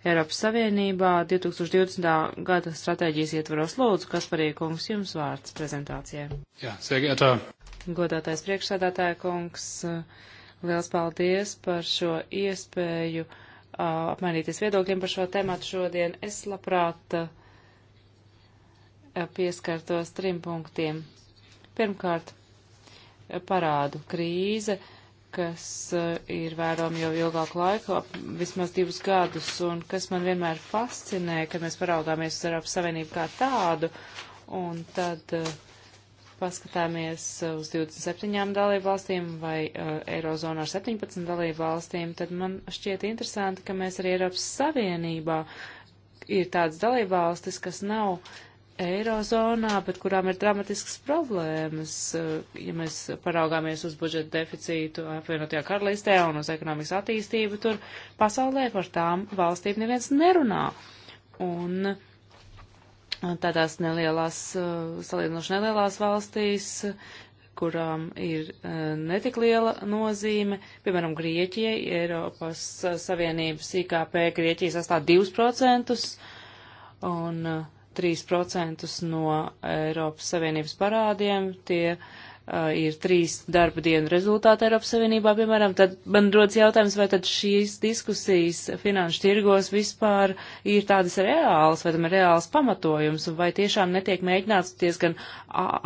Eiropas Savienībā 2020. gada stratēģijas ietvaros. Lūdzu, Kasparīkungs, jums vārds prezentācijai. Jā, sveikētā. Godātais priekšsēdētāja kungs, liels paldies par šo iespēju apmainīties viedokļiem par šo tēmatu šodien. Es labprāt pieskartos trim punktiem. Pirmkārt, parādu krīze kas eh, ir vērojami jau ilgāku laiku, vismaz divus gadus, un kas man vienmēr fascinē, kad mēs paraugāmies uz Eiropas Savienību kā tādu, un tad eh, paskatāmies uz 27 dalību valstīm vai uh, eh, Eirozonu ar 17 dalību valstīm, tad man šķiet interesanti, ka mēs arī Eiropas Savienībā ir tādas dalību valstis, kas nav uh, eirozonā, bet kurām ir dramatiskas problēmas, eh, ja mēs paraugāmies uz budžeta deficītu apvienotajā karalistē un uz ekonomikas attīstību, tur pasaulē par tām valstīm neviens nerunā. Un eh, tādās nelielās, eh, salīdzinoši nelielās valstīs, kurām ir netik liela nozīme, piemēram, Grieķijai, Eiropas Savienības IKP Grieķija sastāv 2%, un uh, 3% no Eiropas Savienības parādiem, tie uh, ir trīs darba dienu rezultāti Eiropas Savienībā, piemēram, tad man rodas jautājums, vai tad šīs diskusijas finanšu tirgos vispār ir tādas reālas, vai tam ir reāls pamatojums, vai tiešām netiek mēģināts diezgan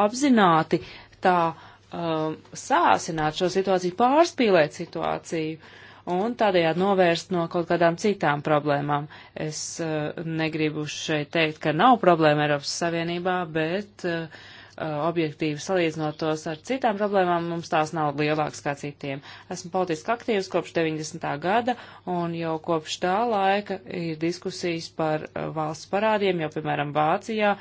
apzināti tā um, sāsināt šo situāciju, pārspīlēt situāciju. Uh, un tādējādi novērst no kaut kādām citām problēmām. Es uh, negribu šeit teikt, ka nav problēma Eiropas Savienībā, bet uh, objektīvi salīdzinot tos ar citām problēmām, mums tās nav lielākas kā citiem. Esmu politiski aktīvs kopš 90. gada, un jau kopš tā laika ir diskusijas par eh, valsts parādiem, jo, piemēram, Vācijā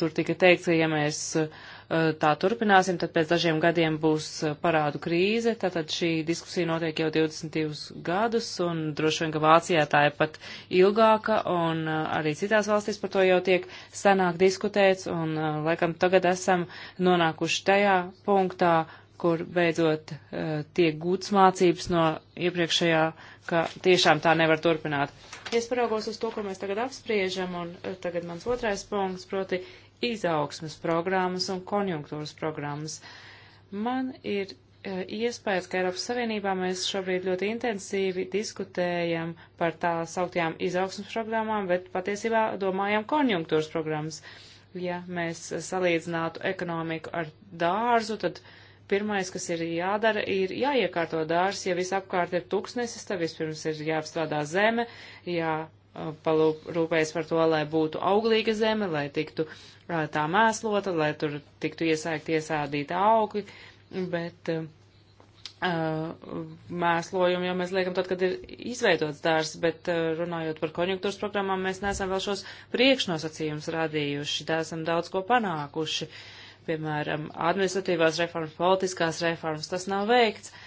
tur tika teikts, ka ja mēs uh, Eh, tā turpināsim, tad pēc dažiem gadiem būs eh, parādu krīze. Tātad šī diskusija notiek jau 22 gadus, un droši vien, ka Vācijā tā ir pat ilgāka, un eh, arī citās valstīs par to jau tiek sanāk diskutēts, un laikam tagad esam nonākuši tajā punktā, kur beidzot tiek gūts mācības no iepriekšējā, ka tiešām tā nevar turpināt. Es paraugos uz to, ko mēs tagad apspriežam, un tagad mans otrais punkts, proti izaugsmas programmas un konjunktūras programmas. Man ir e, iespējas, ka Eiropas Savienībā mēs šobrīd ļoti intensīvi diskutējam par tā sauktajām izaugsmas programmām, bet patiesībā domājam konjunktūras programmas. Ja mēs salīdzinātu ekonomiku ar dārzu, tad pirmais, kas ir jādara, ir jāiekārto dārs. Ja visapkārt ir tūkstnesis, tad vispirms ir jāapstrādā zeme, jā, palūpējas par to, lai būtu auglīga zeme, lai tiktu tā mēslota, lai tur tiktu iesēgt iesādīta augļi, bet uh, mēslojumu jau mēs liekam tad, kad ir izveidots dārs, bet uh, runājot par konjunktūras programmām, mēs neesam vēl šos priekšnosacījumus radījuši, neesam daudz ko panākuši. Piemēram, administratīvās reformas, politiskās reformas, tas nav veikts. Uh,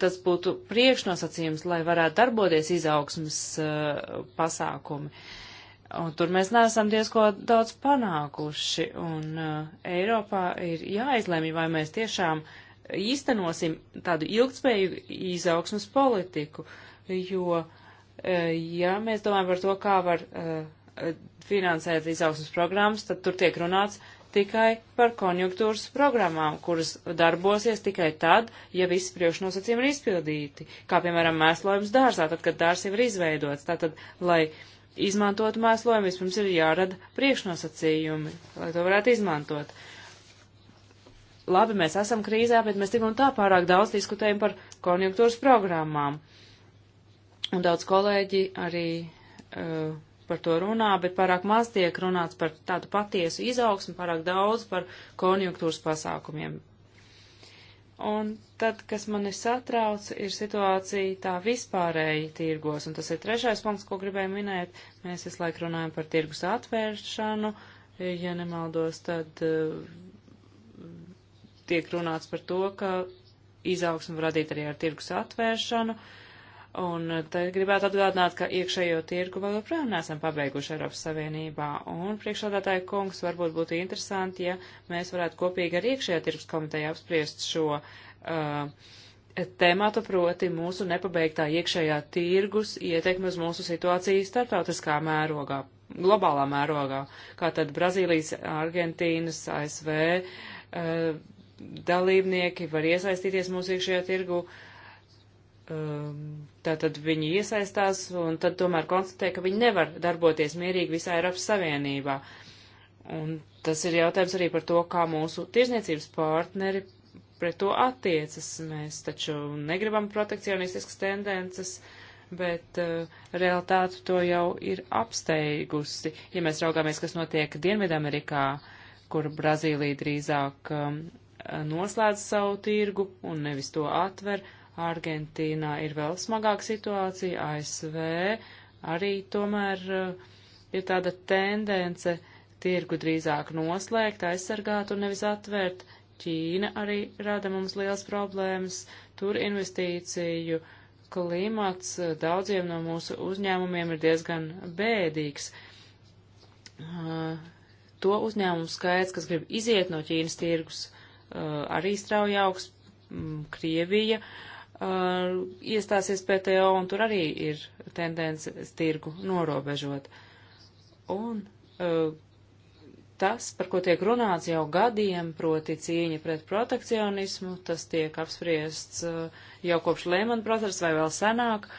tas būtu priekšnosacījums, lai varētu darboties izaugsmas uh, pasākumi. Un tur mēs neesam diezko daudz panākuši, un uh, Eiropā ir jāizlemj, vai mēs tiešām īstenosim tādu ilgtspēju izaugsmas politiku, jo, uh, ja mēs domājam par to, kā var finansēt izaugsmas programmas, tad tur tiek runāts, tikai par konjunktūras programmām, kuras darbosies tikai tad, ja visi priekšnosacījumi ir izpildīti, kā piemēram mēslojums dārzā, tad, kad dārs jau ir izveidots. Tātad, lai izmantotu mēslojumu, vispirms ir jārada priekšnosacījumi, lai to varētu izmantot. Labi, mēs esam krīzē, bet mēs tik un tā pārāk daudz diskutējam par konjunktūras programmām. Un daudz kolēģi arī uh, par to runā, bet pārāk maz tiek runāts par tādu patiesu izaugsmu, pārāk daudz par konjunktūras pasākumiem. Un tad, kas mani satrauc, ir situācija tā vispārēji tirgos, un tas ir trešais punkts, ko gribēju minēt. Mēs visu laiku runājam par tirgus atvēršanu, ja nemaldos, tad uh, tiek runāts par to, ka izaugsmu radīt arī ar tirgus atvēršanu. Uh, Un te gribētu atgādināt, ka iekšējo tirgu vēl joprojām neesam pabeiguši Eiropas Savienībā. Un priekšādātāja kungs varbūt būtu interesanti, ja mēs varētu kopīgi ar iekšējā tirgus komiteju apspriest šo uh, tēmātu, proti mūsu nepabeigtā iekšējā tirgus ietekmi uz mūsu situāciju starptautiskā mērogā, globālā mērogā, kā tad Brazīlijas, Argentīnas, ASV uh, dalībnieki var iesaistīties mūsu iekšējā tirgu. Uh, Um, tātad viņi iesaistās un tad tomēr konstatē, ka viņi nevar darboties mierīgi visā Eiropas Savienībā. Un tas ir jautājums arī par to, kā mūsu tirzniecības partneri pret to attiecas. Mēs taču negribam protekcionistiskas tendences, bet uh, realitāte to jau ir apsteigusi. Ja mēs raugāmies, kas notiek Dienvidamerikā, kur Brazīlija drīzāk um, noslēdz savu tirgu un nevis to atver, uh, Argentīnā ir vēl smagāka situācija, ASV arī tomēr uh, ir tāda tendence tirgu drīzāk noslēgt, aizsargāt un nevis atvērt. Ķīna arī rada mums liels problēmas, tur investīciju klimats eh, daudziem no mūsu uzņēmumiem ir diezgan bēdīgs. Uh, to uzņēmumu skaits, kas grib iziet no Ķīnas tirgus, uh, arī strauji augs. Mm, Krievija uh, uh, iestāsies PTO, un tur arī ir tendence tirgu norobežot. Un uh, tas, par ko tiek runāts jau gadiem, proti cīņa pret protekcionismu, tas tiek apspriests uh, jau kopš Lehman Brothers vai vēl senāk.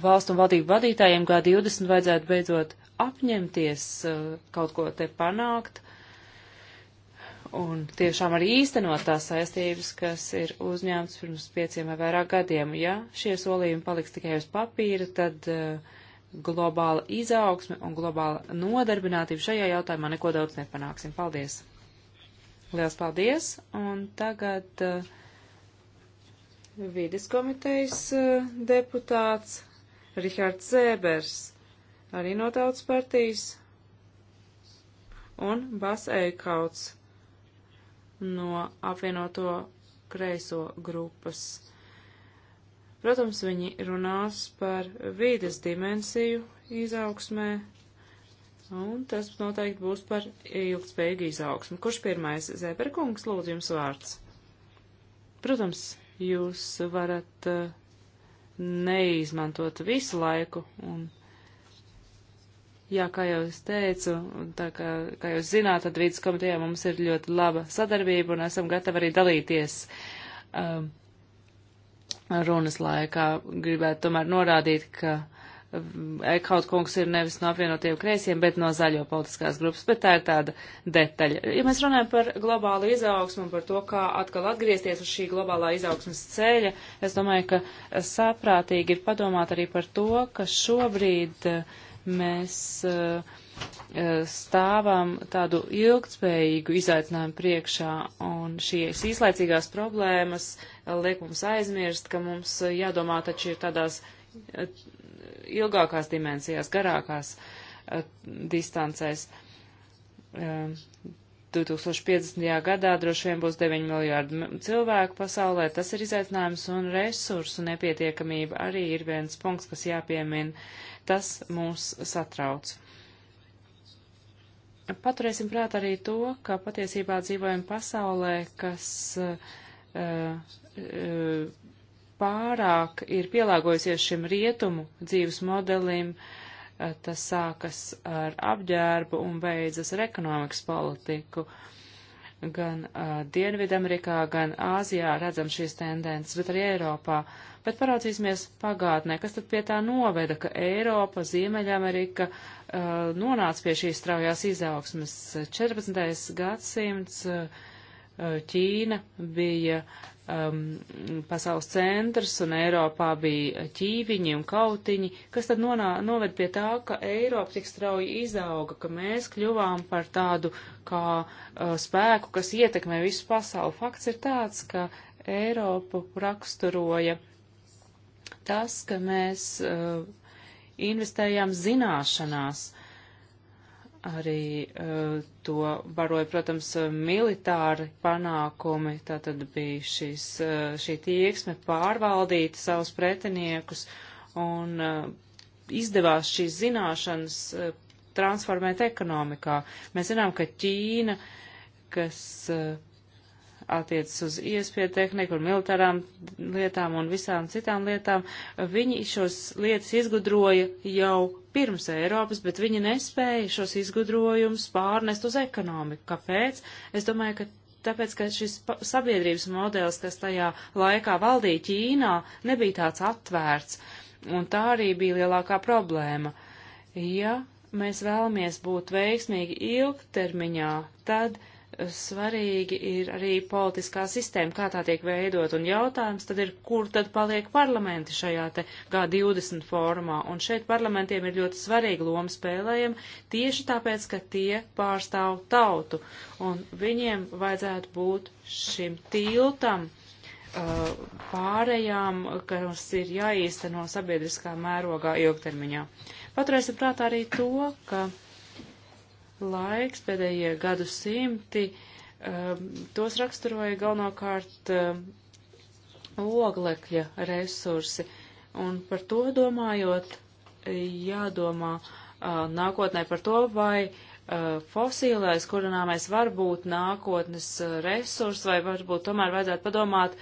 Valstu un valdību vadītājiem G20 vajadzētu beidzot apņemties kaut ko te panākt, un tiešām arī īstenot tās saistības, kas ir uzņēmts pirms pieciem vai vairāk gadiem. Ja šie solījumi paliks tikai uz papīra, tad uh, globāla izaugsme un globāla nodarbinātība šajā jautājumā neko daudz nepanāksim. Paldies! Liels paldies! Un tagad uh, vides komitejas uh, deputāts Rihards Zēbers, arī no tautas partijas, un Bas Eikauts no apvienoto kreiso grupas. Protams, viņi runās par vīdes dimensiju izaugsmē, un tas noteikti būs par ilgspējīgu izaugsmu. Kurš pirmais? Zēperkungs, lūdzu jums vārds. Protams, jūs varat eh, neizmantot visu laiku, un Jā, kā jau es teicu, tā kā, kā jūs zināt, tad vīdes komitejā mums ir ļoti laba sadarbība un esam gatavi arī dalīties um, runas laikā. Gribētu tomēr norādīt, ka um, Ekaut kungs ir nevis no apvienotiem kreisiem, bet no zaļo politiskās grupas, bet tā ir tāda detaļa. Ja mēs runājam par globālu izaugsmu un par to, kā atkal atgriezties uz šī globālā izaugsmas ceļa, es domāju, ka saprātīgi ir padomāt arī par to, ka šobrīd uh, mēs eh, eh, stāvam tādu ilgtspējīgu izaicinājumu priekšā, un šīs īslaicīgās problēmas eh, liek mums aizmirst, ka mums jādomā taču ir tādās ilgākās dimensijās, garākās distancēs. 2050. gadā droši vien būs 9 miljārdi cilvēku pasaulē. Tas ir izaicinājums un resursu nepietiekamība arī ir viens punkts, kas jāpiemina. Tas mūs satrauc. Paturēsim prāt arī to, ka patiesībā dzīvojam pasaulē, kas uh, uh, pārāk ir pielāgojusies šim rietumu dzīves modelim, eh, tas sākas ar apģērbu un beidzas ar ekonomikas politiku. Uh, gan uh, Dienvidamerikā, gan Āzijā redzam šīs tendences, bet arī Eiropā. Bet parādzīsimies pagātnē, kas tad pie tā noveda, ka Eiropa, Ziemeļamerika uh, nonāca pie šīs straujās izaugsmes. 14. gadsimts uh, Ķīna bija um, pasaules centrs un Eiropā bija ķīviņi un kautiņi, kas tad nonā, noved pie tā, ka Eiropa tik strauji izauga, ka mēs kļuvām par tādu kā uh, spēku, kas ietekmē visu pasauli. Fakts ir tāds, ka Eiropu raksturoja tas, ka mēs uh, investējām zināšanās arī uh, to baroja, protams, militāri panākumi, tātad bija šis, uh, šī tieksme pārvaldīt savus pretiniekus un uh, izdevās šīs zināšanas transformēt ekonomikā. Mēs zinām, ka Ķīna, kas attiecas uz iespēju tehniku un militārām lietām un visām citām lietām, viņi šos lietas izgudroja jau pirms Eiropas, bet viņi nespēja šos izgudrojumus pārnest uz ekonomiku. Kāpēc? Es domāju, ka tāpēc, ka šis sabiedrības modelis, kas tajā laikā valdīja Ķīnā, nebija tāds atvērts, un tā arī bija lielākā problēma. Ja mēs vēlamies būt veiksmīgi ilgtermiņā, tad svarīgi ir arī politiskā sistēma, kā tā tiek veidot, un jautājums tad ir, kur tad paliek parlamenti šajā te G20 fórumā, un šeit parlamentiem ir ļoti svarīga loma spēlējama, tieši tāpēc, ka tie pārstāv tautu, un viņiem vajadzētu būt šim tiltam uh, pārējām, kas ir jāīsteno sabiedriskā mērogā ilgtermiņā. Paturēsim prātā arī to, ka uh, laiks, pēdējie gadu simti, um, tos raksturoja galvenokārt um, oglekļa resursi. Un par to domājot, jādomā uh, nākotnē par to, vai uh, fosīlais kurināmais var būt nākotnes uh, resurs, vai varbūt tomēr vajadzētu padomāt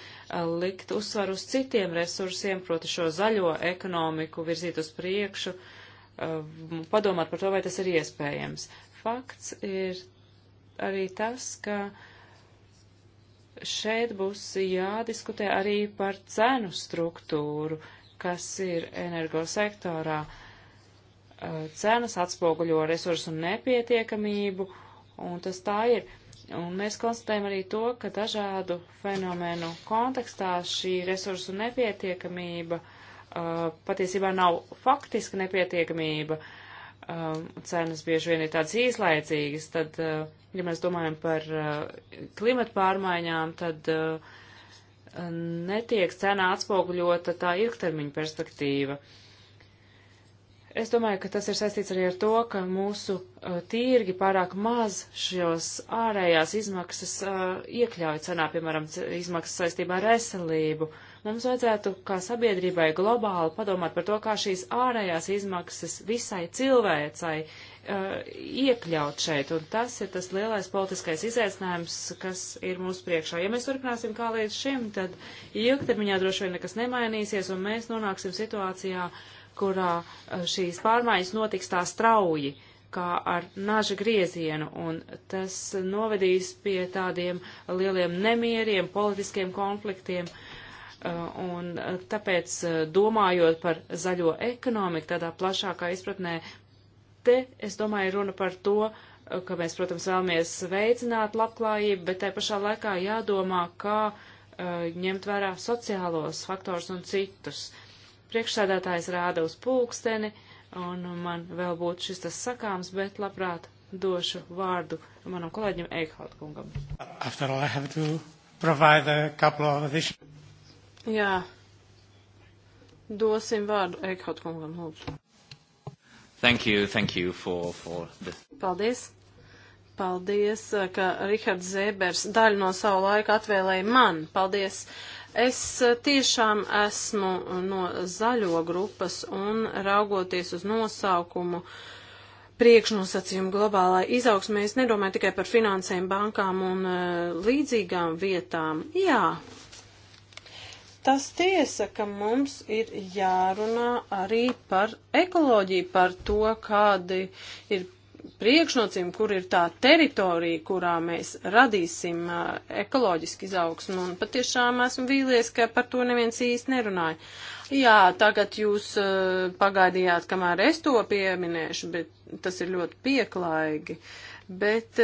likt uzsvaru uz citiem resursiem, proti šo zaļo ekonomiku virzīt uz priekšu, padomāt par to, vai tas ir iespējams fakts ir arī tas, ka šeit būs jādiskutē arī par cenu struktūru, kas ir energosektorā. Eh, cenas atspoguļo resursu nepietiekamību, un tas tā ir. Un mēs konstatējam arī to, ka dažādu fenomenu kontekstā šī resursu nepietiekamība uh, patiesībā nav faktiska nepietiekamība, uh, Um, cenas bieži vien ir tādas īslaicīgas, tad, uh, ja mēs domājam par uh, klimatu pārmaiņām, tad uh, netiek cenā atspoguļota tā ilgtermiņa perspektīva. Es domāju, ka tas ir saistīts arī ar to, ka mūsu tīrgi pārāk maz šos ārējās izmaksas iekļauj cenā, piemēram, izmaksas saistībā ar veselību. Uh, Mums vajadzētu kā sabiedrībai globāli padomāt par to, kā šīs ārējās izmaksas visai cilvēcai uh, iekļaut šeit, un tas ir tas lielais politiskais izaicinājums, kas ir mūsu priekšā. Ja mēs turpināsim kā līdz šim, tad ilgtermiņā droši vien nekas nemainīsies, un mēs nonāksim situācijā, kurā uh, šīs pārmaiņas notiks tā strauji, kā ar naža griezienu, un tas novedīs pie tādiem lieliem nemieriem, politiskiem konfliktiem, Uh, un uh, tāpēc, uh, domājot par zaļo ekonomiku tādā plašākā izpratnē, te, es domāju, runa par to, ka mēs, protams, vēlamies veicināt labklājību, bet tai pašā laikā jādomā, kā uh, ņemt vērā sociālos faktors un citus. Priekšsēdētājs rāda uz pulksteni, un man vēl būtu šis tas sakāms, bet labprāt došu vārdu manam kolēģim Eikhaut kungam. After all, I have to provide a couple of additional. Jā. Dosim vārdu Eikhaut kungam, lūdzu. Thank you, thank you for, for the... Paldies. Paldies, eh, ka Rihards Zēbers daļu no savu laiku atvēlēja man. Paldies. Es eh, tiešām esmu no zaļo grupas un raugoties uz nosaukumu priekšnosacījumu globālai izaugsmē, es nedomāju tikai par finansēm, bankām un uh, līdzīgām vietām. Jā, tas tiesa, ka mums ir jārunā arī par ekoloģiju, par to, kādi ir priekšnocīm, kur ir tā teritorija, kurā mēs radīsim uh, ekoloģiski izaugsmu. Un patiešām esmu vīlies, ka par to neviens īsti nerunāja. Jā, tagad jūs uh, pagaidījāt, kamēr es to pieminēšu, bet tas ir ļoti pieklājīgi. Uh, Bet,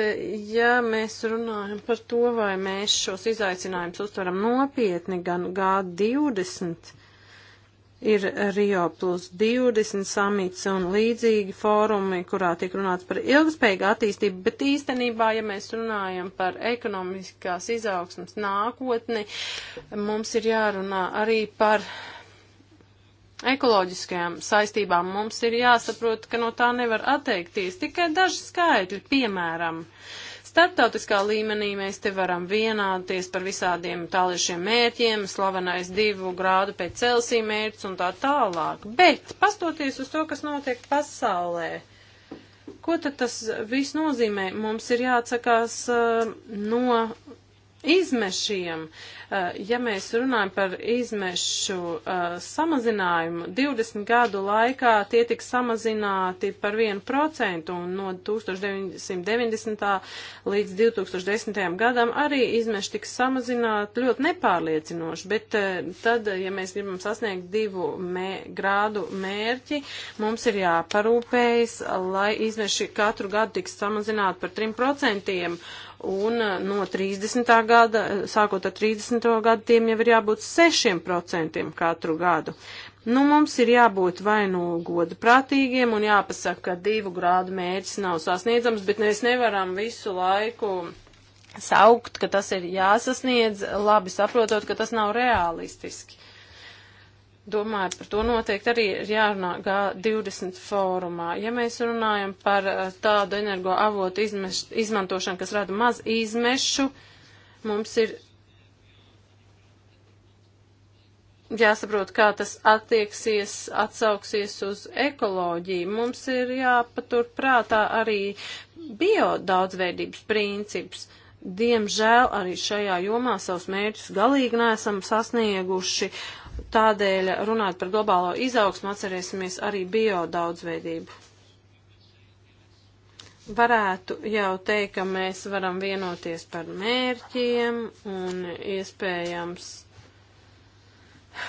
ja mēs runājam par to, vai mēs šos izaicinājumus uztveram nopietni, gan G20 ir Rio plus 20 samits un līdzīgi fórumi, kurā tiek runāts par ilgspējīgu attīstību, bet īstenībā, ja mēs runājam par ekonomiskās izaugsmas nākotni, mums ir jārunā arī par ekoloģiskajām saistībām mums ir jāsaprot, ka no tā nevar atteikties. Tikai daži skaitļi, piemēram, starptautiskā līmenī mēs te varam vienāties par visādiem tāliešiem mērķiem, slavenais divu grādu pēc Celsija mērķis un tā tālāk. Bet, pastoties uz to, kas notiek pasaulē, ko tad tas viss nozīmē? Mums ir jāatsakās uh, no izmešiem. Eh, ja mēs runājam par izmešu eh, samazinājumu, 20 gadu laikā tie tika samazināti par 1% un no 1990. līdz 2010. gadam arī izmeši tika samazināti ļoti nepārliecinoši, bet eh, tad, ja mēs gribam sasniegt divu mē grādu mērķi, mums ir jāparūpējas, lai izmeši katru gadu tiks samazināti par 3% un eh, no 30. gada, eh, sākot ar 30. gadu, tiem jau ir jābūt 6% katru gadu. Nu, mums ir jābūt vai nu godu prātīgiem un jāpasaka, ka divu grādu mērķis nav sasniedzams, bet mēs nevaram visu laiku saukt, ka tas ir jāsasniedz, labi saprotot, ka tas nav realistiski. Domāju, par to noteikti arī ir jārunā G20 fórumā. Ja mēs runājam par eh, tādu energo avotu izmeš, izmantošanu, kas rada maz izmešu, mums ir jāsaprot, kā tas attieksies, atsauksies uz ekoloģiju. Mums ir jāpatur prātā arī biodaudzveidības princips. Diemžēl arī šajā jomā savus mērķus galīgi nesam sasnieguši, Tādēļ runāt par globālo izaugsmu atcerēsimies arī bio daudzveidību. Varētu jau teikt, ka mēs varam vienoties par mērķiem un iespējams,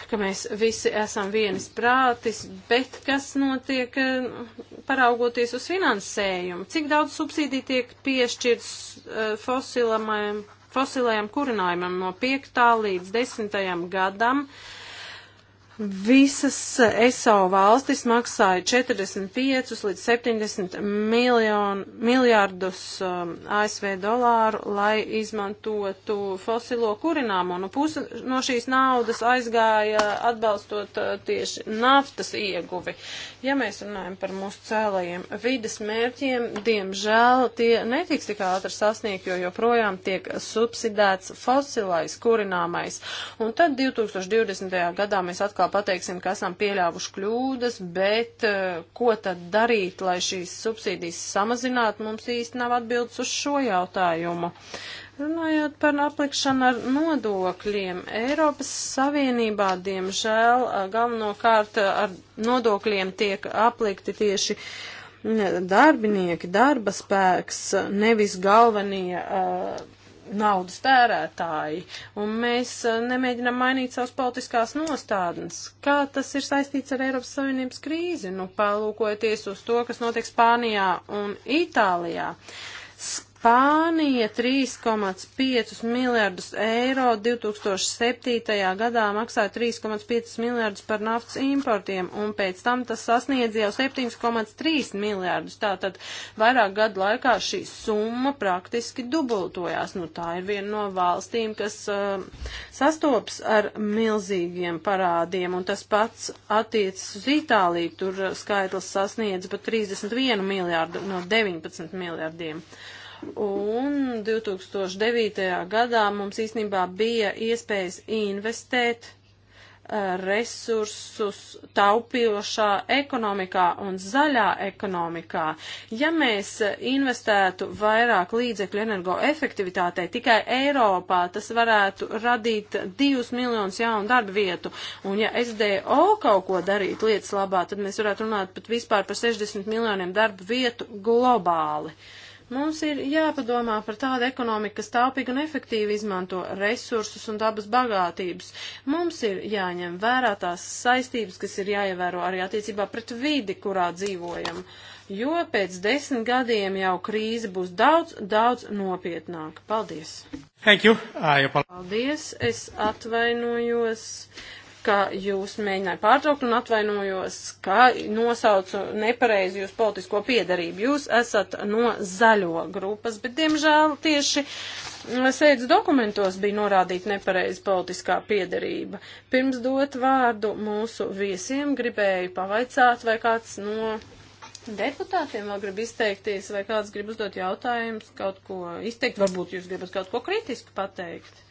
ka mēs visi esam vienis prātis, bet kas notiek eh, paraugoties uz finansējumu? Cik daudz subsīdiju tiek piešķirts eh, fosilamajam fosilajam kurinājumam no 5. līdz 10. gadam Visas ESO eh, valstis maksāja 45 līdz 70 miljonu, miljārdus um, ASV dolāru, lai izmantotu fosilo kurināmo. Nu, pusi no šīs naudas aizgāja atbalstot uh, tieši naftas ieguvi. Ja mēs runājam par mūsu cēlajiem vides mērķiem, diemžēl tie netiks tik ātri sasniegt, jo joprojām tiek subsidēts fosilais kurināmais. Un tad 2020. gadā mēs atkal atkal pateiksim, ka esam pieļāvuši kļūdas, bet eh, ko tad darīt, lai šīs subsīdijas samazinātu, mums īsti nav atbildes uz šo jautājumu. Runājot par aplikšanu ar nodokļiem, Eiropas Savienībā, diemžēl, eh, galvenokārt eh, ar nodokļiem tiek aplikti tieši mm, darbinieki, darba spēks, nevis galvenie. Uh, naudas tērētāji, un mēs eh, nemēģinām mainīt savas politiskās nostādnes. Kā tas ir saistīts ar Eiropas Savienības krīzi? Nu, palūkojoties uz to, kas notiek Spānijā un Itālijā. Sp Spānija 3,5 miljardus eiro 2007. gadā maksāja 3,5 miljardus par naftas importiem, un pēc tam tas sasniedz jau 7,3 miljardus. Tātad vairāk gadu laikā šī summa praktiski dubultojās. Nu, tā ir viena no valstīm, kas uh, sastops ar milzīgiem parādiem, un tas pats attiecas uz Itāliju. Tur skaitlis sasniedz pat 31 miljārdu no 19 miljardiem. Uh, Un 2009. gadā mums īstenībā bija iespējas investēt eh, resursus taupījošā ekonomikā un zaļā ekonomikā. Ja mēs investētu vairāk līdzekļu energoefektivitātei tikai Eiropā, tas varētu radīt divus miljonus jaunu darba vietu. Un ja SDO kaut ko darītu lietas labā, tad mēs varētu runāt pat vispār par 60 miljoniem darba vietu globāli. Uh, Mums ir jāpadomā par tādu ekonomiku, kas taupīgi un efektīvi izmanto resursus un dabas bagātības. Mums ir jāņem vērā tās saistības, kas ir jāievēro arī attiecībā pret vidi, kurā dzīvojam, jo pēc desmit gadiem jau krīze būs daudz, daudz nopietnāka. Paldies! Thank you! Paldies! Es atvainojos. Uh, ka jūs mēģināju pārtraukt un atvainojos, ka nosaucu nepareizi jūs politisko piedarību. Jūs esat no zaļo grupas, bet diemžēl tieši mm, sēdz dokumentos bija norādīta nepareizi politiskā piedarība. Pirms dot vārdu mūsu viesiem gribēju pavaicāt, vai kāds no deputātiem vēl grib izteikties, vai kāds grib uzdot jautājumus, kaut ko izteikt, varbūt jūs gribat kaut ko kritisku pateikt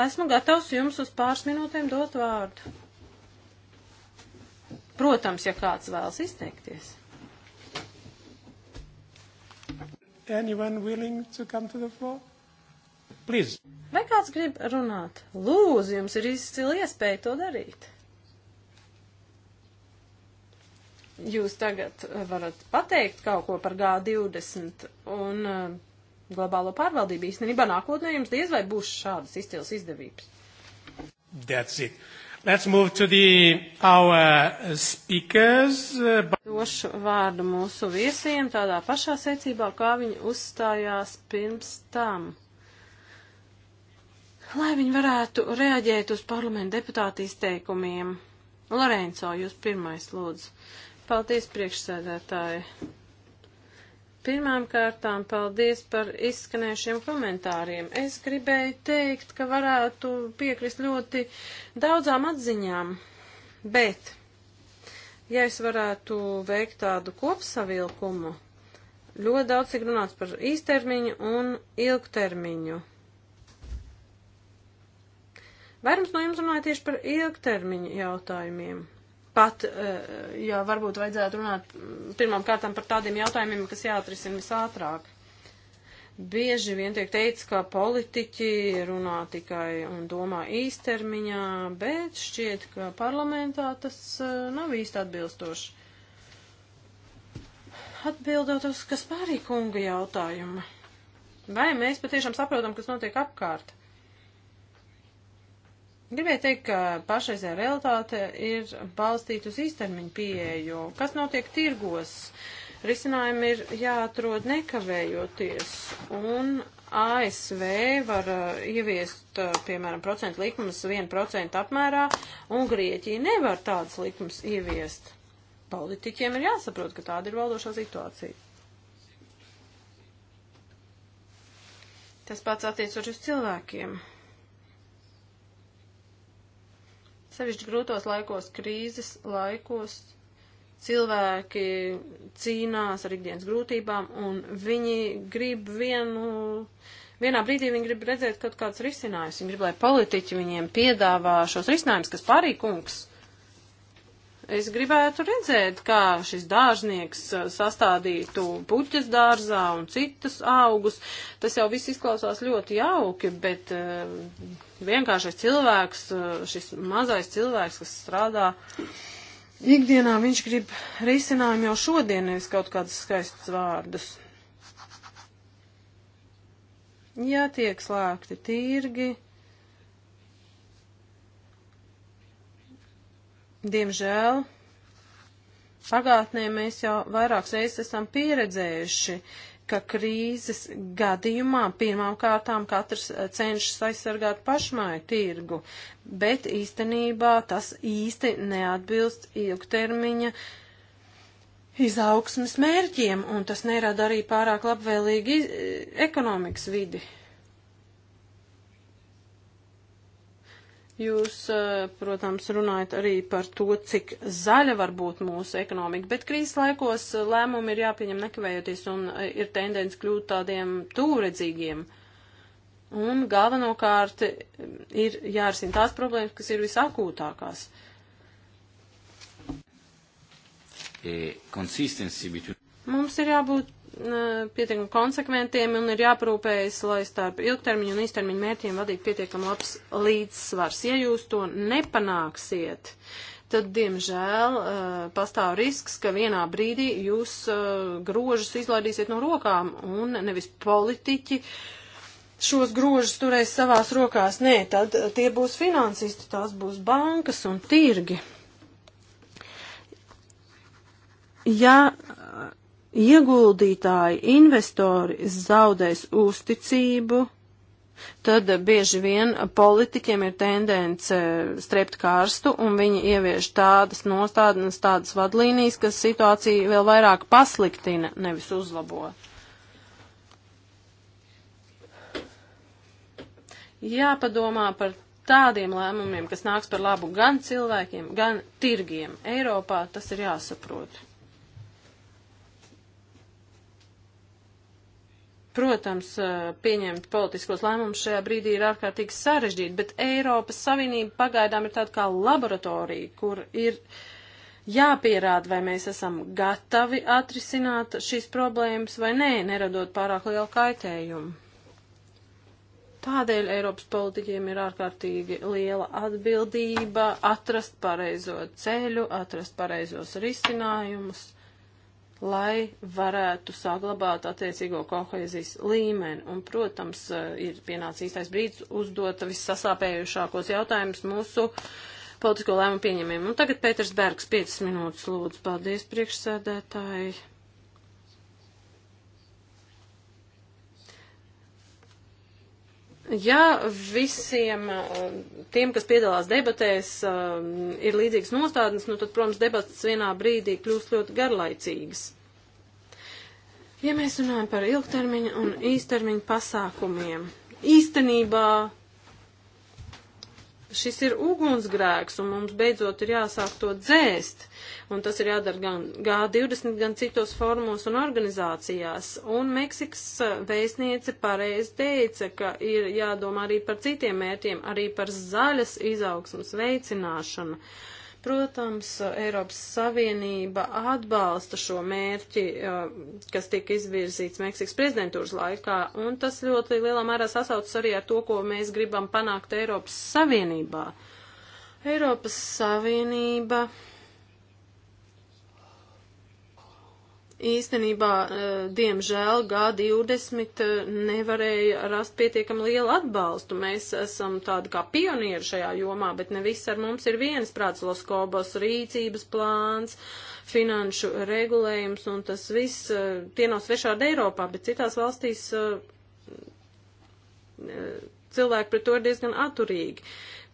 esmu gatavs jums uz pāris minūtēm dot vārdu. Protams, ja kāds vēlas izteikties. Anyone willing to come to the floor? Please. Vai kāds grib runāt? Lūdzu, jums ir izcila iespēja to darīt. Jūs tagad varat pateikt kaut ko par G20 un uh, globālo pārvaldību. Īstenībā nākotnē jums diez vai būs šādas izcils izdevības. That's it. Let's move to the, our uh, speakers. Uh, Došu vārdu mūsu viesiem tādā pašā secībā, kā viņi uzstājās pirms tam. Lai viņi varētu reaģēt uz parlamenta deputāta izteikumiem. Lorenco, jūs pirmais lūdzu. Paldies, priekšsēdētāji. Pirmām kārtām paldies par izskanējušiem komentāriem. Es gribēju teikt, ka varētu piekrist ļoti daudzām atziņām, bet, ja es varētu veikt tādu kopsavilkumu, ļoti daudz ir runāts par īstermiņu un ilgtermiņu. Vairums no jums runāja tieši par ilgtermiņu jautājumiem pat, eh, ja varbūt vajadzētu runāt mm, pirmām kārtām par tādiem jautājumiem, kas jāatrisina visātrāk. Bieži vien tiek teikts, ka politiķi runā tikai un domā īstermiņā, bet šķiet, ka parlamentā tas eh, nav īsti atbilstoši. Atbildot uz Kaspārī kunga jautājumu, vai mēs patiešām saprotam, kas notiek apkārt? Gribēju teikt, ka pašreizējā realitāte ir balstīta uz īstermiņu pieeju. Kas notiek tirgos? Risinājumi ir jāatrod nekavējoties, un ASV var uh, ieviest, uh, piemēram, procentu likmes 1% apmērā, un Grieķija nevar tādas likmes ieviest. Politiķiem ir jāsaprot, ka tāda ir valdošā situācija. Tas pats attiec uz cilvēkiem. Sevišķi grūtos laikos, krīzes laikos cilvēki cīnās ar ikdienas grūtībām un viņi grib vienu, vienā brīdī viņi grib redzēt kaut kāds risinājums. Viņi grib, lai politiķi viņiem piedāvā šos risinājumus, kas pārīkungs. Es gribētu redzēt, kā šis dārznieks uh, sastādītu puķes dārzā un citas augus. Tas jau viss izklausās ļoti jauki, bet uh, vienkāršais cilvēks, eh, šis mazais cilvēks, kas strādā ikdienā, viņš grib risinājumu jau šodien, nevis kaut kādas skaistas vārdus. Ja tiek slēgti tirgi, diemžēl, pagātnē mēs jau vairākas reizes esam pieredzējuši, uh, ka krīzes gadījumā pirmām kārtām katrs eh, cenšas aizsargāt pašmāju tirgu, bet īstenībā tas īsti neatbilst ilgtermiņa izaugsmas mērķiem, un tas nerada arī pārāk labvēlīgi eh, ekonomikas vidi. Jūs, eh, protams, runājat arī par to, cik zaļa var būt mūsu ekonomika, bet krīzes laikos eh, lēmumi ir jāpieņem nekavējoties un eh, ir tendence kļūt tādiem tūredzīgiem. Un galvenokārt ir jārisina tās problēmas, kas ir visakūtākās. Mums ir jābūt pietiekami konsekventiem un ir jāprūpējas, lai starp ilgtermiņu un īstermiņu mērķiem vadītu pietiekami labs līdzsvars. Ja jūs to nepanāksiet, tad, diemžēl, pastāv risks, ka vienā brīdī jūs grožus izlaidīsiet no rokām un nevis politiķi šos grožus turēs savās rokās. Nē, tad tie būs finansisti, tās būs bankas un tirgi. Ja ieguldītāji, investori zaudēs uzticību, tad bieži vien politiķiem ir tendence strept karstu un viņi ievieš tādas nostādnes, tādas vadlīnijas, kas situāciju vēl vairāk pasliktina, nevis uzlabo. Jāpadomā par tādiem lēmumiem, kas nāks par labu gan cilvēkiem, gan tirgiem. Eiropā tas ir jāsaprot. Protams, pieņemt politiskos lēmumus šajā brīdī ir ārkārtīgi sarežģīti, bet Eiropas Savienība pagaidām ir tāda kā laboratorija, kur ir jāpierāda, vai mēs esam gatavi atrisināt šīs problēmas vai nē, neradot pārāk lielu kaitējumu. Tādēļ Eiropas politiķiem ir ārkārtīgi liela atbildība atrast pareizo ceļu, atrast pareizos risinājumus lai varētu saglabāt attiecīgo kohēzijas līmeni. Un, protams, eh, ir pienācis īstais brīdis uzdot vissasāpējušākos jautājumus mūsu politisko lēmumu pieņemiem. Un tagad Pēters Bergs, 5 minūtes lūdzu. Paldies, priekšsēdētāji. Ja visiem um, tiem, kas piedalās debatēs, um, ir līdzīgas nostādnes, nu tad, protams, debatas vienā brīdī kļūst ļoti garlaicīgas. Ja mēs runājam par ilgtermiņu un īstermiņu pasākumiem, īstenībā šis ir ugunsgrēks, un mums beidzot ir jāsāk to dzēst. Un tas ir jādara gan G20, gan citos formos un organizācijās. Un Meksikas eh, vēstniece pareizi teica, ka ir jādomā arī par citiem mērķiem, arī par zaļas izaugsmas veicināšanu. Uh, Protams, Eiropas Savienība atbalsta šo mērķi, eh, kas tika izvirzīts Meksikas prezidentūras laikā, un tas ļoti lielā mērā sasaucas arī ar to, ko mēs gribam panākt Eiropas Savienībā. Eiropas Savienība īstenībā, eh, diemžēl, G20 eh, nevarēja rast pietiekami lielu atbalstu. Mēs esam tādi kā pionieri šajā jomā, bet ne viss ar mums ir viens prāts Loskobos rīcības plāns, finanšu regulējums, un tas viss, eh, tie nav svešādi Eiropā, bet citās valstīs cilvēki pret to ir diezgan atturīgi.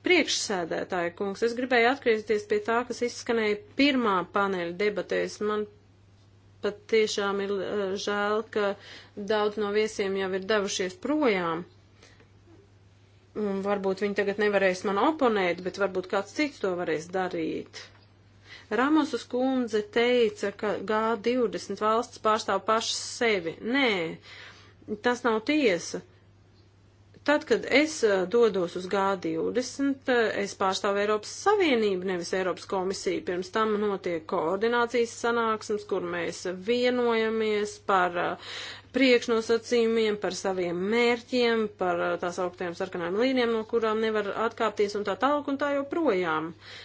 Priekšsēdētāja kungs, es gribēju atgriezties pie tā, kas izskanēja pirmā paneļa debatēs. Man pat tiešām ir eh, žēl, ka daudz no viesiem jau ir devušies projām. Un varbūt viņi tagad nevarēs man oponēt, bet varbūt kāds cits to varēs darīt. Ramosas kundze teica, ka G20 valsts pārstāv pašas sevi. Nē, tas nav tiesa. Uh, Tad, kad es dodos uz G20, es pārstāvu Eiropas Savienību, nevis Eiropas komisiju. Pirms tam notiek koordinācijas sanāksmes, kur mēs vienojamies par priekšnosacījumiem, par saviem mērķiem, par tās augtajām sarkanām līnijām, no kurām nevar atkāpties un tā tālāk un tā joprojām. Uh,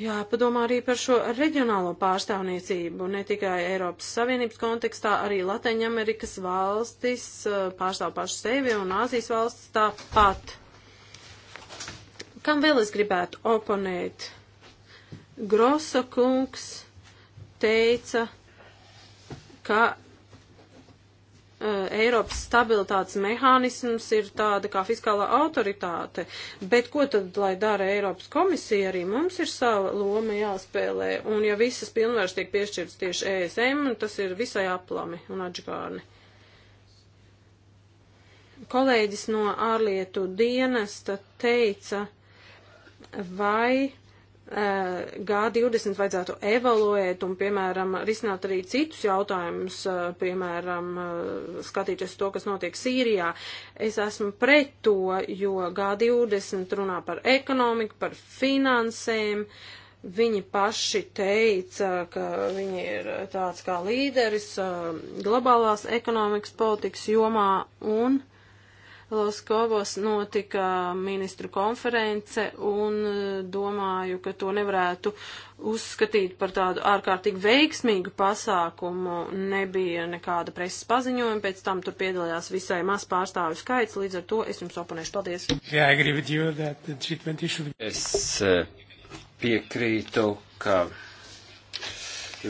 Jāpadomā arī par šo reģionālo pārstāvniecību, ne tikai Eiropas Savienības kontekstā, arī Lateņamerikas valstis eh, pārstāv pašu sevi un Āzijas valstis tāpat. Kam vēl es gribētu oponēt? Grosa kungs teica, ka Eh, Eiropas stabilitātes mehānisms ir tāda kā fiskālā autoritāte, bet ko tad, lai dara Eiropas komisija, arī mums ir sava loma jāspēlē, un ja visas pilnvērs tiek piešķirts tieši ESM, tas ir visai aplami un atžgārni. Kolēģis no ārlietu dienesta teica, vai Eh, G20 vajadzētu evaluēt un, piemēram, risināt arī citus jautājumus, eh, piemēram, eh, skatīties to, kas notiek Sīrijā. Es esmu pret to, jo G20 runā par ekonomiku, par finansēm. Viņi paši teica, ka viņi ir tāds kā līderis globālās ekonomikas politikas jomā un Loskovos notika ministru konference un eh, domāju, ka to nevarētu uzskatīt par tādu ārkārtīgi veiksmīgu pasākumu. Nebija nekāda preses paziņojuma, pēc tam tur piedalījās visai maz pārstāvju skaits, līdz ar to es jums oponēšu. Paldies! Yeah, es eh, piekrītu, ka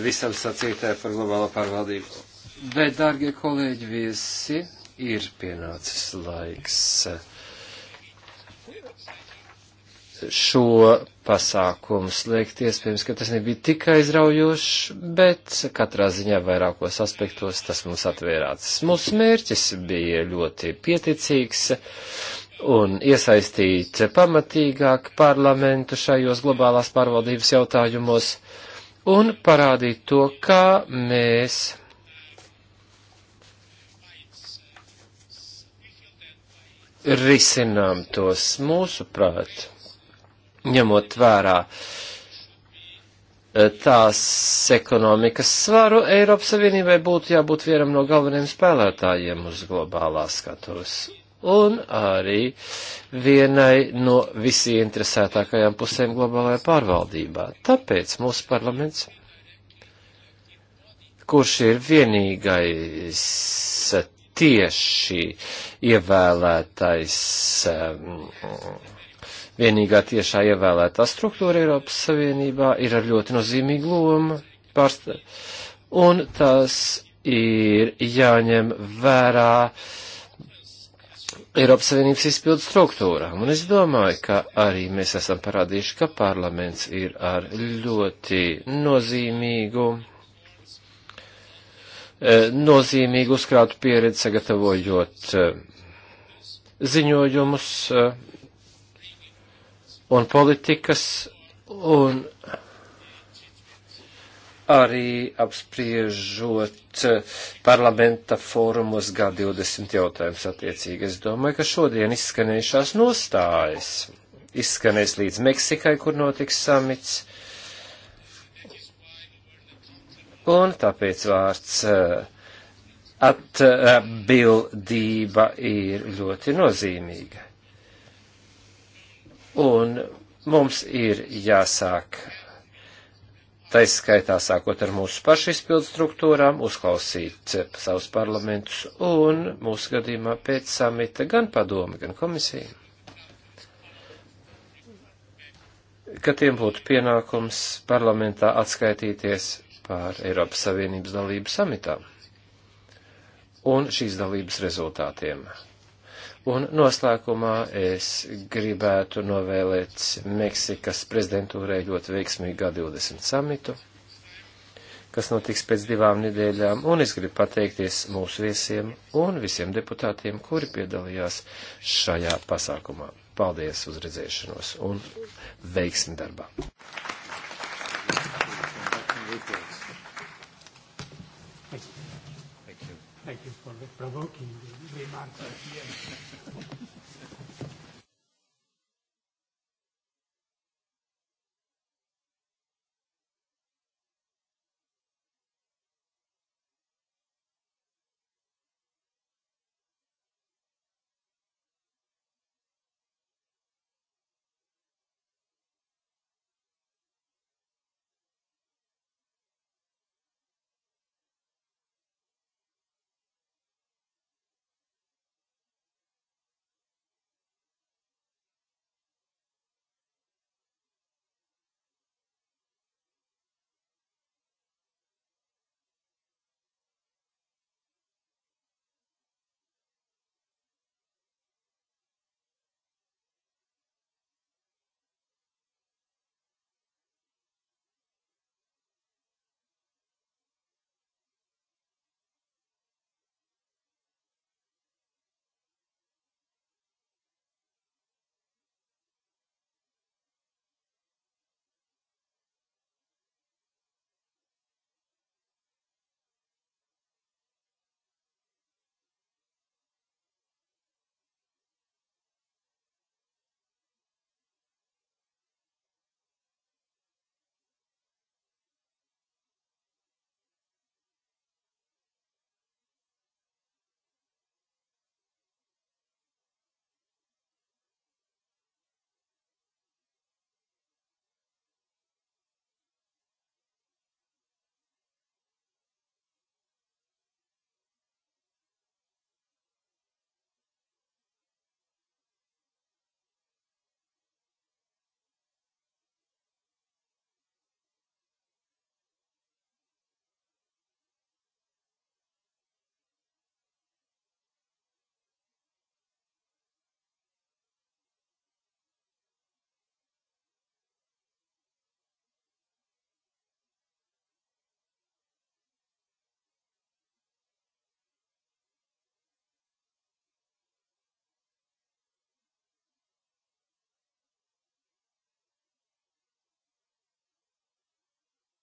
visam sacītē par globālo pārvaldību. Bet, dārgie kolēģi, viesi, ir pienācis laiks šo pasākumu slēgt. Iespējams, ka tas nebija tikai izraujošs, bet katrā ziņā vairākos aspektos tas mums atvērāts. Mūsu mērķis bija ļoti pieticīgs un iesaistīt pamatīgāk parlamentu šajos globālās pārvaldības jautājumos un parādīt to, kā mēs risinām tos mūsuprāt, ņemot vērā eh, tās ekonomikas svaru, Eiropas Savienībai būtu jābūt vienam no galvenajiem spēlētājiem uz globālā skatuves. Un arī vienai no visieinteresētākajām pusēm globālajā pārvaldībā. Tāpēc mūsu parlaments kurš ir vienīgais tieši ievēlētais, vienīgā tiešā ievēlētā struktūra Eiropas Savienībā ir ar ļoti nozīmīgu lomu pārstāv. Un tas ir jāņem vērā Eiropas Savienības izpildu struktūrām. Un es domāju, ka arī mēs esam parādījuši, ka parlaments ir ar ļoti nozīmīgu nozīmīgi uzkrātu pieredzi sagatavojot eh, ziņojumus eh, un politikas un arī apspriežot eh, parlamenta fórumos G20 jautājums attiecīgi. Es domāju, ka šodien izskanējušās nostājas izskanēs līdz Meksikai, kur notiks samits, Un tāpēc vārds eh, atbildība ir ļoti nozīmīga. Un mums ir jāsāk taiskaitā sākot ar mūsu pašu izpildu struktūrām, uzklausīt eh, savus parlamentus un mūsu gadījumā pēc samita gan padomi, gan komisiju. Ka tiem būtu pienākums parlamentā atskaitīties par Eiropas Savienības dalību samitā un šīs dalības rezultātiem. Un noslēgumā es gribētu novēlēt Meksikas prezidentūrai ļoti veiksmīgu G20 samitu, kas notiks pēc divām nedēļām, un es gribu pateikties mūsu viesiem un visiem deputātiem, kuri piedalījās šajā pasākumā. Paldies uz redzēšanos un veiksmi darbā! Thank you for the provoking remarks at the end.